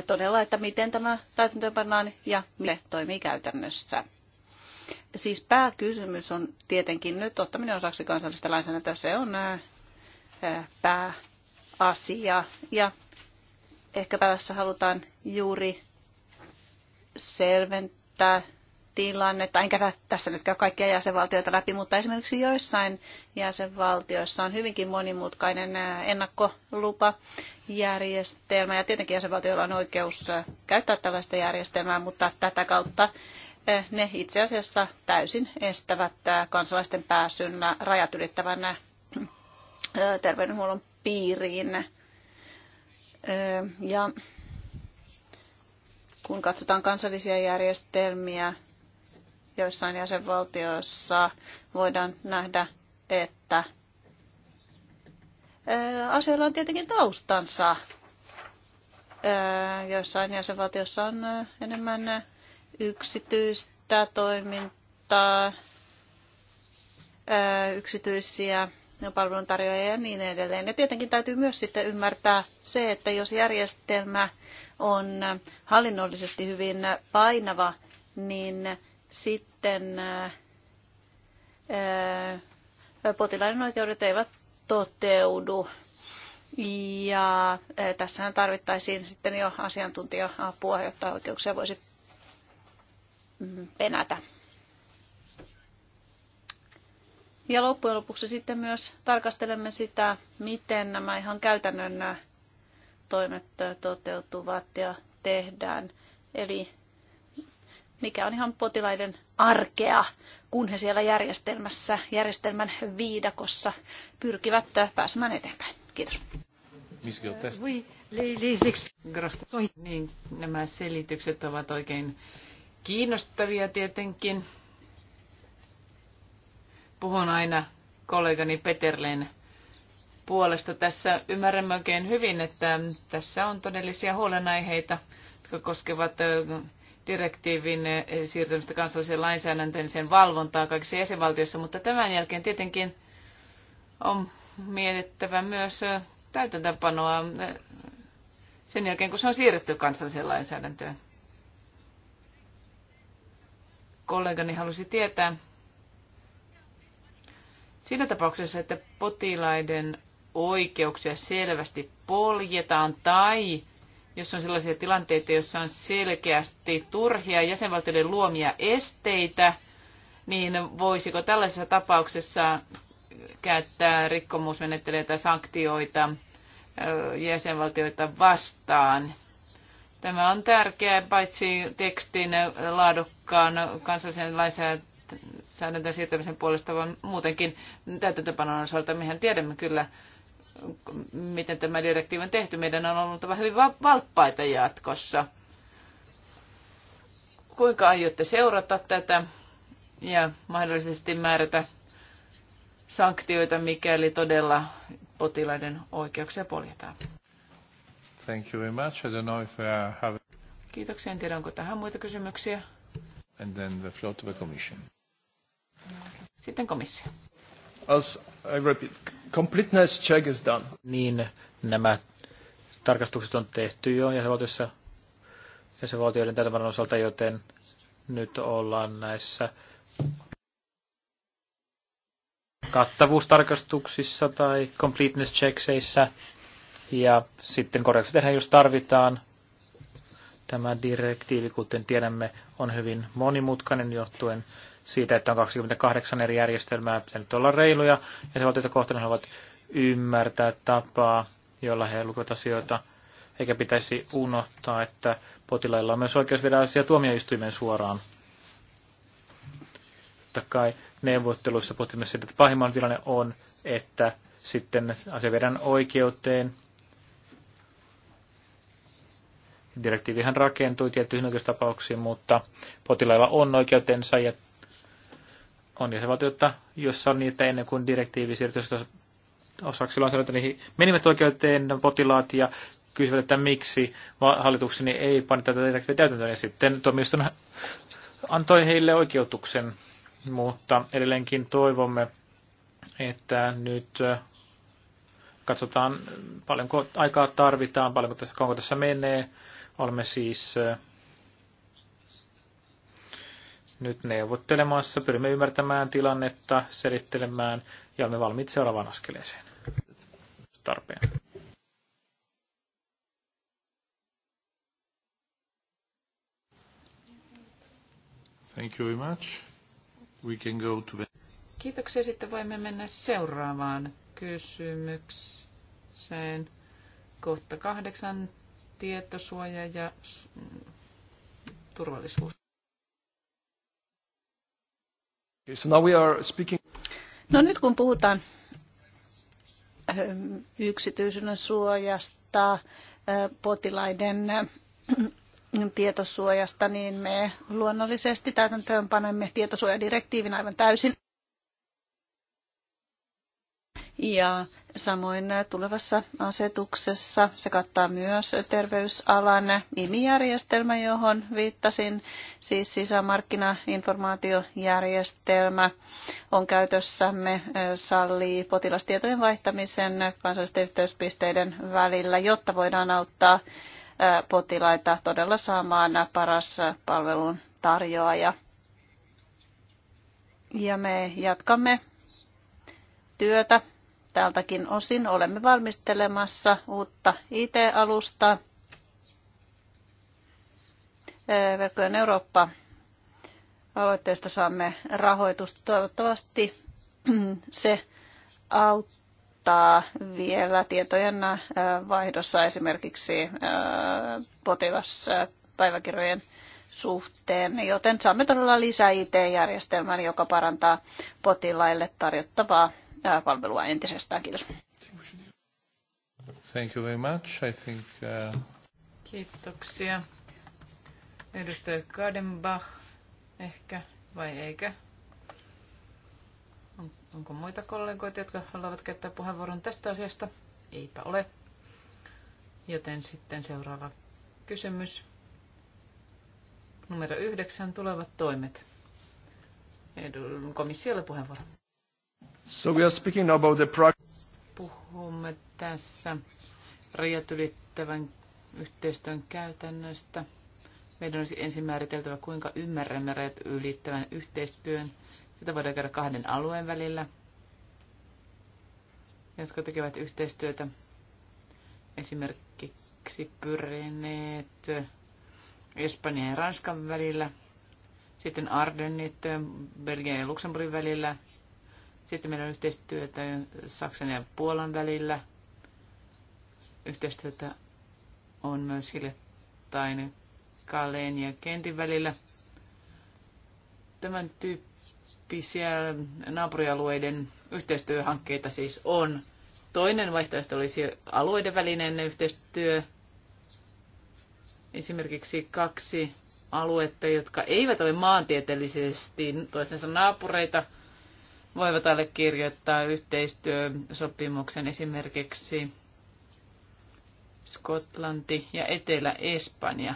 todella, että miten tämä täytäntöönpannaan ja miten toimii käytännössä. Siis pääkysymys on tietenkin nyt ottaminen osaksi kansallista lainsäädäntöä. Se on pääasia ja ehkäpä tässä halutaan juuri selventää tilannetta, enkä tässä nyt käy kaikkia jäsenvaltioita läpi, mutta esimerkiksi joissain jäsenvaltioissa on hyvinkin monimutkainen ennakkolupajärjestelmä, ja tietenkin jäsenvaltioilla on oikeus käyttää tällaista järjestelmää, mutta tätä kautta Eh, ne itse asiassa täysin estävät eh, kansalaisten pääsyn eh, rajat ylittävän terveydenhuollon piiriin. Ja kun katsotaan kansallisia järjestelmiä, joissain jäsenvaltioissa voidaan nähdä, että asioilla on tietenkin taustansa. Joissain jäsenvaltioissa on enemmän yksityistä toimintaa, yksityisiä palveluntarjoajia ja niin edelleen. Ja tietenkin täytyy myös sitten ymmärtää se, että jos järjestelmä on hallinnollisesti hyvin painava, niin sitten potilaiden oikeudet eivät toteudu. Ja tässähän tarvittaisiin sitten jo asiantuntija-apua, jotta oikeuksia voisi penätä. Ja loppujen lopuksi sitten myös tarkastelemme sitä, miten nämä ihan käytännön äh, toimet äh, toteutuvat ja tehdään. Eli mikä on ihan potilaiden arkea, kun he siellä järjestelmässä, järjestelmän viidakossa pyrkivät äh, pääsemään eteenpäin. Kiitos. Niin, nämä selitykset ovat oikein kiinnostavia tietenkin. Puhun aina kollegani Peterlen puolesta. Tässä Ymmärrän oikein hyvin, että tässä on todellisia huolenaiheita, jotka koskevat direktiivin siirtymistä kansalliseen lainsäädäntöön, sen valvontaa kaikissa jäsenvaltioissa, mutta tämän jälkeen tietenkin on mietittävä myös täytäntöönpanoa sen jälkeen, kun se on siirretty kansalliseen lainsäädäntöön kollegani halusi tietää. Siinä tapauksessa, että potilaiden oikeuksia selvästi poljetaan tai jos on sellaisia tilanteita, joissa on selkeästi turhia jäsenvaltioiden luomia esteitä, niin voisiko tällaisessa tapauksessa käyttää rikkomusmenettelyitä tai sanktioita jäsenvaltioita vastaan? Tämä on tärkeää paitsi tekstin laadukkaan kansallisen lainsäädännön siirtämisen puolesta, vaan muutenkin täytäntöpanon osalta. Mehän tiedämme kyllä, miten tämä direktiivi on tehty. Meidän on ollut hyvin valppaita jatkossa. Kuinka aiotte seurata tätä ja mahdollisesti määrätä sanktioita, mikäli todella potilaiden oikeuksia poljetaan? Thank you very much. I don't know if I uh, have... Kiitoksia. En tiedä, onko tähän muita kysymyksiä. And then the floor to the commission. Sitten komissio. As I repeat, completeness check is done. Niin, nämä tarkastukset on tehty jo se jäsenvaltioiden täytävän osalta, joten nyt ollaan näissä kattavuustarkastuksissa tai completeness checkseissä ja sitten korjaukset tehdään, jos tarvitaan. Tämä direktiivi, kuten tiedämme, on hyvin monimutkainen johtuen siitä, että on 28 eri järjestelmää, pitää nyt olla reiluja, ja se valtioita kohtaan haluavat ymmärtää tapaa, jolla he lukevat asioita, eikä pitäisi unohtaa, että potilailla on myös oikeus viedä asiaa tuomioistuimen suoraan. Totta kai neuvotteluissa puhuttiin myös siitä, että pahimman tilanne on, että sitten asia viedään oikeuteen, direktiivihän rakentui tiettyihin oikeustapauksiin, mutta potilailla on oikeutensa ja on jäsenvaltiota, jossa on niitä ennen kuin direktiivi siirtyy osaksi lainsäädäntöä, niin menivät oikeuteen potilaat ja kysyvät, että miksi hallitukseni ei pani tätä direktiiviä täytäntöön. Ja sitten tuomioistuin antoi heille oikeutuksen, mutta edelleenkin toivomme, että nyt äh, katsotaan paljonko aikaa tarvitaan, paljonko tässä, onko tässä menee, Olemme siis eh, nyt neuvottelemassa, pyrimme ymmärtämään tilannetta, selittelemään ja olemme valmiit seuraavaan askeleeseen. Tarpeen. Thank you very much. We can go to the... Kiitoksia. Sitten voimme mennä seuraavaan kysymykseen. Kohta kahdeksan tietosuoja ja turvallisuus. Okay, so now we are speaking... No nyt kun puhutaan ähm, yksityisyyden suojasta, äh, potilaiden äh, *clears throat* tietosuojasta, niin me luonnollisesti panemme tietosuojadirektiivin aivan täysin. Ja samoin tulevassa asetuksessa se kattaa myös terveysalan nimijärjestelmä, johon viittasin. Siis sisämarkkinainformaatiojärjestelmä on käytössämme, sallii potilastietojen vaihtamisen kansallisten yhteyspisteiden välillä, jotta voidaan auttaa potilaita todella saamaan paras palvelun tarjoaja. Ja me jatkamme työtä tältäkin osin olemme valmistelemassa uutta IT-alustaa Verkkojen Eurooppa aloitteesta saamme rahoitusta. Toivottavasti *clears throat* se auttaa vielä tietojen vaihdossa esimerkiksi potilaspäiväkirjojen suhteen, joten saamme todella lisää IT-järjestelmän, joka parantaa potilaille tarjottavaa palvelua entisestään. Kiitos. Thank you very much. I think, uh... Kiitoksia. Edustaja Kadenbach, ehkä vai eikö? On, onko muita kollegoita, jotka haluavat käyttää puheenvuoron tästä asiasta? Eipä ole. Joten sitten seuraava kysymys. Numero yhdeksän, tulevat toimet. Edu, komissiolle puheenvuoro. So we are speaking about the Puhumme tässä rajat ylittävän yhteistyön käytännöstä. Meidän olisi ensin määriteltävä, kuinka ymmärrämme rajat ylittävän yhteistyön. Sitä voidaan käydä kahden alueen välillä, jotka tekevät yhteistyötä. Esimerkiksi Pyreneet, Espanjan ja Ranskan välillä. Sitten Ardennit, Belgian ja Luxemburgin välillä – sitten meillä on yhteistyötä Saksan ja Puolan välillä. Yhteistyötä on myös hiljattain Kaleen ja Kentin välillä. Tämän tyyppisiä naapurialueiden yhteistyöhankkeita siis on. Toinen vaihtoehto olisi alueiden välinen yhteistyö. Esimerkiksi kaksi aluetta, jotka eivät ole maantieteellisesti toistensa naapureita – voivat allekirjoittaa yhteistyösopimuksen esimerkiksi Skotlanti ja Etelä-Espanja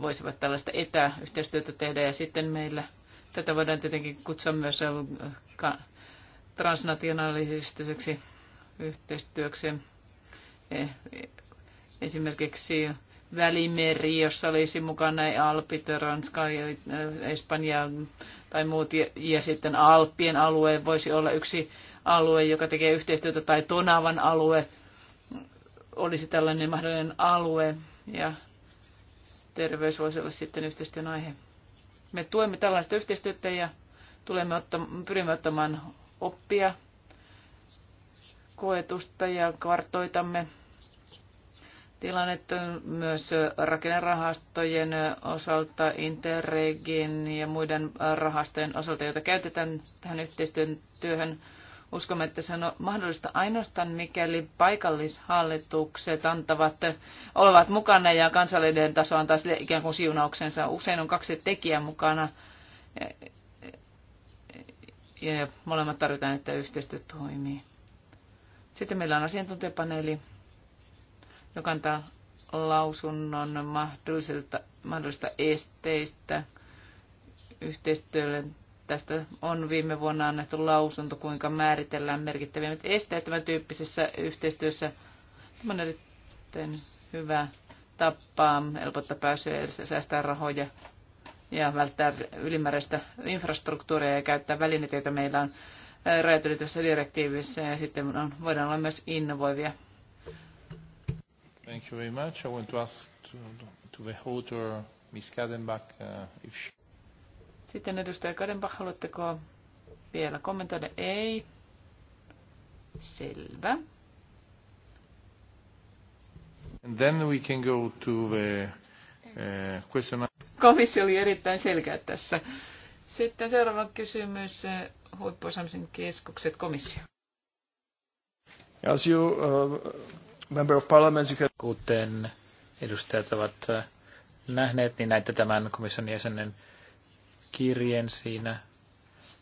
voisivat tällaista etäyhteistyötä tehdä ja sitten meillä tätä voidaan tietenkin kutsua myös transnationaalistiseksi yhteistyöksi e- esimerkiksi välimeri, jossa olisi mukana Alpit, Ranska, äh, Espanja tai muut, ja, ja sitten Alppien alue voisi olla yksi alue, joka tekee yhteistyötä, tai Tonavan alue olisi tällainen mahdollinen alue, ja terveys voisi olla sitten yhteistyön aihe. Me tuemme tällaista yhteistyötä ja tulemme ottamaan, pyrimme ottamaan oppia koetusta ja kartoitamme tilannetta myös rakennerahastojen osalta, Interregin ja muiden rahastojen osalta, joita käytetään tähän yhteistyön työhön. Uskomme, että se on mahdollista ainoastaan, mikäli paikallishallitukset antavat, ovat mukana ja kansallinen taso antaa sille ikään kuin siunauksensa. Usein on kaksi tekijää mukana ja molemmat tarvitaan, että yhteistyö toimii. Sitten meillä on asiantuntijapaneeli joka no, antaa lausunnon mahdollisilta, mahdollisista esteistä yhteistyölle. Tästä on viime vuonna annettu lausunto, kuinka määritellään merkittävimmät esteet tämän tyyppisessä yhteistyössä. Tämä on erittäin hyvä tapa helpottaa pääsyä ja säästää rahoja ja välttää ylimääräistä infrastruktuuria ja käyttää välineitä, joita meillä on tässä direktiivissä ja sitten voidaan olla myös innovoivia Thank you very much. I want to ask to, to the author, Ms. Kadenbach, uh, if she... Sitten edustaja Kadenbach, haluatteko vielä kommentoida? Ei. Selvä. And then we can go to the uh, question. Komissio oli erittäin selkeä tässä. Sitten seuraava kysymys, uh, huippuosaamisen keskukset komissio. As you, uh, member of parliament, you can. Kuten edustajat ovat äh, nähneet, niin näitä tämän komission jäsenen kirjeen siinä.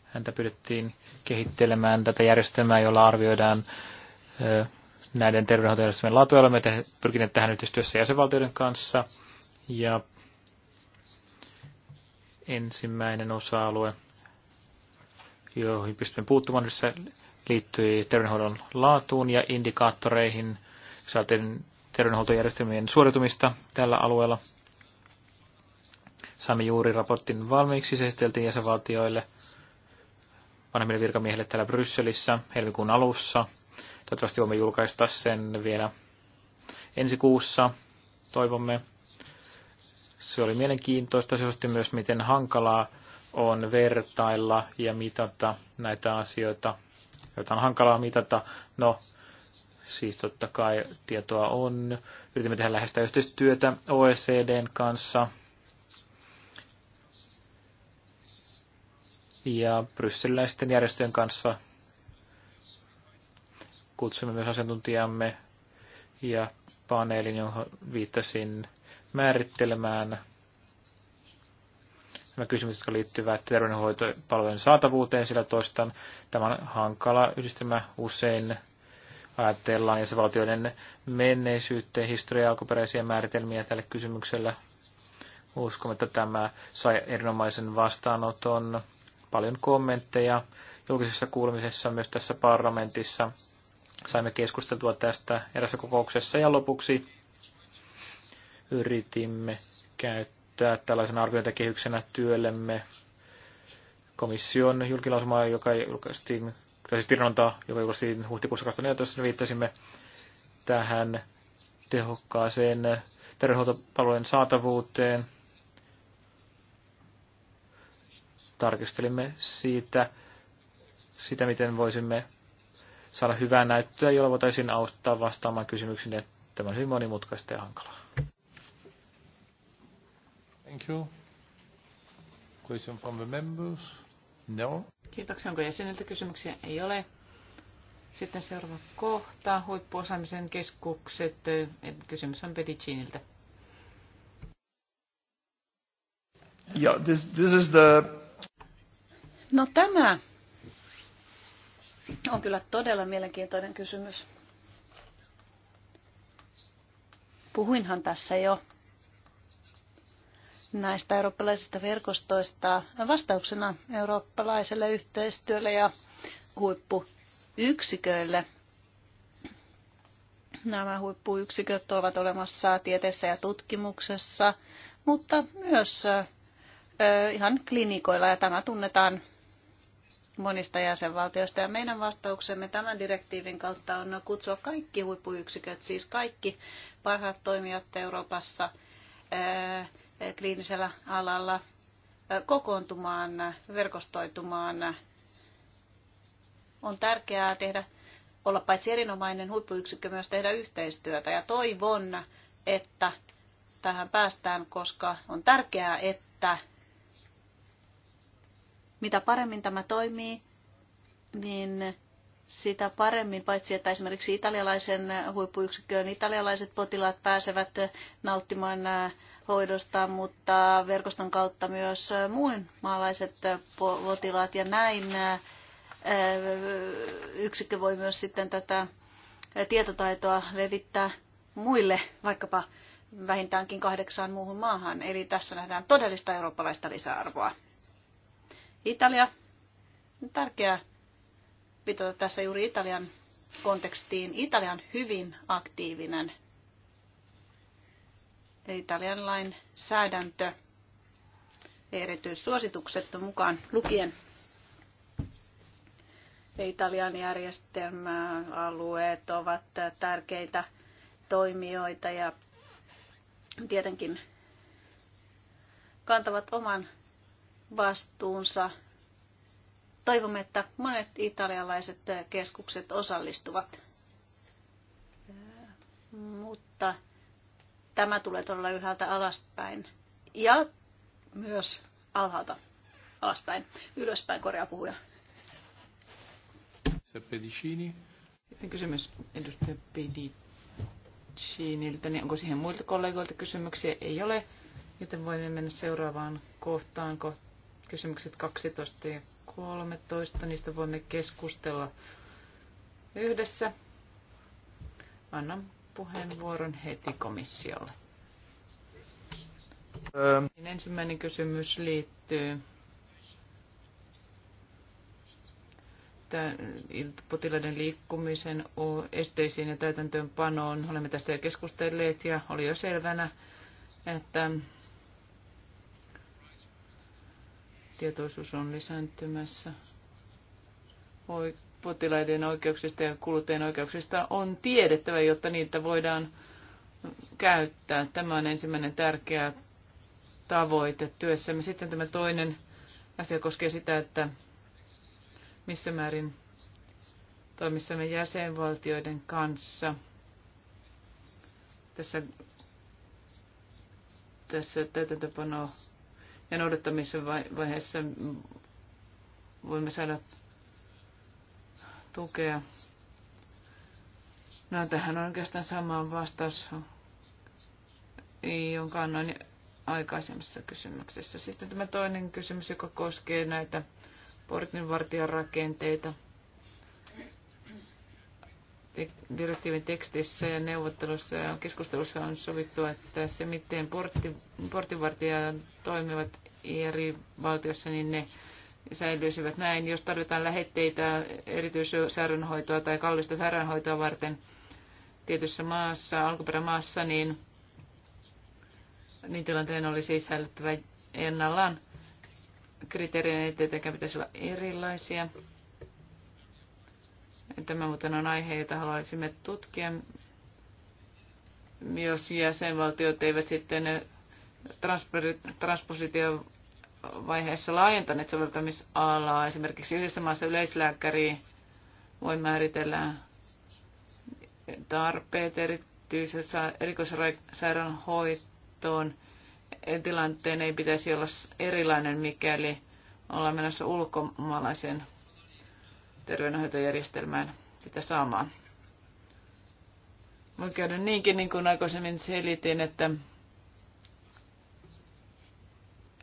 Häntä pyydettiin kehittelemään tätä järjestelmää, jolla arvioidaan äh, näiden terveydenhoitojärjestelmien laatua. Olemme pyrkineet tähän yhteistyössä jäsenvaltioiden kanssa. Ja ensimmäinen osa-alue, joihin pystymme puuttumaan liittyi liittyy terveydenhoidon laatuun ja indikaattoreihin, saatiin terveydenhuoltojärjestelmien suoritumista tällä alueella. Saimme juuri raportin valmiiksi, se esiteltiin jäsenvaltioille vanhemmille virkamiehille täällä Brysselissä helmikuun alussa. Toivottavasti voimme julkaista sen vielä ensi kuussa, toivomme. Se oli mielenkiintoista, se osoitti myös, miten hankalaa on vertailla ja mitata näitä asioita, joita on hankalaa mitata. No, Siis totta kai tietoa on. Yritimme tehdä läheistä yhteistyötä OECDn kanssa. Ja brysseliläisten järjestöjen kanssa kutsumme myös asiantuntijamme ja paneelin, johon viittasin määrittelemään nämä kysymykset, jotka liittyvät terveydenhoitopalvelujen saatavuuteen, sillä toistan tämän hankala yhdistelmä usein ajatellaan jäsenvaltioiden menneisyyteen, historia- ja alkuperäisiä määritelmiä tälle kysymykselle. Uskon, että tämä sai erinomaisen vastaanoton. Paljon kommentteja julkisessa kuulemisessa myös tässä parlamentissa. Saimme keskusteltua tästä erässä kokouksessa ja lopuksi yritimme käyttää tällaisen arviointikehyksenä työllemme komission julkilausumaa, joka julkaistiin tai siis tiedonantoa, joka julkaistiin huhtikuussa 2014, niin viittasimme tähän tehokkaaseen terveydenhuoltopalvelujen saatavuuteen. Tarkistelimme siitä, sitä, miten voisimme saada hyvää näyttöä, jolla voitaisiin auttaa vastaamaan kysymyksiin. että Tämä on hyvin monimutkaista ja hankalaa. Thank you. Question from the members? No. Kiitoksia. Onko jäseniltä kysymyksiä? Ei ole. Sitten seuraava kohta, huippuosaamisen keskukset. Eh, kysymys on Pediciniltä. Yeah, this, this is the... No tämä on kyllä todella mielenkiintoinen kysymys. Puhuinhan tässä jo näistä eurooppalaisista verkostoista vastauksena eurooppalaiselle yhteistyölle ja huippuyksiköille. Nämä huippuyksiköt ovat olemassa tieteessä ja tutkimuksessa, mutta myös ihan klinikoilla ja tämä tunnetaan monista jäsenvaltioista. Ja meidän vastauksemme tämän direktiivin kautta on kutsua kaikki huippuyksiköt, siis kaikki parhaat toimijat Euroopassa Eh, kliinisellä alalla eh, kokoontumaan, verkostoitumaan. On tärkeää tehdä, olla paitsi erinomainen huippuyksikkö, myös tehdä yhteistyötä. Ja toivon, että tähän päästään, koska on tärkeää, että mitä paremmin tämä toimii, niin sitä paremmin, paitsi että esimerkiksi italialaisen huippuyksikön italialaiset potilaat pääsevät nauttimaan eh, hoidosta, mutta verkoston kautta myös muun maalaiset potilaat ja näin yksikkö voi myös sitten tätä tietotaitoa levittää muille, vaikkapa vähintäänkin kahdeksaan muuhun maahan. Eli tässä nähdään todellista eurooppalaista lisäarvoa. Italia, tärkeää pitää tässä juuri Italian kontekstiin. Italian hyvin aktiivinen Italian lain säädäntö erityissuositukset mukaan lukien Italian järjestelmäalueet ovat tärkeitä toimijoita ja tietenkin kantavat oman vastuunsa. Toivomme, että monet italialaiset keskukset osallistuvat, mutta Tämä tulee todella ylhäältä alaspäin ja myös alhaalta alaspäin, ylöspäin korjaa puhuja. Pedicini. Sitten kysymys edustaja Pediciniltä, niin onko siihen muilta kollegoilta kysymyksiä? Ei ole, joten voimme mennä seuraavaan kohtaan, kysymykset 12 ja 13, niistä voimme keskustella yhdessä. Annan puheenvuoron heti komissiolle. Ähm. Niin ensimmäinen kysymys liittyy potilaiden liikkumisen esteisiin ja täytäntöönpanoon. Olemme tästä jo keskustelleet ja oli jo selvänä, että tietoisuus on lisääntymässä. Oi, potilaiden oikeuksista ja kuluttajien oikeuksista on tiedettävä, jotta niitä voidaan käyttää. Tämä on ensimmäinen tärkeä tavoite työssämme. Sitten tämä toinen asia koskee sitä, että missä määrin toimissamme jäsenvaltioiden kanssa. Tässä, tässä täytäntöpano ja noudattamisen vaiheessa voimme saada tukea. No tähän on oikeastaan sama vastaus, jonka annoin aikaisemmassa kysymyksessä. Sitten tämä toinen kysymys, joka koskee näitä portinvartijan rakenteita. Direktiivin tekstissä ja neuvottelussa ja keskustelussa on sovittu, että se miten portti, portinvartijat toimivat eri valtiossa, niin ne säilyisivät näin. Jos tarvitaan lähetteitä erityissairaanhoitoa tai kallista sairaanhoitoa varten tietyssä maassa, alkuperämaassa, niin, niin tilanteen olisi säilyttävä ennallaan. Kriteerien ei tietenkään pitäisi olla erilaisia. Tämä muuten on aihe, jota haluaisimme tutkia. Jos jäsenvaltiot eivät sitten transpositio vaiheessa laajentaneet soveltamisalaa. Esimerkiksi yhdessä maassa yleislääkäri voi määritellä tarpeet erityisessä erikoissairaanhoitoon. Tilanteen ei pitäisi olla erilainen, mikäli ollaan menossa ulkomaalaisen terveydenhoitojärjestelmään sitä saamaan. Voi käydä niinkin, niin kuin aikaisemmin selitin, että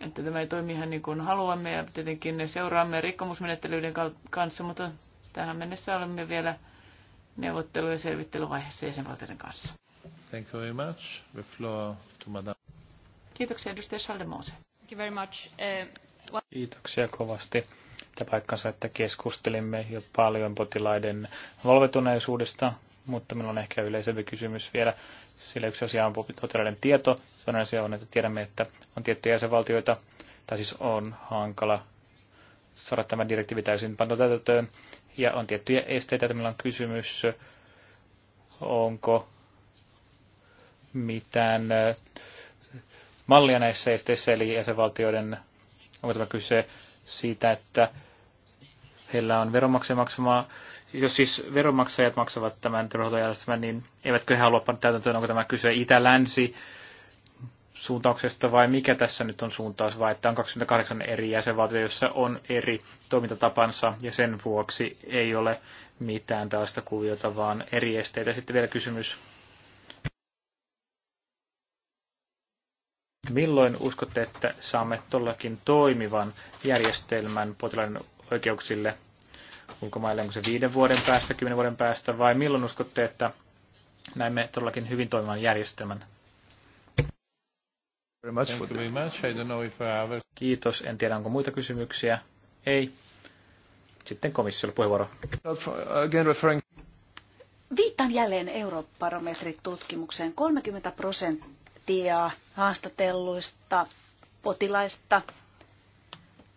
että tämä ei toimi ihan niin kuin haluamme ja tietenkin ne seuraamme rikkomusmenettelyiden kanssa, mutta tähän mennessä olemme vielä neuvottelu- ja selvittelyvaiheessa jäsenvaltioiden kanssa. Thank you very much. The floor to Madame. Kiitoksia edustaja Schaldemose. Thank you very much. Uh, Kiitoksia kovasti sitä paikkansa, että keskustelimme jo paljon potilaiden valvetuneisuudesta, mutta minulla on ehkä yleisempi kysymys vielä sillä yksi asia on potilaiden tieto. Se on asia on, että tiedämme, että on tiettyjä jäsenvaltioita, tai siis on hankala saada tämä direktiivi täysin pantotäytäntöön. Ja on tiettyjä esteitä, että meillä on kysymys, onko mitään mallia näissä esteissä, eli jäsenvaltioiden, onko tämä kyse siitä, että heillä on veronmaksajamaksamaa maksamaa jos siis veronmaksajat maksavat tämän terveydenhuoltojärjestelmän, niin eivätkö he halua panna täytäntöön, onko tämä kyse itä-länsi suuntauksesta vai mikä tässä nyt on suuntaus, vai että on 28 eri jäsenvaltiota, jossa on eri toimintatapansa ja sen vuoksi ei ole mitään tällaista kuviota, vaan eri esteitä. Sitten vielä kysymys. Milloin uskotte, että saamme todellakin toimivan järjestelmän potilaiden oikeuksille – ulkomaille, onko se viiden vuoden päästä, kymmenen vuoden päästä, vai milloin uskotte, että näemme todellakin hyvin toimivan järjestelmän? Uh, Kiitos. En tiedä, onko muita kysymyksiä. Ei. Sitten komissiolle puheenvuoro. Uh, Viittaan jälleen Eurobarometritutkimukseen. 30 prosenttia haastatelluista potilaista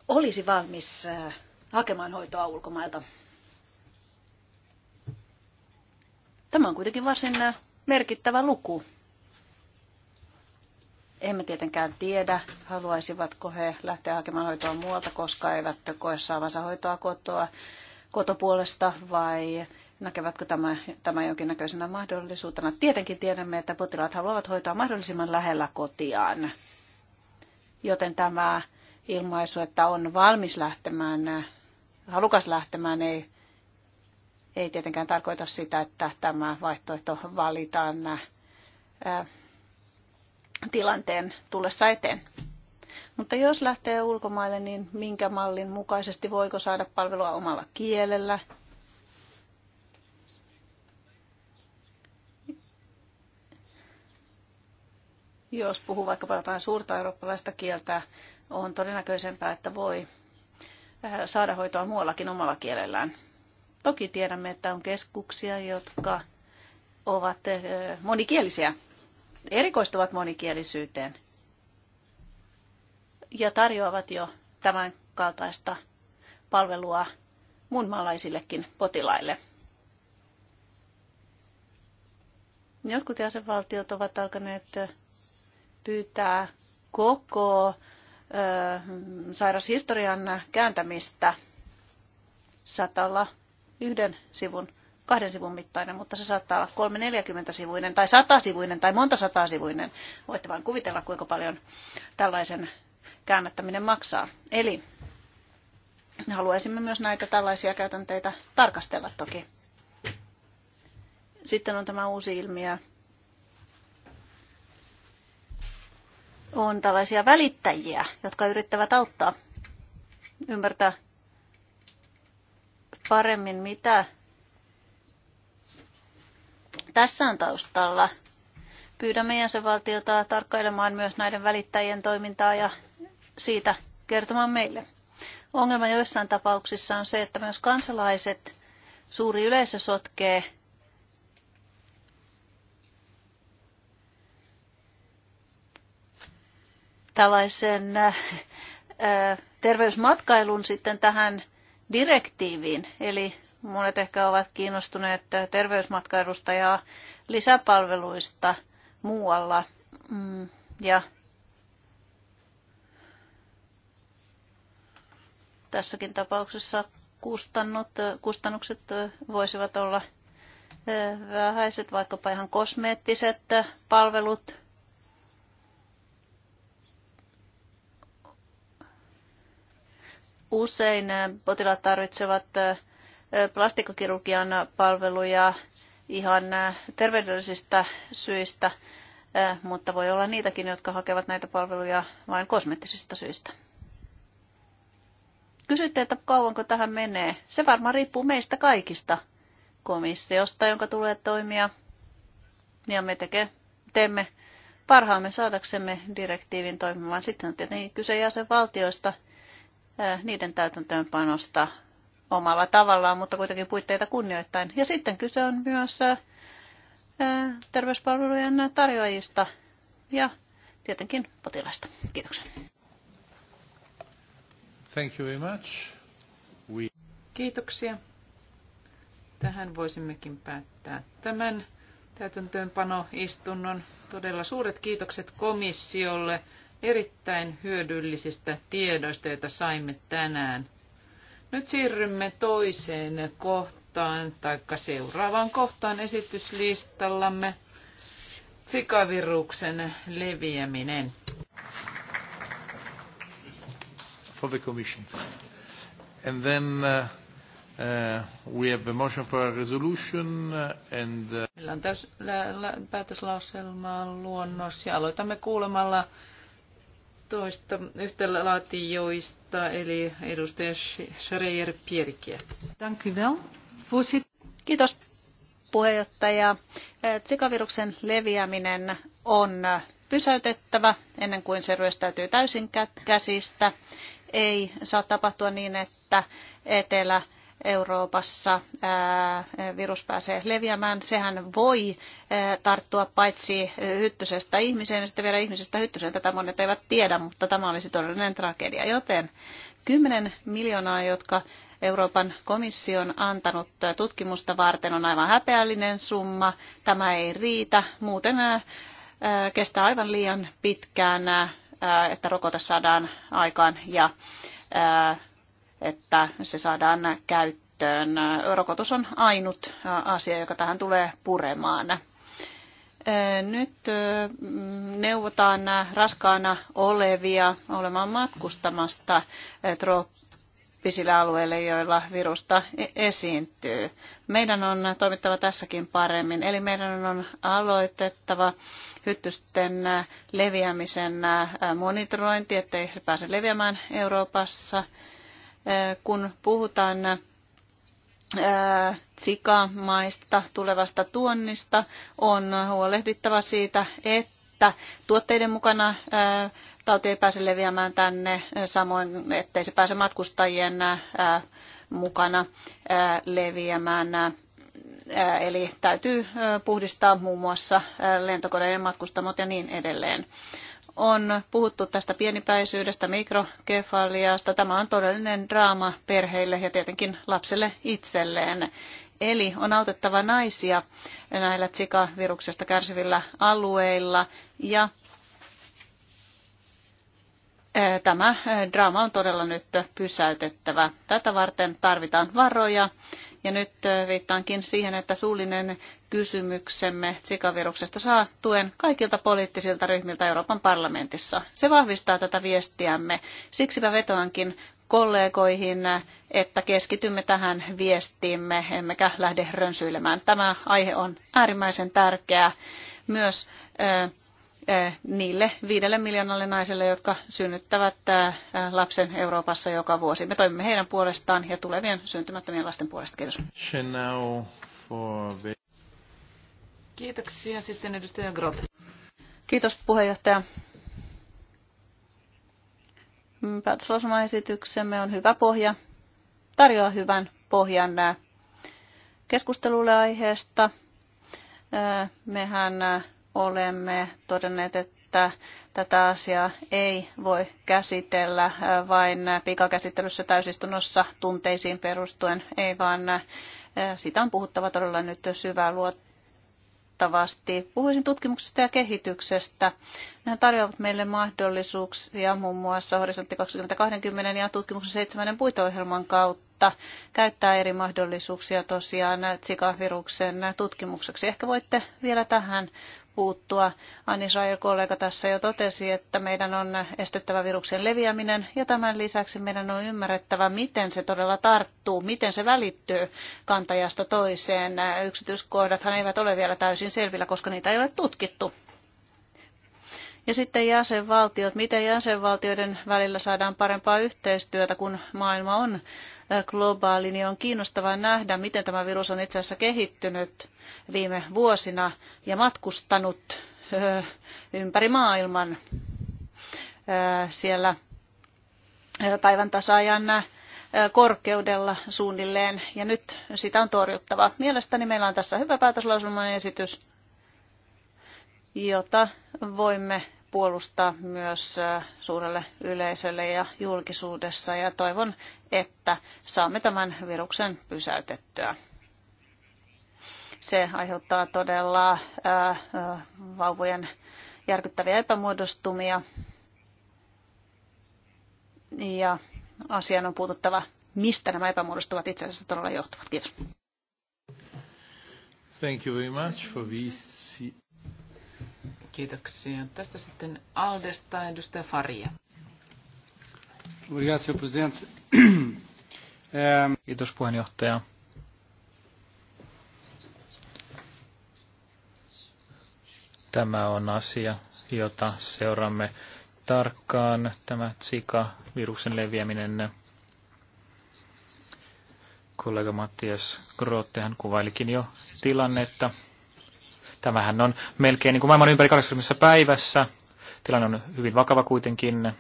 olisi valmis äh, hakemaan hoitoa ulkomailta. Tämä on kuitenkin varsin äh, merkittävä luku. Emme tietenkään tiedä, haluaisivatko he lähteä hakemaan hoitoa muualta, koska eivät koe saavansa hoitoa kotoa, kotopuolesta vai näkevätkö tämä, tämä jonkinnäköisenä mahdollisuutena. Tietenkin tiedämme, että potilaat haluavat hoitoa mahdollisimman lähellä kotiaan. Joten tämä ilmaisu, että on valmis lähtemään halukas lähtemään ei, ei tietenkään tarkoita sitä, että tämä vaihtoehto valitaan ää, tilanteen tullessa eteen. Mutta jos lähtee ulkomaille, niin minkä mallin mukaisesti voiko saada palvelua omalla kielellä? Jos puhuu vaikkapa jotain suurta eurooppalaista kieltä, on todennäköisempää, että voi Äh, saada hoitoa muuallakin omalla kielellään. Toki tiedämme, että on keskuksia, jotka ovat äh, monikielisiä, erikoistuvat monikielisyyteen ja tarjoavat jo tämän kaltaista palvelua muunmaalaisillekin potilaille. Jotkut jäsenvaltiot ovat alkaneet pyytää koko sairashistorian kääntämistä saattaa olla yhden sivun, kahden sivun mittainen, mutta se saattaa olla 340 sivuinen tai sata sivuinen tai monta sataa sivuinen. Voitte vain kuvitella, kuinka paljon tällaisen käännättäminen maksaa. Eli haluaisimme myös näitä tällaisia käytänteitä tarkastella toki. Sitten on tämä uusi ilmiö, on tällaisia välittäjiä, jotka yrittävät auttaa ymmärtää paremmin, mitä tässä on taustalla. Pyydämme jäsenvaltiota tarkkailemaan myös näiden välittäjien toimintaa ja siitä kertomaan meille. Ongelma joissain tapauksissa on se, että myös kansalaiset, suuri yleisö sotkee tällaisen äh, äh, terveysmatkailun sitten tähän direktiiviin. Eli monet ehkä ovat kiinnostuneet terveysmatkailusta ja lisäpalveluista muualla. Mm, ja tässäkin tapauksessa kustannut, kustannukset voisivat olla äh, vähäiset, vaikkapa ihan kosmeettiset palvelut Usein äh, potilaat tarvitsevat äh, plastikkokirurgian palveluja ihan äh, terveydellisistä syistä, mutta voi olla niitäkin, jotka hakevat näitä palveluja vain kosmettisista syistä. Kysytte, että kauanko tähän menee. Se varmaan riippuu meistä kaikista komissiosta, jonka tulee toimia. Ja me teke, teemme parhaamme saadaksemme direktiivin toimimaan. Sitten on tietenkin kyse jäsenvaltioista – Äh, niiden täytäntöönpanosta omalla tavallaan, mutta kuitenkin puitteita kunnioittain. Ja sitten kyse on myös äh, terveyspalvelujen tarjoajista ja tietenkin potilaista. Kiitoksia. Thank you very much. We... Kiitoksia. Tähän voisimmekin päättää tämän täytäntöönpanoistunnon. Todella suuret kiitokset komissiolle erittäin hyödyllisistä tiedoista, joita saimme tänään. Nyt siirrymme toiseen kohtaan, taikka seuraavaan kohtaan esityslistallamme. Sikaviruksen leviäminen. For the Commission. And then uh, uh, we have a motion for a resolution uh, and... Uh... Meillä on täys, lä, lä, luonnos ja aloitamme kuulemalla toista yhtä laatijoista, eli edustaja Schreier Pierkiä. Kiitos puheenjohtaja. Tsikaviruksen leviäminen on pysäytettävä ennen kuin se ryöstäytyy täysin käsistä. Ei saa tapahtua niin, että etelä Euroopassa virus pääsee leviämään. Sehän voi tarttua paitsi hyttysestä ihmiseen ja sitten vielä ihmisestä hyttyseen. Tätä monet eivät tiedä, mutta tämä olisi todellinen tragedia. Joten 10 miljoonaa, jotka Euroopan komission antanut tutkimusta varten on aivan häpeällinen summa. Tämä ei riitä. Muuten kestää aivan liian pitkään, että rokote saadaan aikaan ja että se saadaan käyttöön. Rokotus on ainut asia, joka tähän tulee puremaan. Nyt neuvotaan raskaana olevia olemaan matkustamasta trooppisille alueille, joilla virusta e- esiintyy. Meidän on toimittava tässäkin paremmin, eli meidän on aloitettava hyttysten leviämisen monitorointi, ettei se pääse leviämään Euroopassa – kun puhutaan sikamaista tulevasta tuonnista, on huolehdittava siitä, että tuotteiden mukana tauti ei pääse leviämään tänne, samoin ettei se pääse matkustajien mukana leviämään. Eli täytyy puhdistaa muun muassa lentokoneiden matkustamot ja niin edelleen on puhuttu tästä pienipäisyydestä, mikrokefaliasta. Tämä on todellinen draama perheille ja tietenkin lapselle itselleen. Eli on autettava naisia näillä tsikaviruksesta kärsivillä alueilla ja Tämä draama on todella nyt pysäytettävä. Tätä varten tarvitaan varoja ja nyt viittaankin siihen, että suullinen kysymyksemme sikaviruksesta saa tuen kaikilta poliittisilta ryhmiltä Euroopan parlamentissa. Se vahvistaa tätä viestiämme. Siksipä vetoankin kollegoihin, että keskitymme tähän viestiimme, emmekä lähde rönsyilemään. Tämä aihe on äärimmäisen tärkeä myös Eh, niille viidelle miljoonalle naiselle, jotka synnyttävät eh, lapsen Euroopassa joka vuosi. Me toimimme heidän puolestaan ja tulevien syntymättömien lasten puolesta. Kiitos. Kiitoksia. Sitten edustaja Groth. Kiitos puheenjohtaja. Mm, päätöslausumaesityksemme on hyvä pohja, tarjoaa hyvän pohjan eh, keskustelulle aiheesta. Mehän olemme todenneet, että tätä asiaa ei voi käsitellä äh, vain pikakäsittelyssä täysistunnossa tunteisiin perustuen, ei vaan äh, sitä on puhuttava todella nyt syvää luottavasti. Puhuisin tutkimuksesta ja kehityksestä. Nämä tarjoavat meille mahdollisuuksia muun muassa Horisontti 2020 ja tutkimuksen seitsemännen puitoohjelman kautta kautta käyttää eri mahdollisuuksia tosiaan Zika-viruksen tutkimukseksi. Ehkä voitte vielä tähän puuttua. Anni Schreier kollega tässä jo totesi, että meidän on estettävä viruksen leviäminen ja tämän lisäksi meidän on ymmärrettävä, miten se todella tarttuu, miten se välittyy kantajasta toiseen. Yksityiskohdathan eivät ole vielä täysin selvillä, koska niitä ei ole tutkittu ja sitten jäsenvaltiot, miten jäsenvaltioiden välillä saadaan parempaa yhteistyötä, kun maailma on globaali, niin on kiinnostavaa nähdä, miten tämä virus on itse asiassa kehittynyt viime vuosina ja matkustanut ympäri maailman siellä päivän tasaajan korkeudella suunnilleen, ja nyt sitä on torjuttava. Mielestäni meillä on tässä hyvä päätöslauselman esitys, jota voimme puolustaa myös äh, suurelle yleisölle ja julkisuudessa. Ja toivon, että saamme tämän viruksen pysäytettyä. Se aiheuttaa todella äh, vauvojen järkyttäviä epämuodostumia. Ja asian on puututtava, mistä nämä epämuodostuvat itse asiassa todella johtuvat. Kiitos. Thank you very much for these Kiitoksia. Tästä sitten Aldesta edustaja Faria. *clears throat* Eh, Kiitos puheenjohtaja. Tämä on asia, jota seuraamme tarkkaan, tämä Zika-viruksen leviäminen. Kollega Mattias Grottehan kuvailikin jo tilannetta Tämähän on melkein niin kuin maailman ympäri 80 päivässä. Tilanne on hyvin vakava kuitenkin.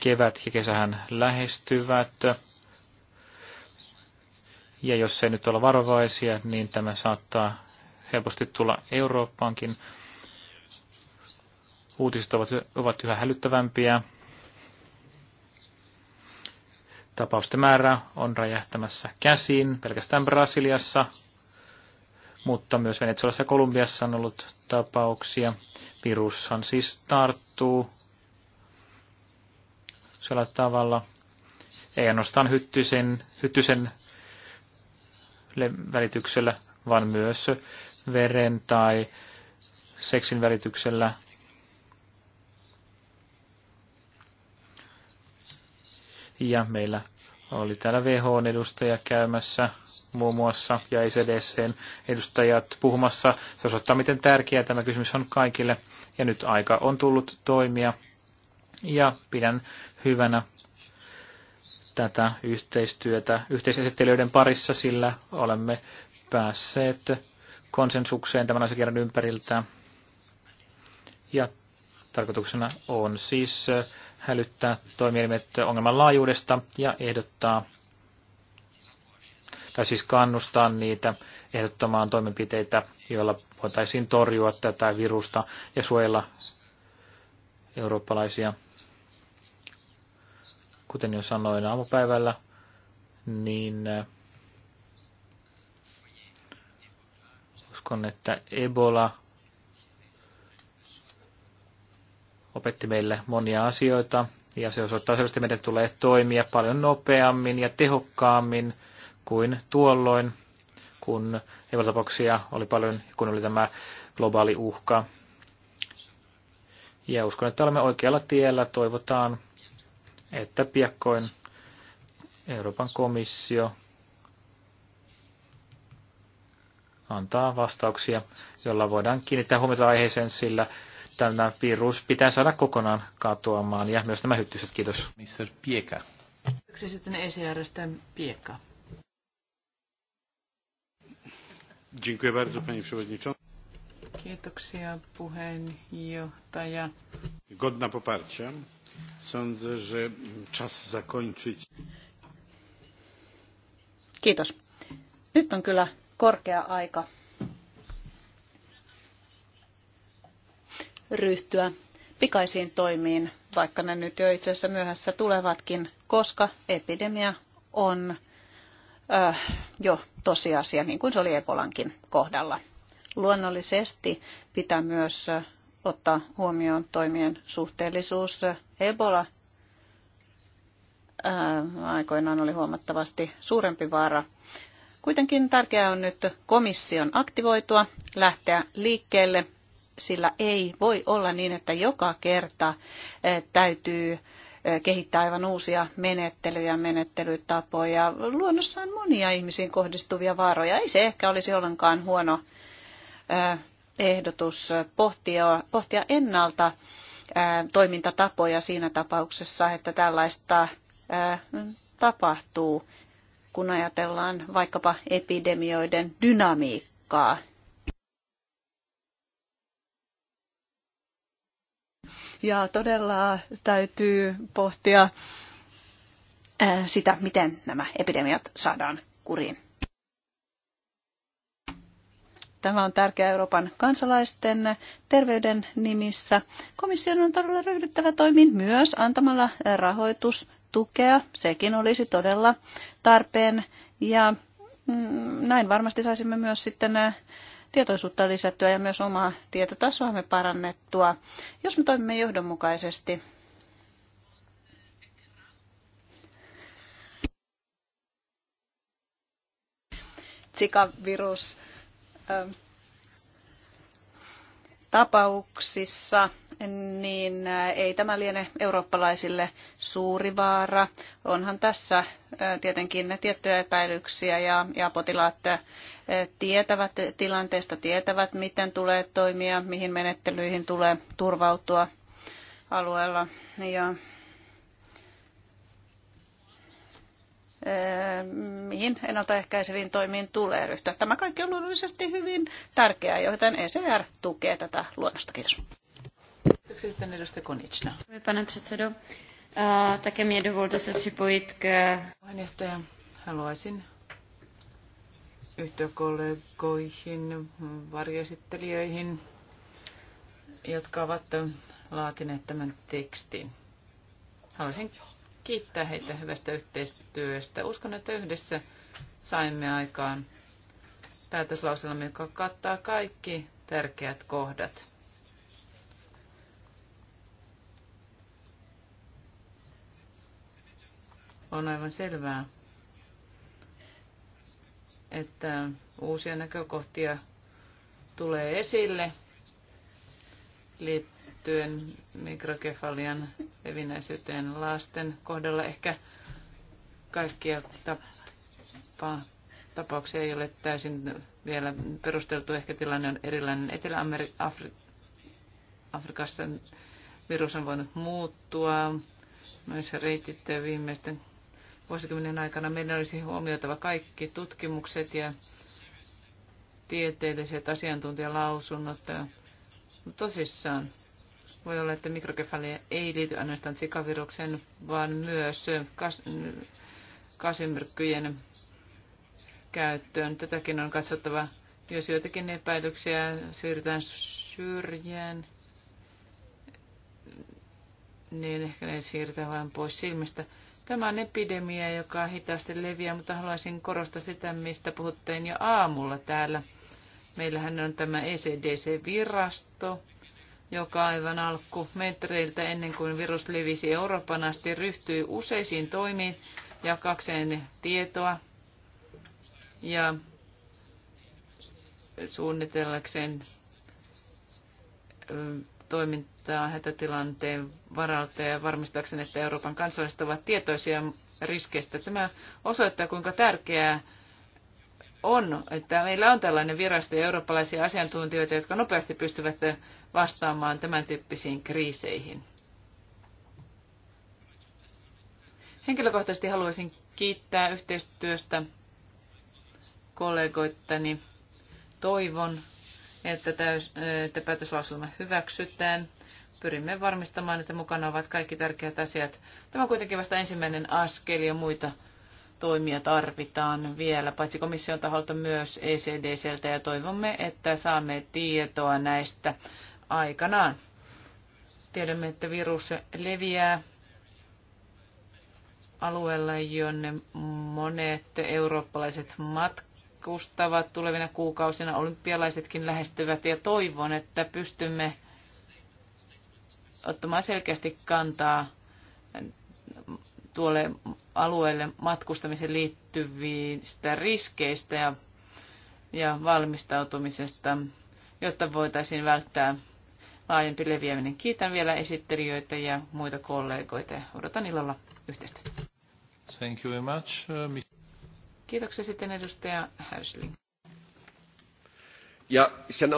Kevät ja kesähän lähestyvät. Ja jos ei nyt olla varovaisia, niin tämä saattaa helposti tulla Eurooppaankin. Uutiset ovat, ovat yhä hälyttävämpiä. Tapausten määrä on räjähtämässä käsiin pelkästään Brasiliassa mutta myös Venezuelassa ja Kolumbiassa on ollut tapauksia. Virushan siis tarttuu sillä tavalla, ei ainoastaan hyttysen, hyttysen välityksellä, vaan myös veren tai seksin välityksellä. Ja meillä oli täällä vh edustaja käymässä muun muassa ja ECDCn edustajat puhumassa. Se osoittaa, miten tärkeää tämä kysymys on kaikille ja nyt aika on tullut toimia ja pidän hyvänä tätä yhteistyötä yhteisesittelijöiden parissa, sillä olemme päässeet konsensukseen tämän asiakirjan ympäriltä. Ja tarkoituksena on siis hälyttää toimielimet ongelman laajuudesta ja ehdottaa tai siis kannustaa niitä ehdottamaan toimenpiteitä, joilla voitaisiin torjua tätä virusta ja suojella eurooppalaisia. Kuten jo sanoin aamupäivällä, niin äh, uskon, että Ebola opetti meille monia asioita, ja se osoittaa selvästi, että meidän tulee toimia paljon nopeammin ja tehokkaammin kuin tuolloin, kun tapauksia oli paljon, kun oli tämä globaali uhka. Ja uskon, että olemme oikealla tiellä. Toivotaan, että piakkoin Euroopan komissio antaa vastauksia, jolla voidaan kiinnittää huomiota aiheeseen, sillä tämä virus pitää saada kokonaan katoamaan ja myös nämä hyttyset. Kiitos. Mr. Pieka. Sitten esijärjestäjä Pieka. Dziękuję bardzo, panie przewodniczący. Kiitoksia puheenjohtaja. Godna poparcia. Sądzę, że czas zakończyć. Kiitos. Nyt on kyllä korkea aika ryhtyä pikaisiin toimiin, vaikka ne nyt jo itse asiassa myöhässä tulevatkin, koska epidemia on jo tosiasia, niin kuin se oli Ebolankin kohdalla. Luonnollisesti pitää myös ottaa huomioon toimien suhteellisuus. Ebola aikoinaan oli huomattavasti suurempi vaara. Kuitenkin tärkeää on nyt komission aktivoitua, lähteä liikkeelle, sillä ei voi olla niin, että joka kerta täytyy kehittää aivan uusia menettelyjä, menettelytapoja. Luonnossa on monia ihmisiin kohdistuvia vaaroja. Ei se ehkä olisi ollenkaan huono ehdotus pohtia, pohtia ennalta toimintatapoja siinä tapauksessa, että tällaista tapahtuu, kun ajatellaan vaikkapa epidemioiden dynamiikkaa Ja todella täytyy pohtia eh, sitä, miten nämä epidemiat saadaan kuriin. Tämä on tärkeää Euroopan kansalaisten terveyden nimissä. Komission on todella ryhdyttävä toimin myös antamalla rahoitustukea. Sekin olisi todella tarpeen ja mm, näin varmasti saisimme myös sitten eh, tietoisuutta lisättyä ja myös omaa tietotasoamme parannettua, jos me toimimme johdonmukaisesti. Zika-virus tapauksissa niin ei tämä liene eurooppalaisille suuri vaara. Onhan tässä tietenkin tiettyjä epäilyksiä ja, ja potilaat tietävät tilanteesta, tietävät miten tulee toimia, mihin menettelyihin tulee turvautua alueella. Ja mihin ennaltaehkäiseviin toimiin tulee ryhtyä. Tämä kaikki on luonnollisesti hyvin tärkeää, joten ECR tukee tätä luonnosta. Kiitos. Pane předsedo, také mě dovolte se připojit k... haluaisin yhtyä kollegoihin, varjoesittelijöihin, jotka ovat laatineet tämän tekstin. Haluaisin kiittää heitä hyvästä yhteistyöstä. Uskon, että yhdessä saimme aikaan päätöslauselman, joka kattaa kaikki tärkeät kohdat. on aivan selvää, että uusia näkökohtia tulee esille liittyen mikrokefalian levinäisyyteen lasten kohdalla. Ehkä kaikkia tapa, tapauksia ei ole täysin vielä perusteltu. Ehkä tilanne on erilainen Etelä-Afrikassa. Virus on voinut muuttua. Myös reitit viimeisten vuosikymmenen aikana meidän olisi huomioitava kaikki tutkimukset ja tieteelliset asiantuntijalausunnot. Tosissaan voi olla, että mikrokefalia ei liity ainoastaan sikavirukseen, vaan myös kas- kasvimyrkkyjen käyttöön. Tätäkin on katsottava, jos joitakin epäilyksiä siirrytään syrjään, niin ehkä ne siirretään vain pois silmistä. Tämä on epidemia, joka hitaasti leviää, mutta haluaisin korostaa sitä, mistä puhuttiin jo aamulla täällä. Meillähän on tämä ECDC-virasto, joka aivan alku metreiltä ennen kuin virus levisi Euroopan asti ryhtyi useisiin toimiin jakakseen tietoa ja suunnitellakseen toimintaa varmistaa hätätilanteen varalta ja varmistaakseni, että Euroopan kansalaiset ovat tietoisia riskeistä. Tämä osoittaa, kuinka tärkeää on, että meillä on tällainen virasto ja eurooppalaisia asiantuntijoita, jotka nopeasti pystyvät vastaamaan tämän tyyppisiin kriiseihin. Henkilökohtaisesti haluaisin kiittää yhteistyöstä kollegoittani. Toivon, että, täys, että päätöslauselma hyväksytään pyrimme varmistamaan, että mukana ovat kaikki tärkeät asiat. Tämä on kuitenkin vasta ensimmäinen askel ja muita toimia tarvitaan vielä, paitsi komission taholta myös ECDCltä ja toivomme, että saamme tietoa näistä aikanaan. Tiedämme, että virus leviää alueella, jonne monet eurooppalaiset matkustavat tulevina kuukausina. Olympialaisetkin lähestyvät ja toivon, että pystymme ottamaan selkeästi kantaa tuolle alueelle matkustamiseen liittyvistä riskeistä ja, ja valmistautumisesta, jotta voitaisiin välttää laajempi leviäminen. Kiitän vielä esittelijöitä ja muita kollegoita. Odotan illalla yhteistyötä. Thank you very much. Uh, Kiitoksia sitten edustaja Häysling. Ja, ich on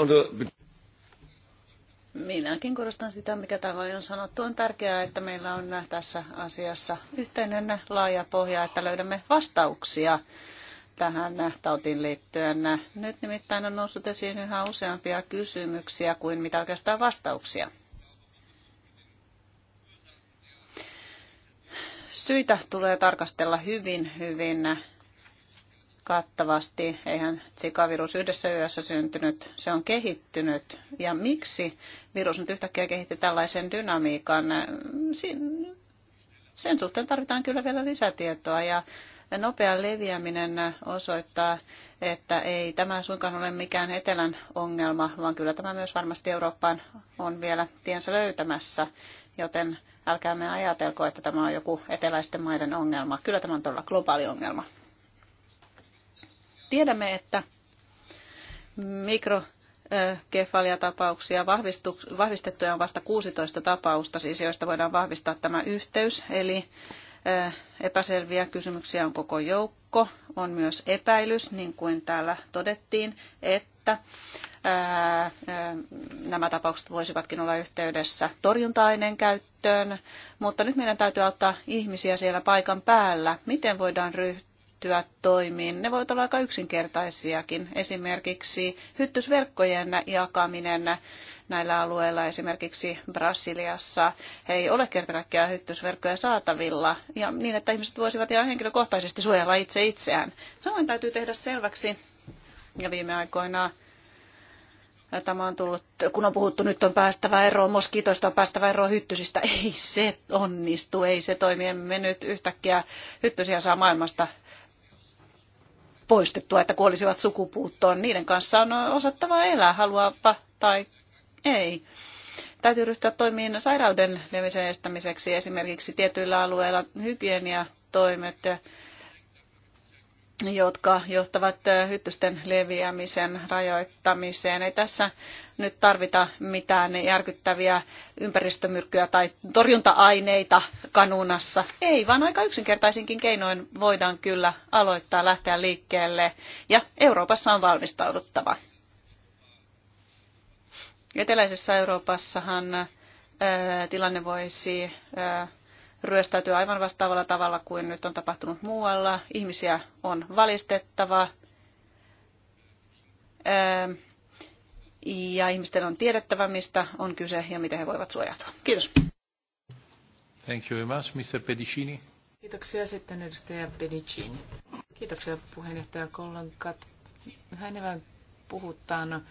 Minäkin korostan sitä, mikä täällä on sanottu. On tärkeää, että meillä on tässä asiassa yhteinen laaja pohja, että löydämme vastauksia tähän tautiin liittyen. Nyt nimittäin on noussut esiin yhä useampia kysymyksiä kuin mitä oikeastaan vastauksia. Syitä tulee tarkastella hyvin, hyvin kattavasti. Eihän Zika-virus yhdessä yössä syntynyt, se on kehittynyt. Ja miksi virus nyt yhtäkkiä kehitti tällaisen dynamiikan? Sen suhteen tarvitaan kyllä vielä lisätietoa ja nopea leviäminen osoittaa, että ei tämä suinkaan ole mikään etelän ongelma, vaan kyllä tämä myös varmasti Eurooppaan on vielä tiensä löytämässä, joten älkäämme ajatelko, että tämä on joku eteläisten maiden ongelma. Kyllä tämä on todella globaali ongelma. Tiedämme, että mikrokefaliatapauksia vahvistettuja on vasta 16 tapausta, siis joista voidaan vahvistaa tämä yhteys. Eli epäselviä kysymyksiä on koko joukko. On myös epäilys, niin kuin täällä todettiin, että nämä tapaukset voisivatkin olla yhteydessä torjunta-aineen käyttöön, mutta nyt meidän täytyy auttaa ihmisiä siellä paikan päällä. Miten voidaan ryhtyä ryhtyä toimiin. Ne voivat olla aika yksinkertaisiakin. Esimerkiksi hyttysverkkojen jakaminen näillä alueilla, esimerkiksi Brasiliassa, ei ole kertakaikkiaan hyttysverkkoja saatavilla, ja niin, että ihmiset voisivat ihan henkilökohtaisesti suojella itse itseään. Samoin täytyy tehdä selväksi, ja viime aikoina tämä on tullut, kun on puhuttu, nyt on päästävä eroon moskitoista, on päästävä eroon hyttysistä. Ei se onnistu, ei se toimi. Emme nyt yhtäkkiä hyttysiä saa maailmasta poistettua, että kuolisivat sukupuuttoon. Niiden kanssa on osattava elää, haluaapa tai ei. Täytyy ryhtyä toimiin sairauden levisen estämiseksi esimerkiksi tietyillä alueilla hygieniatoimet jotka johtavat hyttysten leviämisen rajoittamiseen. Ei tässä nyt tarvita mitään järkyttäviä ympäristömyrkkyjä tai torjunta-aineita kanunassa. Ei, vaan aika yksinkertaisinkin keinoin voidaan kyllä aloittaa lähteä liikkeelle ja Euroopassa on valmistauduttava. Eteläisessä Euroopassahan tilanne voisi ryöstäytyä aivan vastaavalla tavalla kuin nyt on tapahtunut muualla. Ihmisiä on valistettava ähm, ja ihmisten on tiedettävä, mistä on kyse ja miten he voivat suojautua. Kiitos. Thank you very much, Mr. Pedicini. Kiitoksia sitten edustaja Pedicini. Kiitoksia puheenjohtaja kollegat. Hänevän puhutaan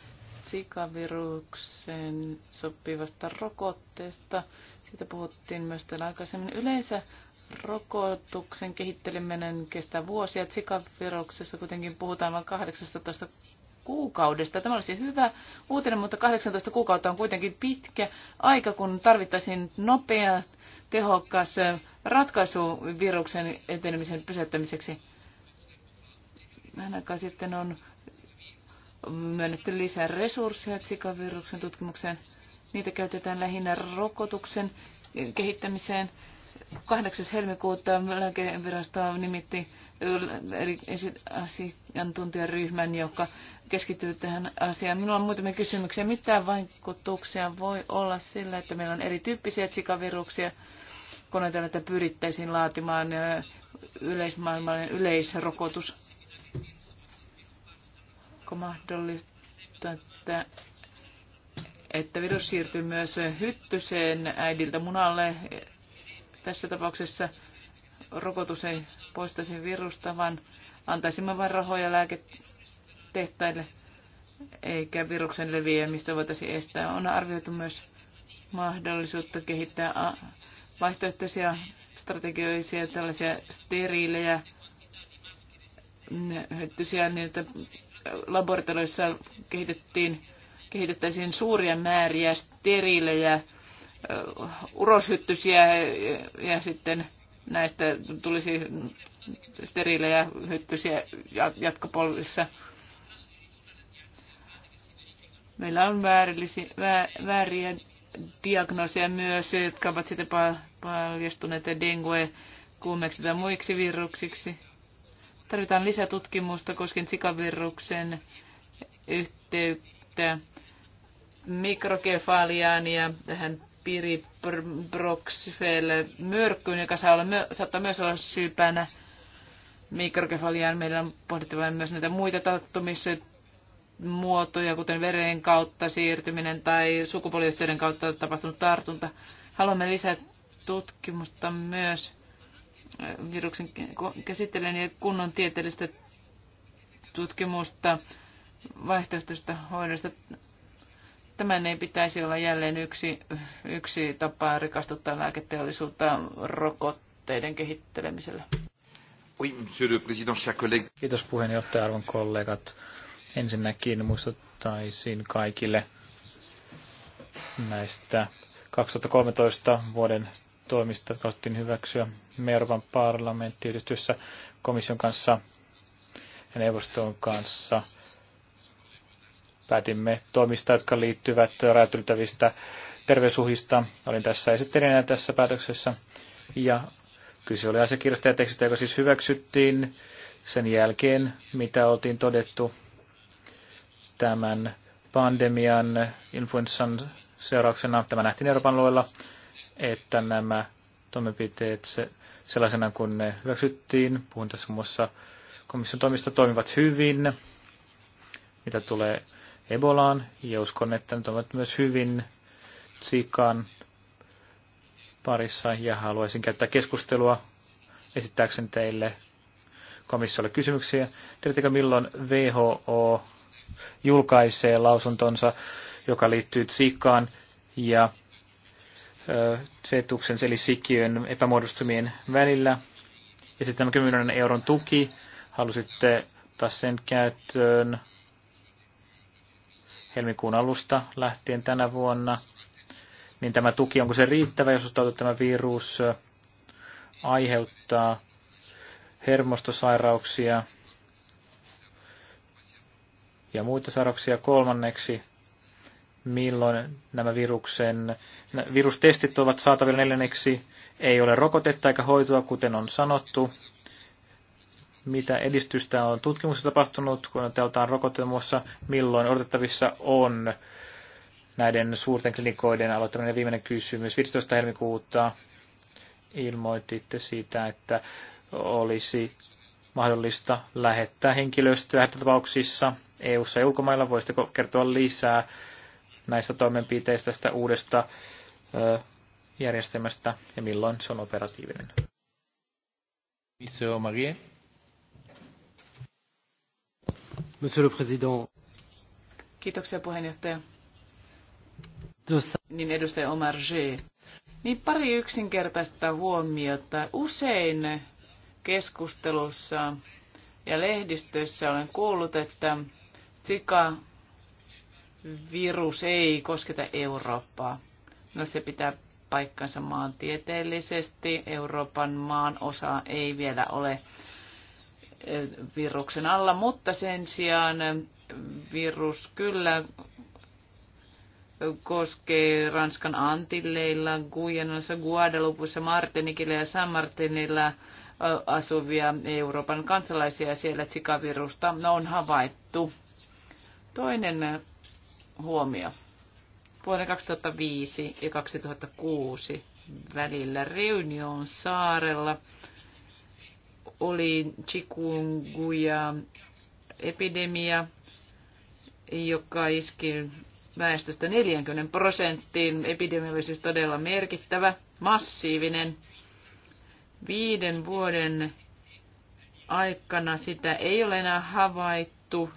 sikaviruksen sopivasta rokotteesta. Siitä puhuttiin myös täällä aikaisemmin. Yleensä rokotuksen kehitteleminen kestää vuosia. Tsikaviruksessa kuitenkin puhutaan vain 18 kuukaudesta. Tämä olisi hyvä uutinen, mutta 18 kuukautta on kuitenkin pitkä aika, kun tarvittaisiin nopea, tehokas ratkaisu viruksen etenemisen pysäyttämiseksi. Vähän aikaa sitten on myönnetty lisää resursseja tsikaviruksen tutkimukseen. Niitä käytetään lähinnä rokotuksen kehittämiseen. 8. helmikuuta lääkevirasto nimitti eli asiantuntijaryhmän, joka keskittyy tähän asiaan. Minulla on muutamia kysymyksiä. Mitä vaikutuksia voi olla sillä, että meillä on erityyppisiä tsikaviruksia, kun ajatellaan, että pyrittäisiin laatimaan yleismaailmallinen yleisrokotus? Onko mahdollista, että että virus siirtyy myös hyttyseen äidiltä munalle. Tässä tapauksessa rokotus ei poistaisi virusta, vaan antaisimme vain rahoja lääketehtaille, eikä viruksen leviämistä voitaisiin estää. On arvioitu myös mahdollisuutta kehittää vaihtoehtoisia strategioisia tällaisia steriilejä hyttysiä, niin että laboratorioissa kehitettiin kehitettäisiin suuria määriä steriilejä, uroshyttysiä ja sitten näistä tulisi steriilejä hyttysiä jatkopolvissa. Meillä on vääriä diagnooseja myös, jotka ovat sitten paljastuneet dengue kuumeksi tai muiksi viruksiksi. Tarvitaan lisätutkimusta koskien sikavirruksen yhteyttä mikrokefaliaan ja tähän piriproxifeelle myrkkyyn, joka saa olla, saattaa myös olla syypänä mikrokefaliaan. Meillä on pohdittava myös näitä muita muotoja kuten veren kautta siirtyminen tai sukupuoliyhteyden kautta tapahtunut tartunta. Haluamme lisää tutkimusta myös äh, viruksen käsittelyyn ja kunnon tieteellistä tutkimusta vaihtoehtoista hoidosta Tämän ei pitäisi olla jälleen yksi, yksi tapa rikastuttaa lääketeollisuutta rokotteiden kehittelemisellä. Oui, monsieur le président, Kiitos puheenjohtaja, arvon kollegat. Ensinnäkin muistuttaisin kaikille näistä 2013 vuoden toimista, jotka haluttiin hyväksyä Euroopan parlamentti yhdistyssä komission kanssa ja neuvoston kanssa – päätimme toimista, jotka liittyvät räätyltävistä terveysuhista. Olin tässä esittelijänä tässä päätöksessä ja kyse oli asiakirjasta ja tekstistä, joka siis hyväksyttiin sen jälkeen, mitä oltiin todettu tämän pandemian influenssan seurauksena. Tämä nähtiin Euroopan luella, että nämä toimenpiteet se, sellaisena kuin ne hyväksyttiin, puhun tässä muassa komission toimista, toimivat hyvin, mitä tulee Ebolaan, ja uskon, että nyt ovat myös hyvin Tsikan parissa, ja haluaisin käyttää keskustelua esittääkseni teille komissiolle kysymyksiä. Tiedättekö, milloin WHO julkaisee lausuntonsa, joka liittyy Tsikaan ja fetuksen eli sikiön epämuodostumien välillä. Ja sitten tämä 10 euron tuki, halusitte ottaa sen käyttöön helmikuun alusta lähtien tänä vuonna, niin tämä tuki, onko se riittävä, jos tämä virus aiheuttaa hermostosairauksia ja muita sairauksia kolmanneksi, milloin nämä viruksen, virustestit ovat saatavilla neljänneksi, ei ole rokotetta eikä hoitoa, kuten on sanottu, mitä edistystä on tutkimuksessa tapahtunut, kun otetaan rokote milloin odotettavissa on näiden suurten klinikoiden aloittaminen. Viimeinen kysymys. 15. helmikuuta ilmoititte siitä, että olisi mahdollista lähettää henkilöstöä tapauksissa EU-ssa ja ulkomailla. Voisitteko kertoa lisää näistä toimenpiteistä, tästä uudesta järjestelmästä ja milloin se on operatiivinen? Monsieur Marie. Monsieur le Président. Kiitoksia puheenjohtaja. Tuossa. Niin edustaja Omar G. Niin pari yksinkertaista huomiota. Usein keskustelussa ja lehdistössä olen kuullut, että Zika virus ei kosketa Eurooppaa. No se pitää paikkansa maantieteellisesti. Euroopan maan osa ei vielä ole viruksen alla, mutta sen sijaan virus kyllä koskee Ranskan Antilleilla, Guyanassa, Guadalupussa, Martinikilla ja San Martinilla asuvia Euroopan kansalaisia siellä sikavirusta no, on havaittu. Toinen huomio. Vuonna 2005 ja 2006 välillä Reunion saarella oli chikunguja epidemia, joka iski väestöstä 40 prosenttiin. Epidemia oli siis todella merkittävä, massiivinen. Viiden vuoden aikana sitä ei ole enää havaittu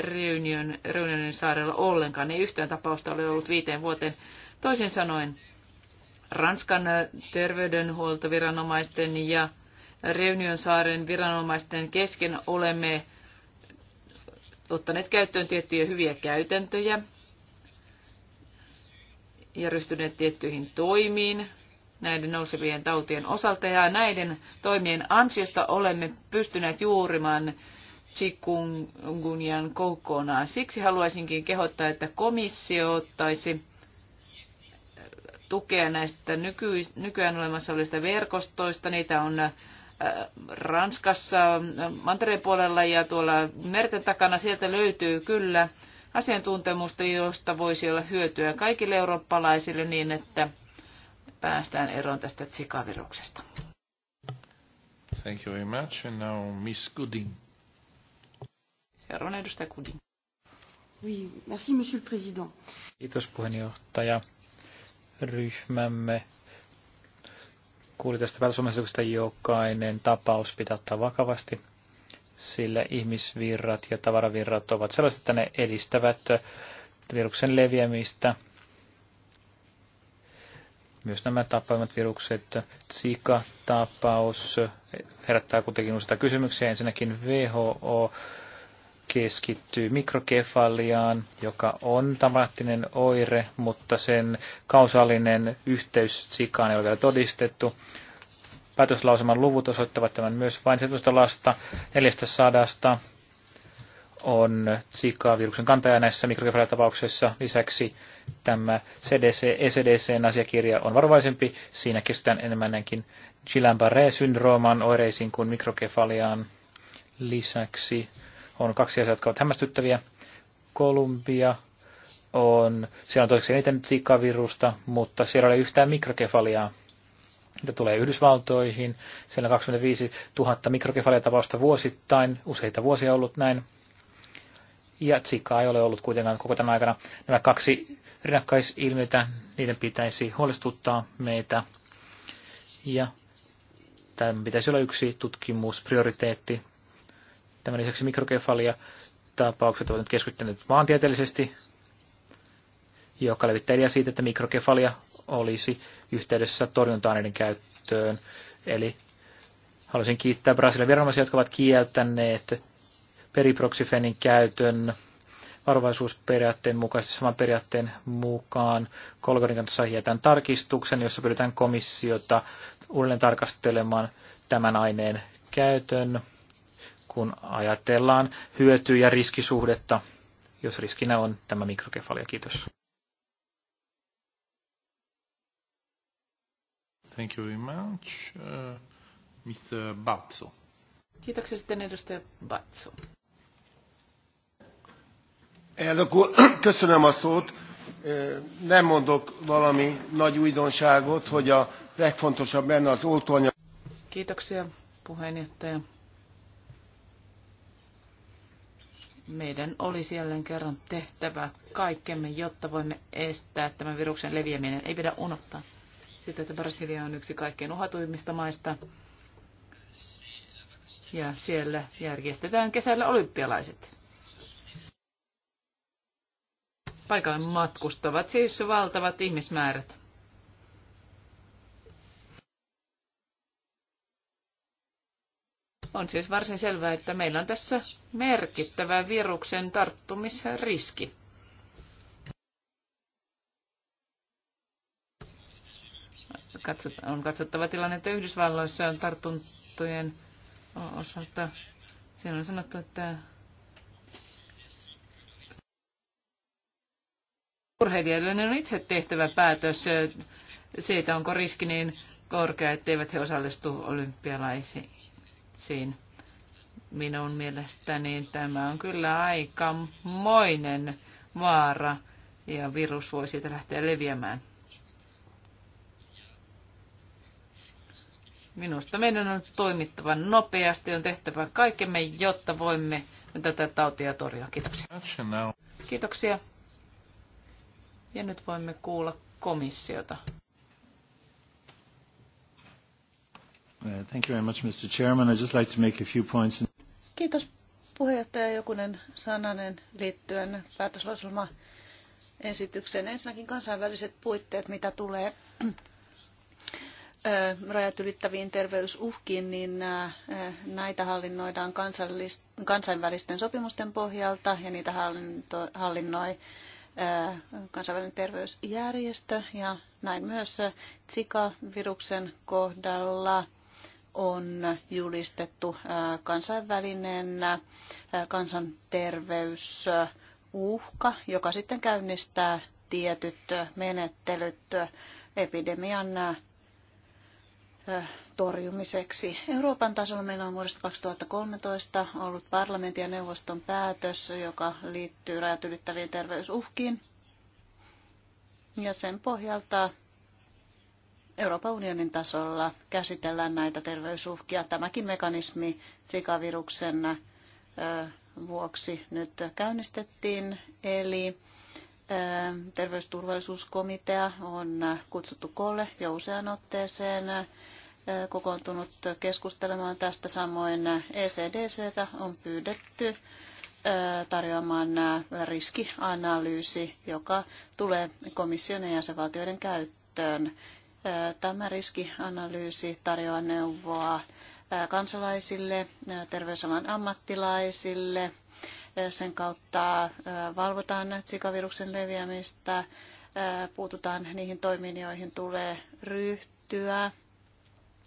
Reunion, Reunionin saarella ollenkaan. Ei yhtään tapausta ole ollut viiteen vuoteen. Toisin sanoen, Ranskan terveydenhuoltoviranomaisten ja Reunion saaren viranomaisten kesken olemme ottaneet käyttöön tiettyjä hyviä käytäntöjä ja ryhtyneet tiettyihin toimiin näiden nousevien tautien osalta. Ja näiden toimien ansiosta olemme pystyneet juurimaan chikungunjan kokonaan. Siksi haluaisinkin kehottaa, että komissio ottaisi tukea näistä nykyään olemassa olevista verkostoista. Niitä on Ranskassa mantereen puolella ja tuolla merten takana. Sieltä löytyy kyllä asiantuntemusta, josta voisi olla hyötyä kaikille eurooppalaisille niin, että päästään eroon tästä sikaviruksesta. Thank you very much. And now Miss Gooding. Seuraavana edustaja Gooding. Oui, merci, monsieur le président. Kiitos puheenjohtaja. Ryhmämme kuuli tästä välisomaisuudesta jokainen tapaus pitää ottaa vakavasti, sillä ihmisvirrat ja tavaravirrat ovat sellaiset, että ne edistävät viruksen leviämistä. Myös nämä tapaimmat virukset, Zika-tapaus, herättää kuitenkin useita kysymyksiä. Ensinnäkin WHO keskittyy mikrokefaliaan, joka on tamaattinen oire, mutta sen kausaalinen yhteys sikaan ei ole vielä todistettu. Päätöslauseman luvut osoittavat tämän myös vain sellaista lasta 400 on Zika-viruksen kantaja näissä mikrokefaliatapauksissa. Lisäksi tämä CDC, ECDCn asiakirja on varovaisempi. Siinä keskitytään enemmänkin Guillain-Barré-syndrooman oireisiin kuin mikrokefaliaan. Lisäksi on kaksi asiaa, jotka ovat hämmästyttäviä. Kolumbia on, siellä on toiseksi eniten sikavirusta, mutta siellä ei yhtään mikrokefaliaa. Mitä tulee Yhdysvaltoihin, siellä 25 000 mikrokefaliatapausta vuosittain, useita vuosia ollut näin. Ja Zika ei ole ollut kuitenkaan koko tämän aikana. Nämä kaksi rinnakkaisilmiötä, niiden pitäisi huolestuttaa meitä. Ja tämä pitäisi olla yksi tutkimusprioriteetti Tämän lisäksi mikrokefalia tapaukset ovat nyt keskittyneet maantieteellisesti, joka levittää idea siitä, että mikrokefalia olisi yhteydessä torjunta-aineiden käyttöön. Eli haluaisin kiittää Brasilian viranomaisia, jotka ovat kieltäneet periproksifenin käytön varovaisuusperiaatteen mukaisesti saman periaatteen mukaan kollegoiden kanssa jätän tarkistuksen, jossa pyydetään komissiota uudelleen tarkastelemaan tämän aineen käytön kun ajatellaan hyöty- ja riskisuhdetta, jos riskinä on tämä mikrokefalia. Kiitos. Thank you very much. Uh, Mr. Batso. Kiitoksia sitten edustaja Batso. Elnök *clears throat* köszönöm a szót. Nem mondok valami nagy újdonságot, hogy a legfontosabb benne az oltóanyag. Kiitoksia puheenjohtaja. meidän olisi jälleen kerran tehtävä kaikkemme, jotta voimme estää tämän viruksen leviäminen. Ei pidä unohtaa sitä, että Brasilia on yksi kaikkein uhatuimmista maista. Ja siellä järjestetään kesällä olympialaiset. Paikalle matkustavat siis valtavat ihmismäärät. On siis varsin selvää, että meillä on tässä merkittävä viruksen tarttumisriski. On katsottava tilannetta Yhdysvalloissa on tartuntojen osalta. Siellä on sanottu, että urheilijoiden on itse tehtävä päätös siitä, onko riski niin korkea, etteivät he osallistu olympialaisiin Ruotsiin. Minun mielestäni tämä on kyllä aikamoinen vaara ja virus voi siitä lähteä leviämään. Minusta meidän on toimittava nopeasti, on tehtävä kaikemme, jotta voimme tätä tautia torjua. Kiitoksia. Kiitoksia. Ja nyt voimme kuulla komissiota. Uh, thank you very much, Mr. Chairman. just like to make a few points. Kiitos puheenjohtaja Jokunen sananen liittyen päätöslauselmaan esityksen. Ensinnäkin kansainväliset puitteet, mitä tulee rajat ylittäviin terveysuhkiin, niin näitä hallinnoidaan kansainvälisten sopimusten pohjalta ja niitä hallinnoi kansainvälinen terveysjärjestö ja näin myös Zika-viruksen kohdalla on julistettu äh, kansainvälinen äh, kansanterveysuhka, joka sitten käynnistää tietyt äh, menettelyt epidemian torjumiseksi. Euroopan tasolla meillä on vuodesta 2013 ollut parlamentin ja neuvoston päätös, joka liittyy rajat ylittäviin terveysuhkiin. Ja sen pohjalta Euroopan unionin tasolla käsitellään näitä terveysuhkia. Tämäkin mekanismi sikaviruksen vuoksi nyt käynnistettiin, eli terveysturvallisuuskomitea on kutsuttu koolle jo usean otteeseen kokoontunut keskustelemaan tästä. Samoin ECDC on pyydetty tarjoamaan riskianalyysi, joka tulee komission ja jäsenvaltioiden käyttöön. Tämä riskianalyysi tarjoaa neuvoa kansalaisille, terveysalan ammattilaisille. Sen kautta valvotaan sikaviruksen leviämistä, puututaan niihin toimiin, joihin tulee ryhtyä.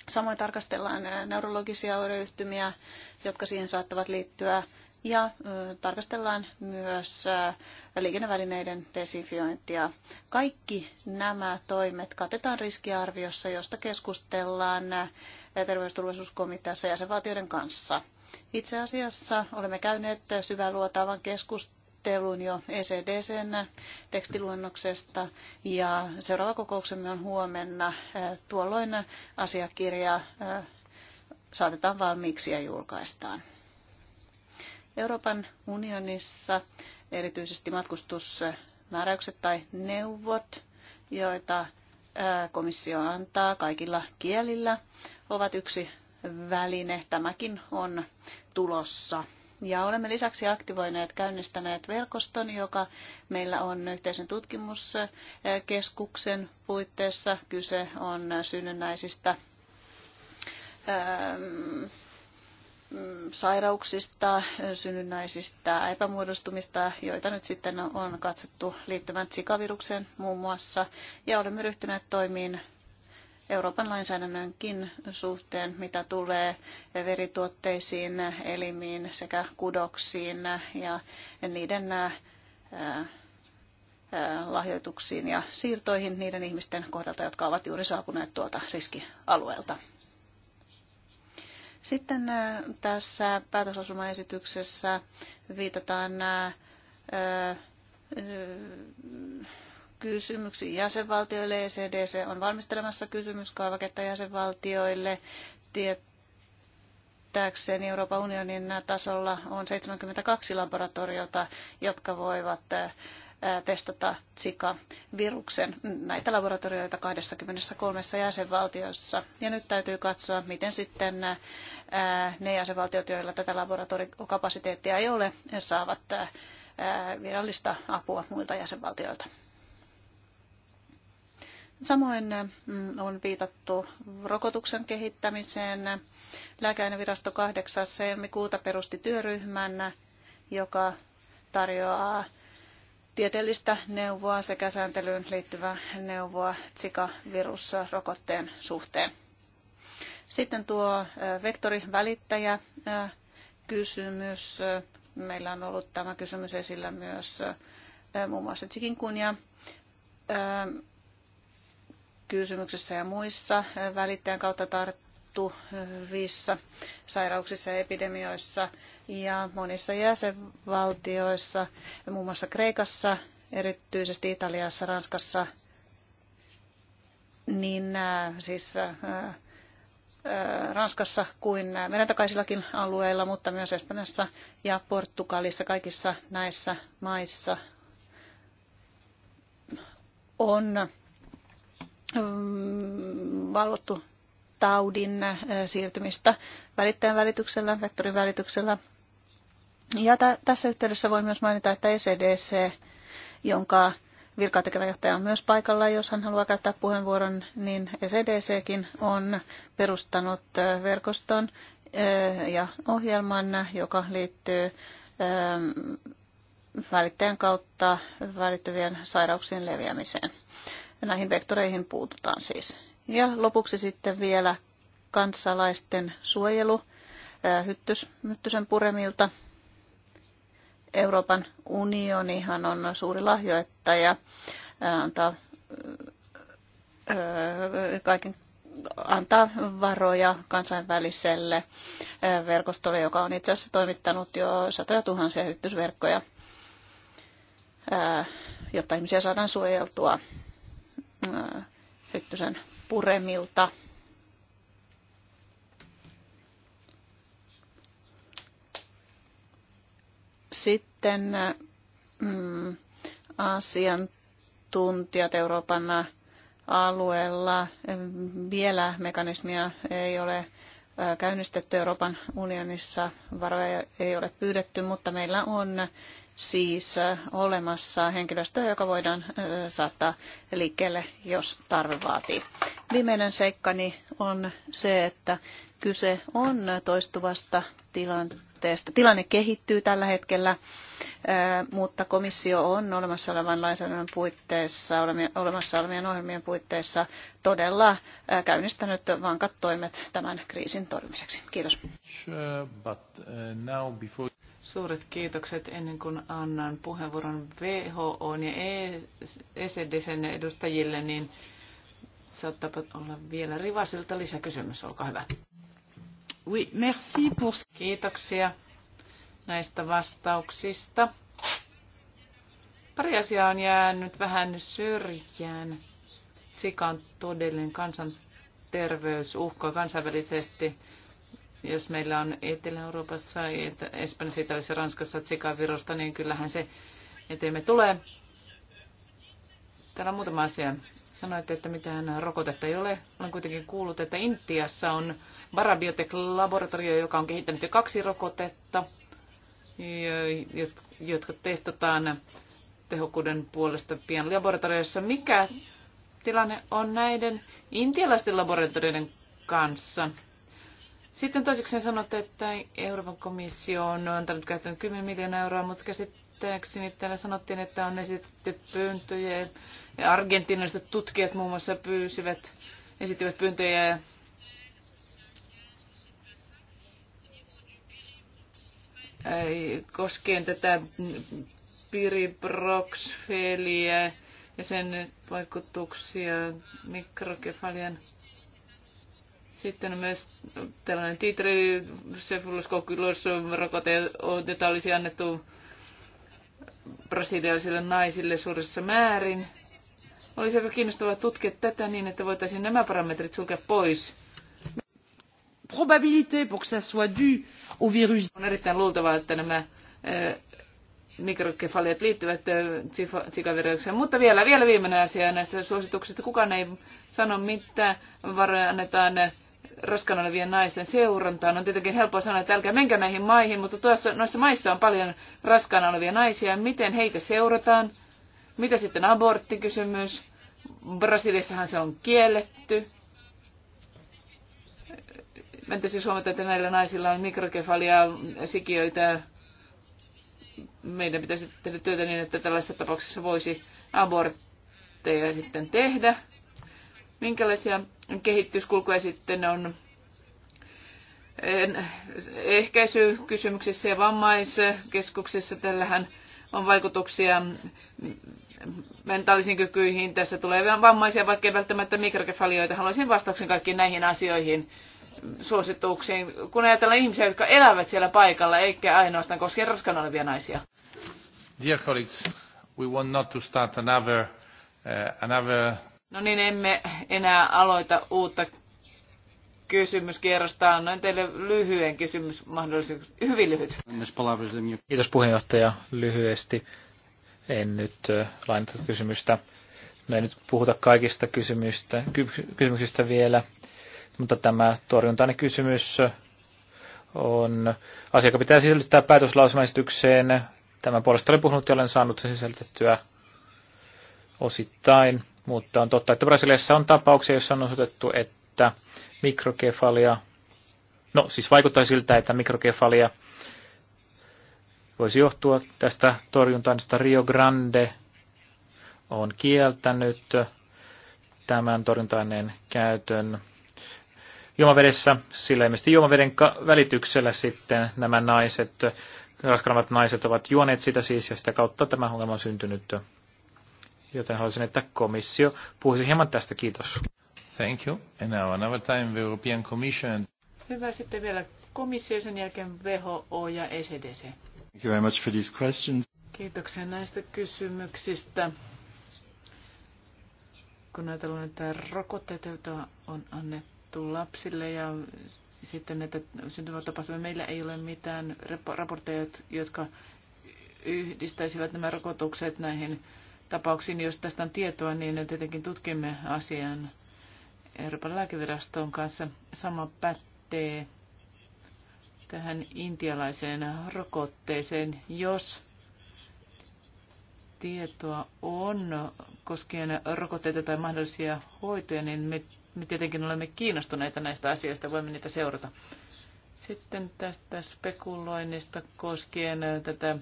Samoin tarkastellaan neurologisia oireyhtymiä, jotka siihen saattavat liittyä ja tarkastellaan myös liikennevälineiden desinfiointia. Kaikki nämä toimet katetaan riskiarviossa, josta keskustellaan terveysturvallisuuskomiteassa jäsenvaltioiden kanssa. Itse asiassa olemme käyneet syvän luotaavan keskustelun jo ECDCn tekstiluonnoksesta ja seuraava kokouksemme on huomenna. Tuolloin asiakirja saatetaan valmiiksi ja julkaistaan. Euroopan unionissa erityisesti matkustusmääräykset tai neuvot, joita komissio antaa kaikilla kielillä, ovat yksi väline. Tämäkin on tulossa. Ja olemme lisäksi aktivoineet, käynnistäneet verkoston, joka meillä on yhteisen tutkimuskeskuksen puitteissa. Kyse on synnynnäisistä Mm, sairauksista, synnynnäisistä epämuodostumista, joita nyt sitten on katsottu liittyvän sikavirukseen muun muassa. Ja olemme ryhtyneet toimiin Euroopan lainsäädännönkin suhteen, mitä tulee verituotteisiin, elimiin sekä kudoksiin ja niiden lahjoituksiin ja siirtoihin niiden ihmisten kohdalta, jotka ovat juuri saapuneet tuolta riskialueelta. Sitten äh, tässä päätösasumaesityksessä viitataan äh, äh, kysymyksiin jäsenvaltioille. ECDC on valmistelemassa kysymyskaavaketta jäsenvaltioille. Tietääkseni Euroopan unionin tasolla on 72 laboratoriota, jotka voivat testata Zika-viruksen näitä laboratorioita 23 jäsenvaltiossa. Ja nyt täytyy katsoa, miten sitten ne jäsenvaltiot, joilla tätä laboratoriokapasiteettia ei ole, saavat virallista apua muilta jäsenvaltioilta. Samoin mm, on viitattu rokotuksen kehittämiseen. Lääkeainevirasto 8. helmikuuta perusti työryhmän, joka tarjoaa tieteellistä neuvoa sekä sääntelyyn liittyvää neuvoa zika virusrokotteen suhteen. Sitten tuo vektorivälittäjä kysymys. Meillä on ollut tämä kysymys esillä myös muun muassa Chikinkunja kysymyksessä ja muissa. Välittäjän kautta muuttuvissa sairauksissa ja epidemioissa ja monissa jäsenvaltioissa, muun muassa Kreikassa, erityisesti Italiassa, Ranskassa, niin siis Ranskassa kuin merentakaisillakin alueilla, mutta myös Espanjassa ja Portugalissa, kaikissa näissä maissa on mm, valvottu taudin äh, siirtymistä välittäjän välityksellä, vektorin välityksellä. Ja tässä yhteydessä voi myös mainita, että ECDC, jonka virkaa tekevä johtaja on myös paikalla, jos hän haluaa käyttää puheenvuoron, niin ECDCkin on perustanut äh, verkoston äh, ja ohjelman, joka liittyy ähm, välittäjän kautta välittyvien sairauksien leviämiseen. Näihin vektoreihin puututaan siis. Ja lopuksi sitten vielä kansalaisten suojelu äh, hyttys, hyttysen puremilta. Euroopan unionihan on suuri lahjoittaja, äh, antaa, äh, kaiken, antaa varoja kansainväliselle verkostolle, joka on itse asiassa toimittanut jo satoja tuhansia hyttysverkkoja, jotta ihmisiä saadaan suojeltua hyttysen puremilta. Sitten mm, asiantuntijat Euroopan alueella. Vielä mekanismia ei ole käynnistetty Euroopan unionissa, varoja ei ole pyydetty, mutta meillä on siis olemassa henkilöstöä, joka voidaan saattaa liikkeelle, jos tarve vaatii. Viimeinen seikkani on se, että kyse on toistuvasta tilanteesta. Tilanne kehittyy tällä hetkellä, mutta komissio on olemassa olevan lainsäädännön puitteissa, olemassa olevien ohjelmien puitteissa todella käynnistänyt vankat toimet tämän kriisin torjumiseksi. Kiitos. Sure, but, uh, now before... Suuret kiitokset ennen kuin annan puheenvuoron WHO ja ECDCn e edustajille, niin saattaa olla vielä Rivasilta lisäkysymys. Olkaa hyvä. Oui, merci pour... Kiitoksia näistä vastauksista. Pari asiaa on jäänyt vähän syrjään. Sika on todellinen kansanterveysuhka kansainvälisesti jos meillä on Etelä-Euroopassa, Espanjassa, Italiassa, Ranskassa Virosta, niin kyllähän se eteemme tulee. Täällä on muutama asia. Sanoitte, että mitään rokotetta ei ole. Olen kuitenkin kuullut, että Intiassa on barabiotech laboratorio joka on kehittänyt jo kaksi rokotetta, jotka testataan tehokkuuden puolesta pian laboratoriossa. Mikä tilanne on näiden intialaisten laboratorioiden kanssa? Sitten toiseksi sanotte, että Euroopan komissio on antanut käyttöön 10 miljoonaa euroa, mutta käsittääkseni täällä sanottiin, että on esitetty pyyntöjä. Ja tutkijat muun muassa pyysivät, esittivät pyyntöjä koskien tätä piriproxfeliä ja sen vaikutuksia mikrokefalian sitten on myös tällainen titri, sefuloskokilos, rokote, jota olisi annettu brasilialaisille naisille suuressa määrin. Olisi aika kiinnostavaa tutkia tätä niin, että voitaisiin nämä parametrit sulkea pois. Probabilité pour que ça soit dû au virus. On erittäin luultavaa, että nämä eh, mikrokefaliat liittyvät sikavirukseen. Mutta vielä, vielä viimeinen asia näistä suosituksista. Kukaan ei sano, mitä varoja annetaan raskaana olevien naisten seurantaan. On tietenkin helppoa sanoa, että älkää menkää näihin maihin, mutta tuossa, noissa maissa on paljon raskaana olevia naisia. Miten heitä seurataan? Mitä sitten aborttikysymys? Brasiliassahan se on kielletty. Mentä siis huomata, että näillä naisilla on mikrokefalia, sikiöitä, meidän pitäisi tehdä työtä niin, että tällaisessa tapauksessa voisi abortteja sitten tehdä. Minkälaisia kehityskulkuja sitten on ehkäisykysymyksessä ja vammaiskeskuksessa? Tällähän on vaikutuksia mentaalisiin kykyihin. Tässä tulee vammaisia, vaikkei välttämättä mikrokefalioita. Haluaisin vastauksen kaikkiin näihin asioihin suosituksiin, kun ajatellaan ihmisiä, jotka elävät siellä paikalla, eikä ainoastaan koske raskaana olevia naisia. Dear colleagues, we want not to start another, uh, another... No niin, emme enää aloita uutta kysymyskierrosta. Annoin teille lyhyen mahdollisuus. Hyvin lyhyt. Kiitos puheenjohtaja lyhyesti. En nyt uh, lainata kysymystä. Me no ei nyt puhuta kaikista kysymystä, kysymyksistä vielä mutta tämä torjuntainen kysymys on, asia, joka pitää sisällyttää päätöslausumaesitykseen. Tämän puolesta olen puhunut ja olen saanut sen sisällytettyä osittain, mutta on totta, että Brasiliassa on tapauksia, joissa on osoitettu, että mikrokefalia, no siis vaikuttaa siltä, että mikrokefalia voisi johtua tästä torjuntaista. Rio Grande on kieltänyt tämän torjuntaineen käytön juomavedessä, sillä ilmeisesti juomaveden välityksellä sitten nämä naiset, raskaammat naiset ovat juoneet sitä siis, ja sitä kautta tämä ongelma on syntynyt. Joten haluaisin, että komissio puhuisi hieman tästä. Kiitos. Thank you. And now another time the European Commission. Hyvä. Sitten vielä komissio, sen jälkeen WHO ja ECDC. Thank you very much for these questions. Kiitoksia näistä kysymyksistä. Kun ajatellaan että rokotteita, on annettu, annettu lapsille ja sitten näitä syntymätapahtumia. Meillä ei ole mitään raportteja, jotka yhdistäisivät nämä rokotukset näihin tapauksiin. Jos tästä on tietoa, niin tietenkin tutkimme asian Euroopan lääkeviraston kanssa. Sama pätee tähän intialaiseen rokotteeseen, jos tietoa on koskien rokotteita tai mahdollisia hoitoja, niin me me tietenkin olemme kiinnostuneita näistä asioista, voimme niitä seurata. Sitten tästä spekuloinnista koskien tätä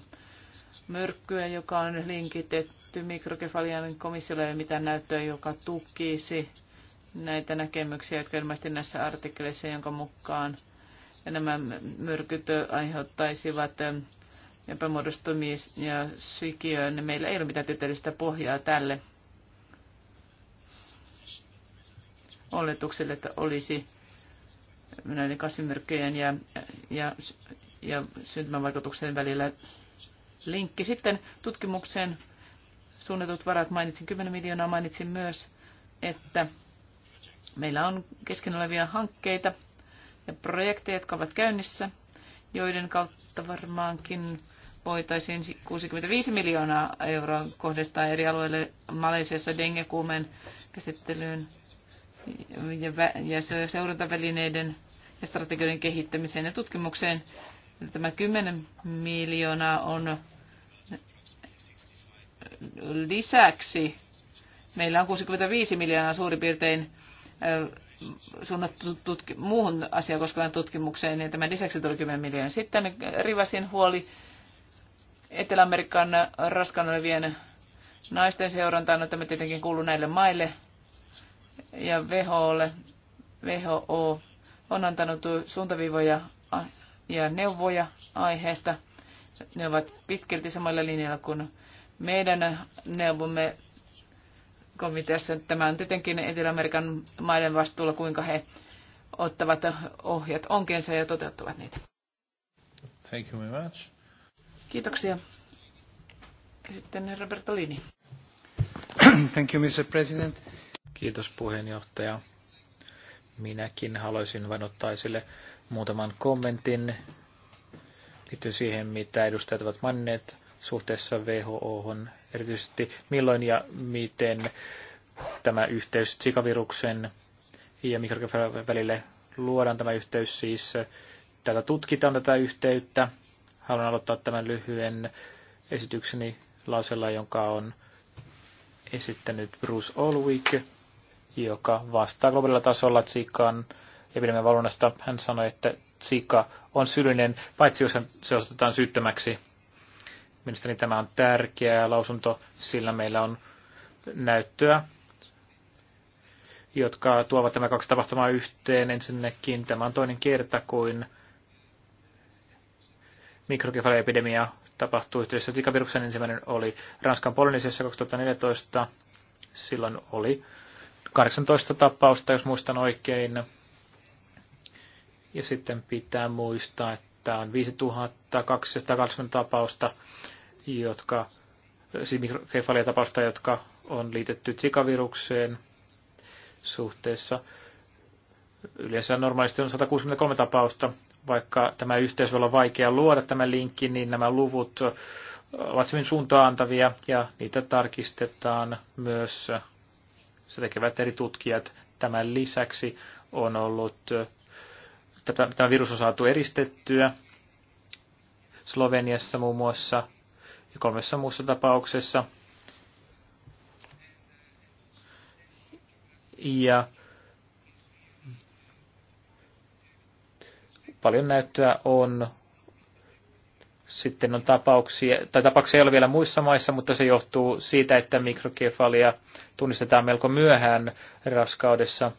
myrkkyä, joka on linkitetty mikrokefalian komissiolle, ja mitä näyttöä, joka tukisi näitä näkemyksiä, jotka ilmeisesti näissä artikkeleissa, jonka mukaan nämä myrkyt aiheuttaisivat epämuodostumis- ja sykiöön. Meillä ei ole mitään tieteellistä pohjaa tälle. oletukselle, että olisi näiden kasvimyrkkyjen ja, ja, ja syntymävaikutuksen välillä linkki. Sitten tutkimukseen suunnitut varat mainitsin 10 miljoonaa, mainitsin myös, että meillä on kesken olevia hankkeita ja projekteja, jotka ovat käynnissä, joiden kautta varmaankin voitaisiin 65 miljoonaa euroa kohdistaa eri alueille Malesiassa dengekuumen käsittelyyn ja, ja seurantavälineiden ja strategioiden kehittämiseen ja tutkimukseen. Tämä 10 miljoonaa on lisäksi. Meillä on 65 miljoonaa suurin piirtein suunnattu tutki, muuhun asiaa koskevaan tutkimukseen, niin tämän lisäksi tuli 10 miljoonaa. Sitten Rivasin huoli Etelä-Amerikan raskaan olevien naisten seurantaan, no tämä tietenkin kuuluu näille maille, ja WHOlle, WHO on antanut suuntaviivoja ja neuvoja aiheesta. Ne ovat pitkälti samalla linjalla kuin meidän neuvomme komiteassa. Tämä on tietenkin Etelä-Amerikan maiden vastuulla, kuinka he ottavat ohjat onkeensa ja toteuttavat niitä. Thank you very much. Kiitoksia. Sitten Roberto Lini. Thank you, Mr. President. Kiitos puheenjohtaja. Minäkin haluaisin vain ottaa esille muutaman kommentin liittyen siihen, mitä edustajat ovat manneet suhteessa WHO, erityisesti milloin ja miten tämä yhteys sikaviruksen ja mikrokefalin välille luodaan tämä yhteys siis. Äh, tätä tutkitaan tätä yhteyttä. Haluan aloittaa tämän lyhyen esitykseni lausella, jonka on esittänyt Bruce Olwick joka vastaa globaalilla tasolla Zikan epidemian valvonnasta. Hän sanoi, että Zika on syyllinen, paitsi jos se osoitetaan syyttömäksi. Mielestäni tämä on tärkeä lausunto, sillä meillä on näyttöä, jotka tuovat tämä kaksi tapahtumaa yhteen. Ensinnäkin tämä on toinen kerta kuin mikrokefaliepidemia tapahtui yhteydessä Zika-viruksen. Ensimmäinen oli Ranskan Polynesiassa 2014. Silloin oli 18 tapausta, jos muistan oikein. Ja sitten pitää muistaa, että on 5220 tapausta, jotka, siis tapausta, jotka on liitetty sikavirukseen suhteessa. Yleensä normaalisti on 163 tapausta, vaikka tämä yhteys voi olla vaikea luoda tämä linkki, niin nämä luvut ovat hyvin suuntaantavia ja niitä tarkistetaan myös se tekevät eri tutkijat. Tämän lisäksi on ollut, tämä virus on saatu eristettyä Sloveniassa muun muassa ja kolmessa muussa tapauksessa. Ja paljon näyttöä on sitten on tapauksia, tai tapauksia ei ole vielä muissa maissa, mutta se johtuu siitä, että mikrokefalia tunnistetaan melko myöhään raskaudessa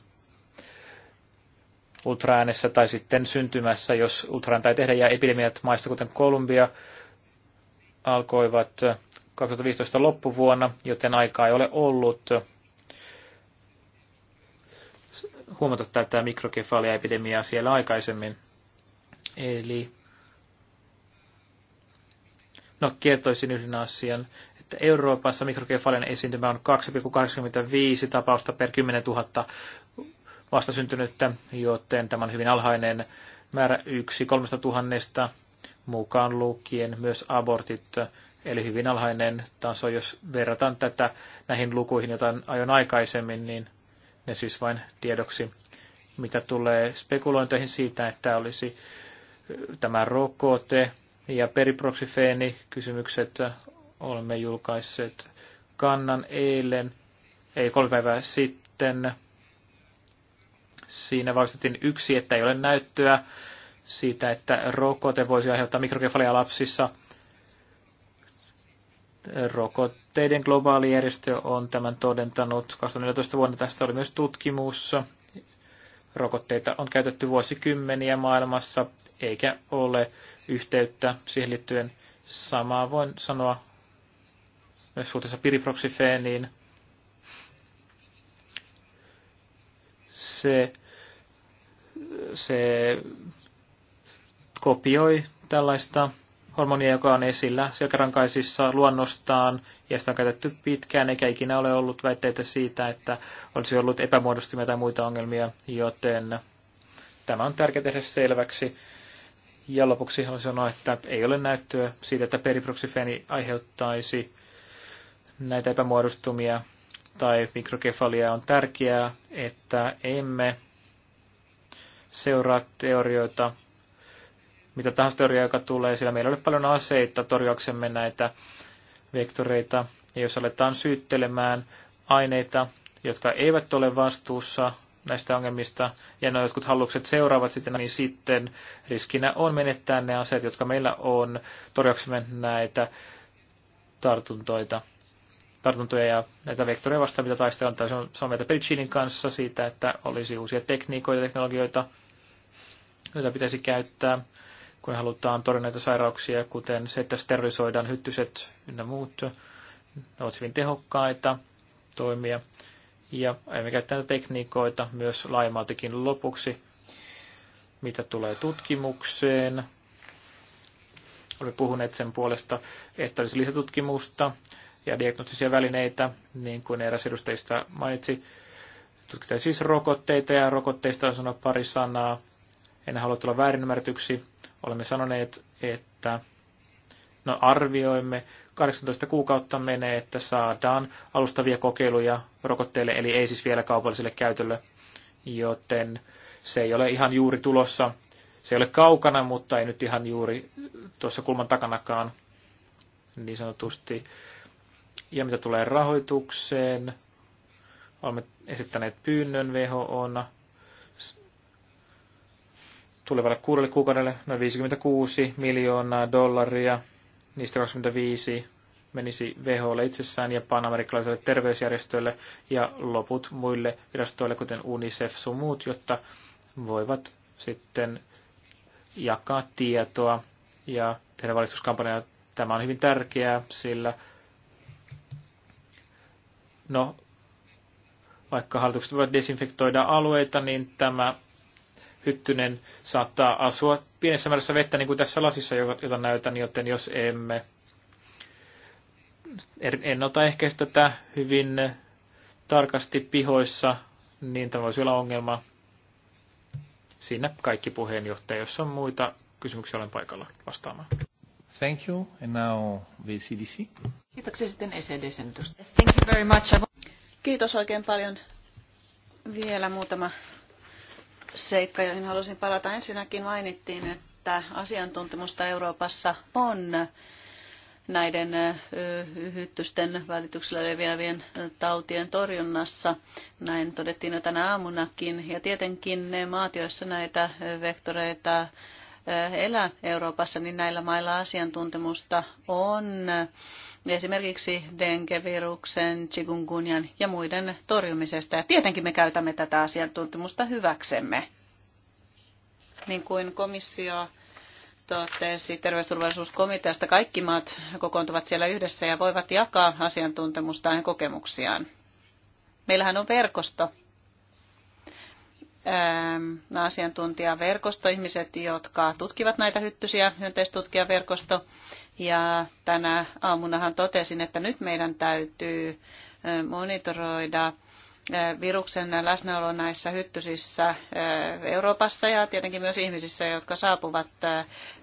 ultraäänessä tai sitten syntymässä, jos ultraääntä ei tehdä. Ja epidemiat maista, kuten Kolumbia, alkoivat 2015 loppuvuonna, joten aikaa ei ole ollut huomata tätä mikrokefaliaepidemiaa siellä aikaisemmin. Eli No, kertoisin yhden asian, että Euroopassa mikrokefalian esiintymä on 2,85 tapausta per 10 000 vastasyntynyttä, joten tämä on hyvin alhainen määrä yksi kolmesta tuhannesta, mukaan lukien myös abortit, eli hyvin alhainen taso. Jos verrataan tätä näihin lukuihin, joita aion aikaisemmin, niin ne siis vain tiedoksi, mitä tulee spekulointeihin siitä, että olisi tämä rokote, ja periproksifeeni kysymykset olemme julkaisseet kannan eilen, ei kolme päivää sitten. Siinä vastattiin yksi, että ei ole näyttöä siitä, että rokote voisi aiheuttaa mikrokefalia lapsissa. Rokotteiden globaali järjestö on tämän todentanut. 2014 vuonna tästä oli myös tutkimus. Rokotteita on käytetty vuosikymmeniä maailmassa, eikä ole yhteyttä siihen liittyen. Samaa voin sanoa myös suhteessa piriproksifeeniin. Se, se kopioi tällaista hormonia, joka on esillä selkärankaisissa luonnostaan, ja sitä on käytetty pitkään, eikä ikinä ole ollut väitteitä siitä, että olisi ollut epämuodostumia tai muita ongelmia, joten tämä on tärkeää tehdä selväksi. Ja lopuksi haluan sanoa, että ei ole näyttöä siitä, että periproksifeni aiheuttaisi näitä epämuodostumia tai mikrokefalia. On tärkeää, että emme seuraa teorioita, mitä tahansa teoriaa, joka tulee, sillä meillä oli paljon aseita torjuaksemme näitä vektoreita. Ja jos aletaan syyttelemään aineita, jotka eivät ole vastuussa näistä ongelmista, ja no jotkut hallukset seuraavat sitten, niin sitten riskinä on menettää ne aseet, jotka meillä on torjaksemme näitä tartuntoita, tartuntoja ja näitä vektoreja vastaan, mitä taistellaan. Se on samaa mieltä kanssa siitä, että olisi uusia tekniikoita, ja teknologioita, joita pitäisi käyttää, kun halutaan torjua näitä sairauksia, kuten se, että sterilisoidaan hyttyset ynnä muut. Ne ovat hyvin tehokkaita toimia ja emme käyttää tekniikoita myös laimaltikin lopuksi, mitä tulee tutkimukseen. Olemme puhuneet sen puolesta, että olisi lisätutkimusta ja diagnostisia välineitä, niin kuin eräs edustajista mainitsi. Tutkitaan siis rokotteita ja rokotteista on sanonut pari sanaa. En halua tulla väärinymmärtyksi. Olemme sanoneet, että no arvioimme 18 kuukautta menee, että saadaan alustavia kokeiluja rokotteille, eli ei siis vielä kaupalliselle käytölle, joten se ei ole ihan juuri tulossa. Se ei ole kaukana, mutta ei nyt ihan juuri tuossa kulman takanakaan niin sanotusti. Ja mitä tulee rahoitukseen, olemme esittäneet pyynnön WHOna tulevalle kuudelle kuukaudelle noin 56 miljoonaa dollaria niistä 25 menisi WHOlle itsessään ja panamerikkalaiselle terveysjärjestölle ja loput muille virastoille, kuten UNICEF sun muut, jotta voivat sitten jakaa tietoa ja tehdä valistuskampanjaa. Tämä on hyvin tärkeää, sillä no, vaikka hallitukset voivat desinfektoida alueita, niin tämä hyttynen saattaa asua pienessä määrässä vettä, niin kuin tässä lasissa, jota näytän, joten jos emme ennaltaehkäistä tätä hyvin tarkasti pihoissa, niin tämä voisi olla ongelma. Siinä kaikki puheenjohtaja. Jos on muita kysymyksiä, olen paikalla vastaamaan. Thank you. And now VCDC. CDC. Kiitoksia sitten ECDC. Thank you very much. Kiitos oikein paljon. Vielä muutama seikka, joihin halusin palata. Ensinnäkin mainittiin, että asiantuntemusta Euroopassa on näiden hyttysten välityksellä leviävien tautien torjunnassa. Näin todettiin jo tänä aamunakin. Ja tietenkin ne maat, joissa näitä vektoreita elää Euroopassa, niin näillä mailla asiantuntemusta on esimerkiksi denkeviruksen, chikungunjan ja muiden torjumisesta. Ja tietenkin me käytämme tätä asiantuntemusta hyväksemme. Niin kuin komissio totesi terveysturvallisuuskomiteasta, kaikki maat kokoontuvat siellä yhdessä ja voivat jakaa asiantuntemustaan ja kokemuksiaan. Meillähän on verkosto, Ähm, asiantuntijaverkosto, ihmiset, jotka tutkivat näitä hyttysiä, hyönteistutkijaverkosto. verkosto Ja tänä aamunahan totesin, että nyt meidän täytyy äh, monitoroida äh, viruksen läsnäolo näissä hyttysissä äh, Euroopassa ja tietenkin myös ihmisissä, jotka saapuvat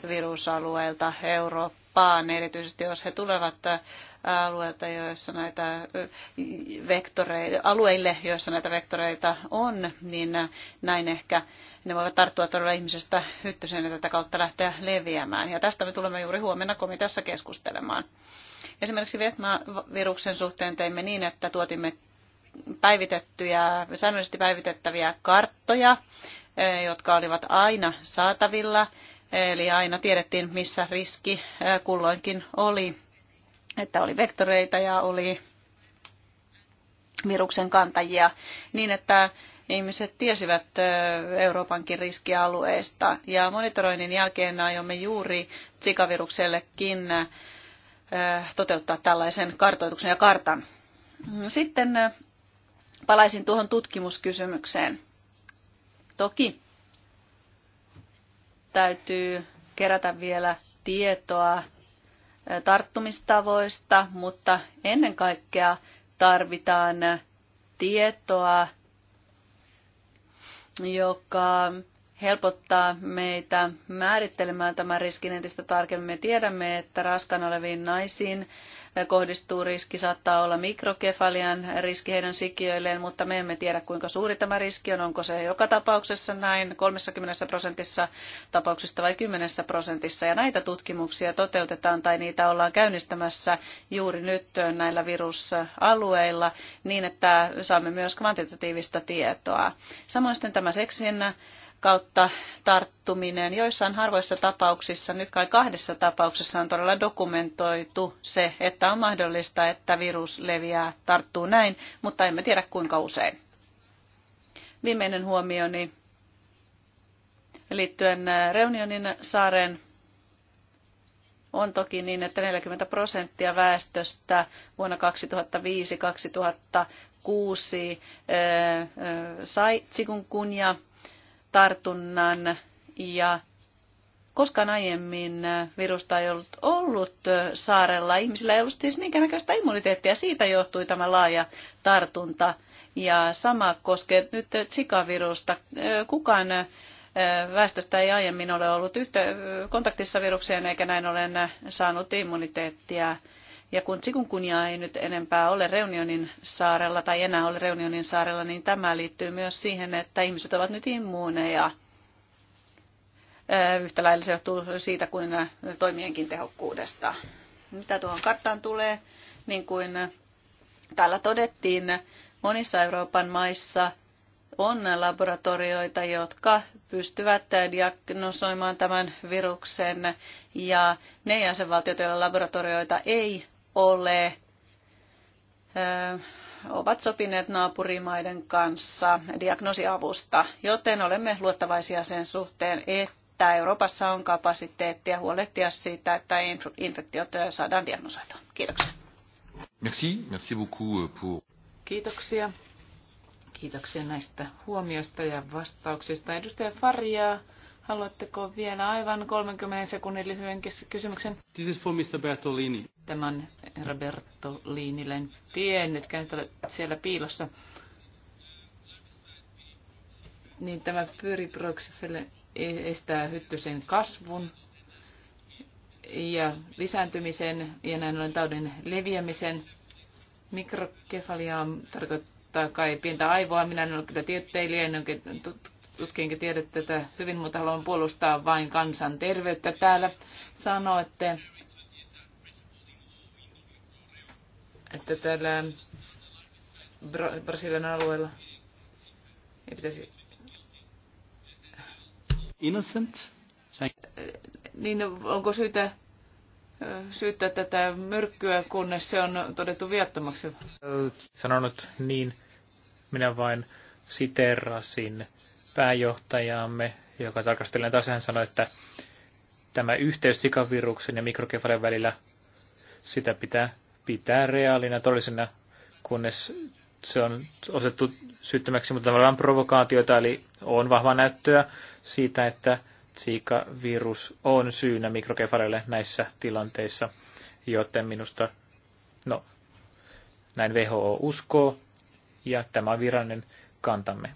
virusalueelta Eurooppaan, erityisesti jos he tulevat alueelta, joissa näitä vektoreita, alueille, joissa näitä vektoreita on, niin näin ehkä ne voivat tarttua todella ihmisestä hyttysen ja tätä kautta lähteä leviämään. Ja tästä me tulemme juuri huomenna komiteassa keskustelemaan. Esimerkiksi Vietnam-viruksen suhteen teimme niin, että tuotimme päivitettyjä, säännöllisesti päivitettäviä karttoja, e, jotka olivat aina saatavilla. Eli aina tiedettiin, missä riski e, kulloinkin oli että oli vektoreita ja oli viruksen kantajia niin, että ihmiset tiesivät Euroopankin riskialueista. Ja monitoroinnin jälkeen aiomme juuri Zika-viruksellekin toteuttaa tällaisen kartoituksen ja kartan. Sitten palaisin tuohon tutkimuskysymykseen. Toki täytyy kerätä vielä tietoa tarttumistavoista, mutta ennen kaikkea tarvitaan tietoa, joka helpottaa meitä määrittelemään tämän riskin entistä tarkemmin. Me tiedämme, että raskan oleviin naisiin kohdistuu riski, saattaa olla mikrokefalian riski heidän sikiöilleen, mutta me emme tiedä kuinka suuri tämä riski on, onko se joka tapauksessa näin 30 prosentissa tapauksista vai 10 prosentissa. Ja näitä tutkimuksia toteutetaan tai niitä ollaan käynnistämässä juuri nyt näillä virusalueilla niin, että saamme myös kvantitatiivista tietoa. Samoin sitten tämä seksin kautta tarttuminen. Joissain harvoissa tapauksissa, nyt kai kahdessa tapauksessa on todella dokumentoitu se, että on mahdollista, että virus leviää, tarttuu näin, mutta emme tiedä kuinka usein. Viimeinen huomioni liittyen äh, Reunionin saaren on toki niin, että 40 prosenttia väestöstä vuonna 2005-2006 äh, äh, sai tsikunkunia tartunnan ja koskaan aiemmin virusta ei ollut ollut saarella. Ihmisillä ei ollut siis minkäännäköistä immuniteettia. Siitä johtui tämä laaja tartunta. Ja sama koskee nyt Zika-virusta. Kukaan väestöstä ei aiemmin ole ollut yhtä, kontaktissa virukseen eikä näin ollen saanut immuniteettia. Ja kun tsikunkunia ei nyt enempää ole Reunionin saarella tai enää ole Reunionin saarella, niin tämä liittyy myös siihen, että ihmiset ovat nyt immuuneja. Yhtä lailla se johtuu siitä kuin toimienkin tehokkuudesta. Mitä tuohon karttaan tulee, niin kuin täällä todettiin, monissa Euroopan maissa on laboratorioita, jotka pystyvät diagnosoimaan tämän viruksen ja ne jäsenvaltiot, joilla laboratorioita ei ole, ovat sopineet naapurimaiden kanssa diagnoosiavusta, joten olemme luottavaisia sen suhteen, että Euroopassa on kapasiteettia huolehtia siitä, että infektiot saadaan diagnosoitua. Kiitoksia. Merci, merci beaucoup pour... Kiitoksia. Kiitoksia näistä huomioista ja vastauksista. Edustaja Faria, haluatteko vielä aivan 30 sekunnin lyhyen kysymyksen? This is for Mr. Bertolini tämän Roberto Liinille tien, tiennytkään, että olet siellä piilossa. Niin tämä pyriproksifelle e- estää hyttysen kasvun ja lisääntymisen ja näin ollen taudin leviämisen. Mikrokefalia tarkoittaa kai pientä aivoa. Minä en ole kyllä tieteilijä, en ole tutkienkin tiedä tätä hyvin, mutta haluan puolustaa vain kansan terveyttä täällä. Sanoitte, että täällä Brasilian alueella ei pitäisi... Innocent? Niin onko syytä syyttää tätä myrkkyä, kunnes se on todettu viattomaksi? Sanonut niin, minä vain siterasin pääjohtajaamme, joka tarkastelee taas hän sanoi, että tämä yhteys sikaviruksen ja mikrokefalin välillä, sitä pitää pitää reaalina todellisena, kunnes se on osettu syyttämäksi, mutta tavallaan provokaatioita, eli on vahva näyttöä siitä, että Zika-virus on syynä mikrokefareille näissä tilanteissa, joten minusta, no, näin WHO uskoo, ja tämä on virallinen kantamme.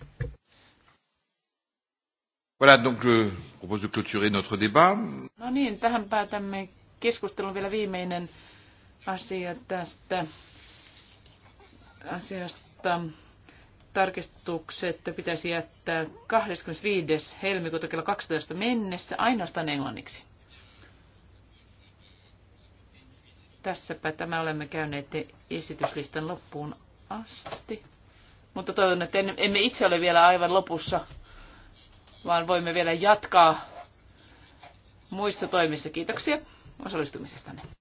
Voilà, donc je propose de clôturer notre débat. No niin, tähän päätämme keskustelun vielä viimeinen asia tästä asiasta. Tarkistukset pitäisi jättää 25. helmikuuta kello 12 mennessä ainoastaan englanniksi. Tässäpä tämä olemme käyneet esityslistan loppuun asti. Mutta toivon, että emme itse ole vielä aivan lopussa, vaan voimme vielä jatkaa muissa toimissa. Kiitoksia osallistumisestanne.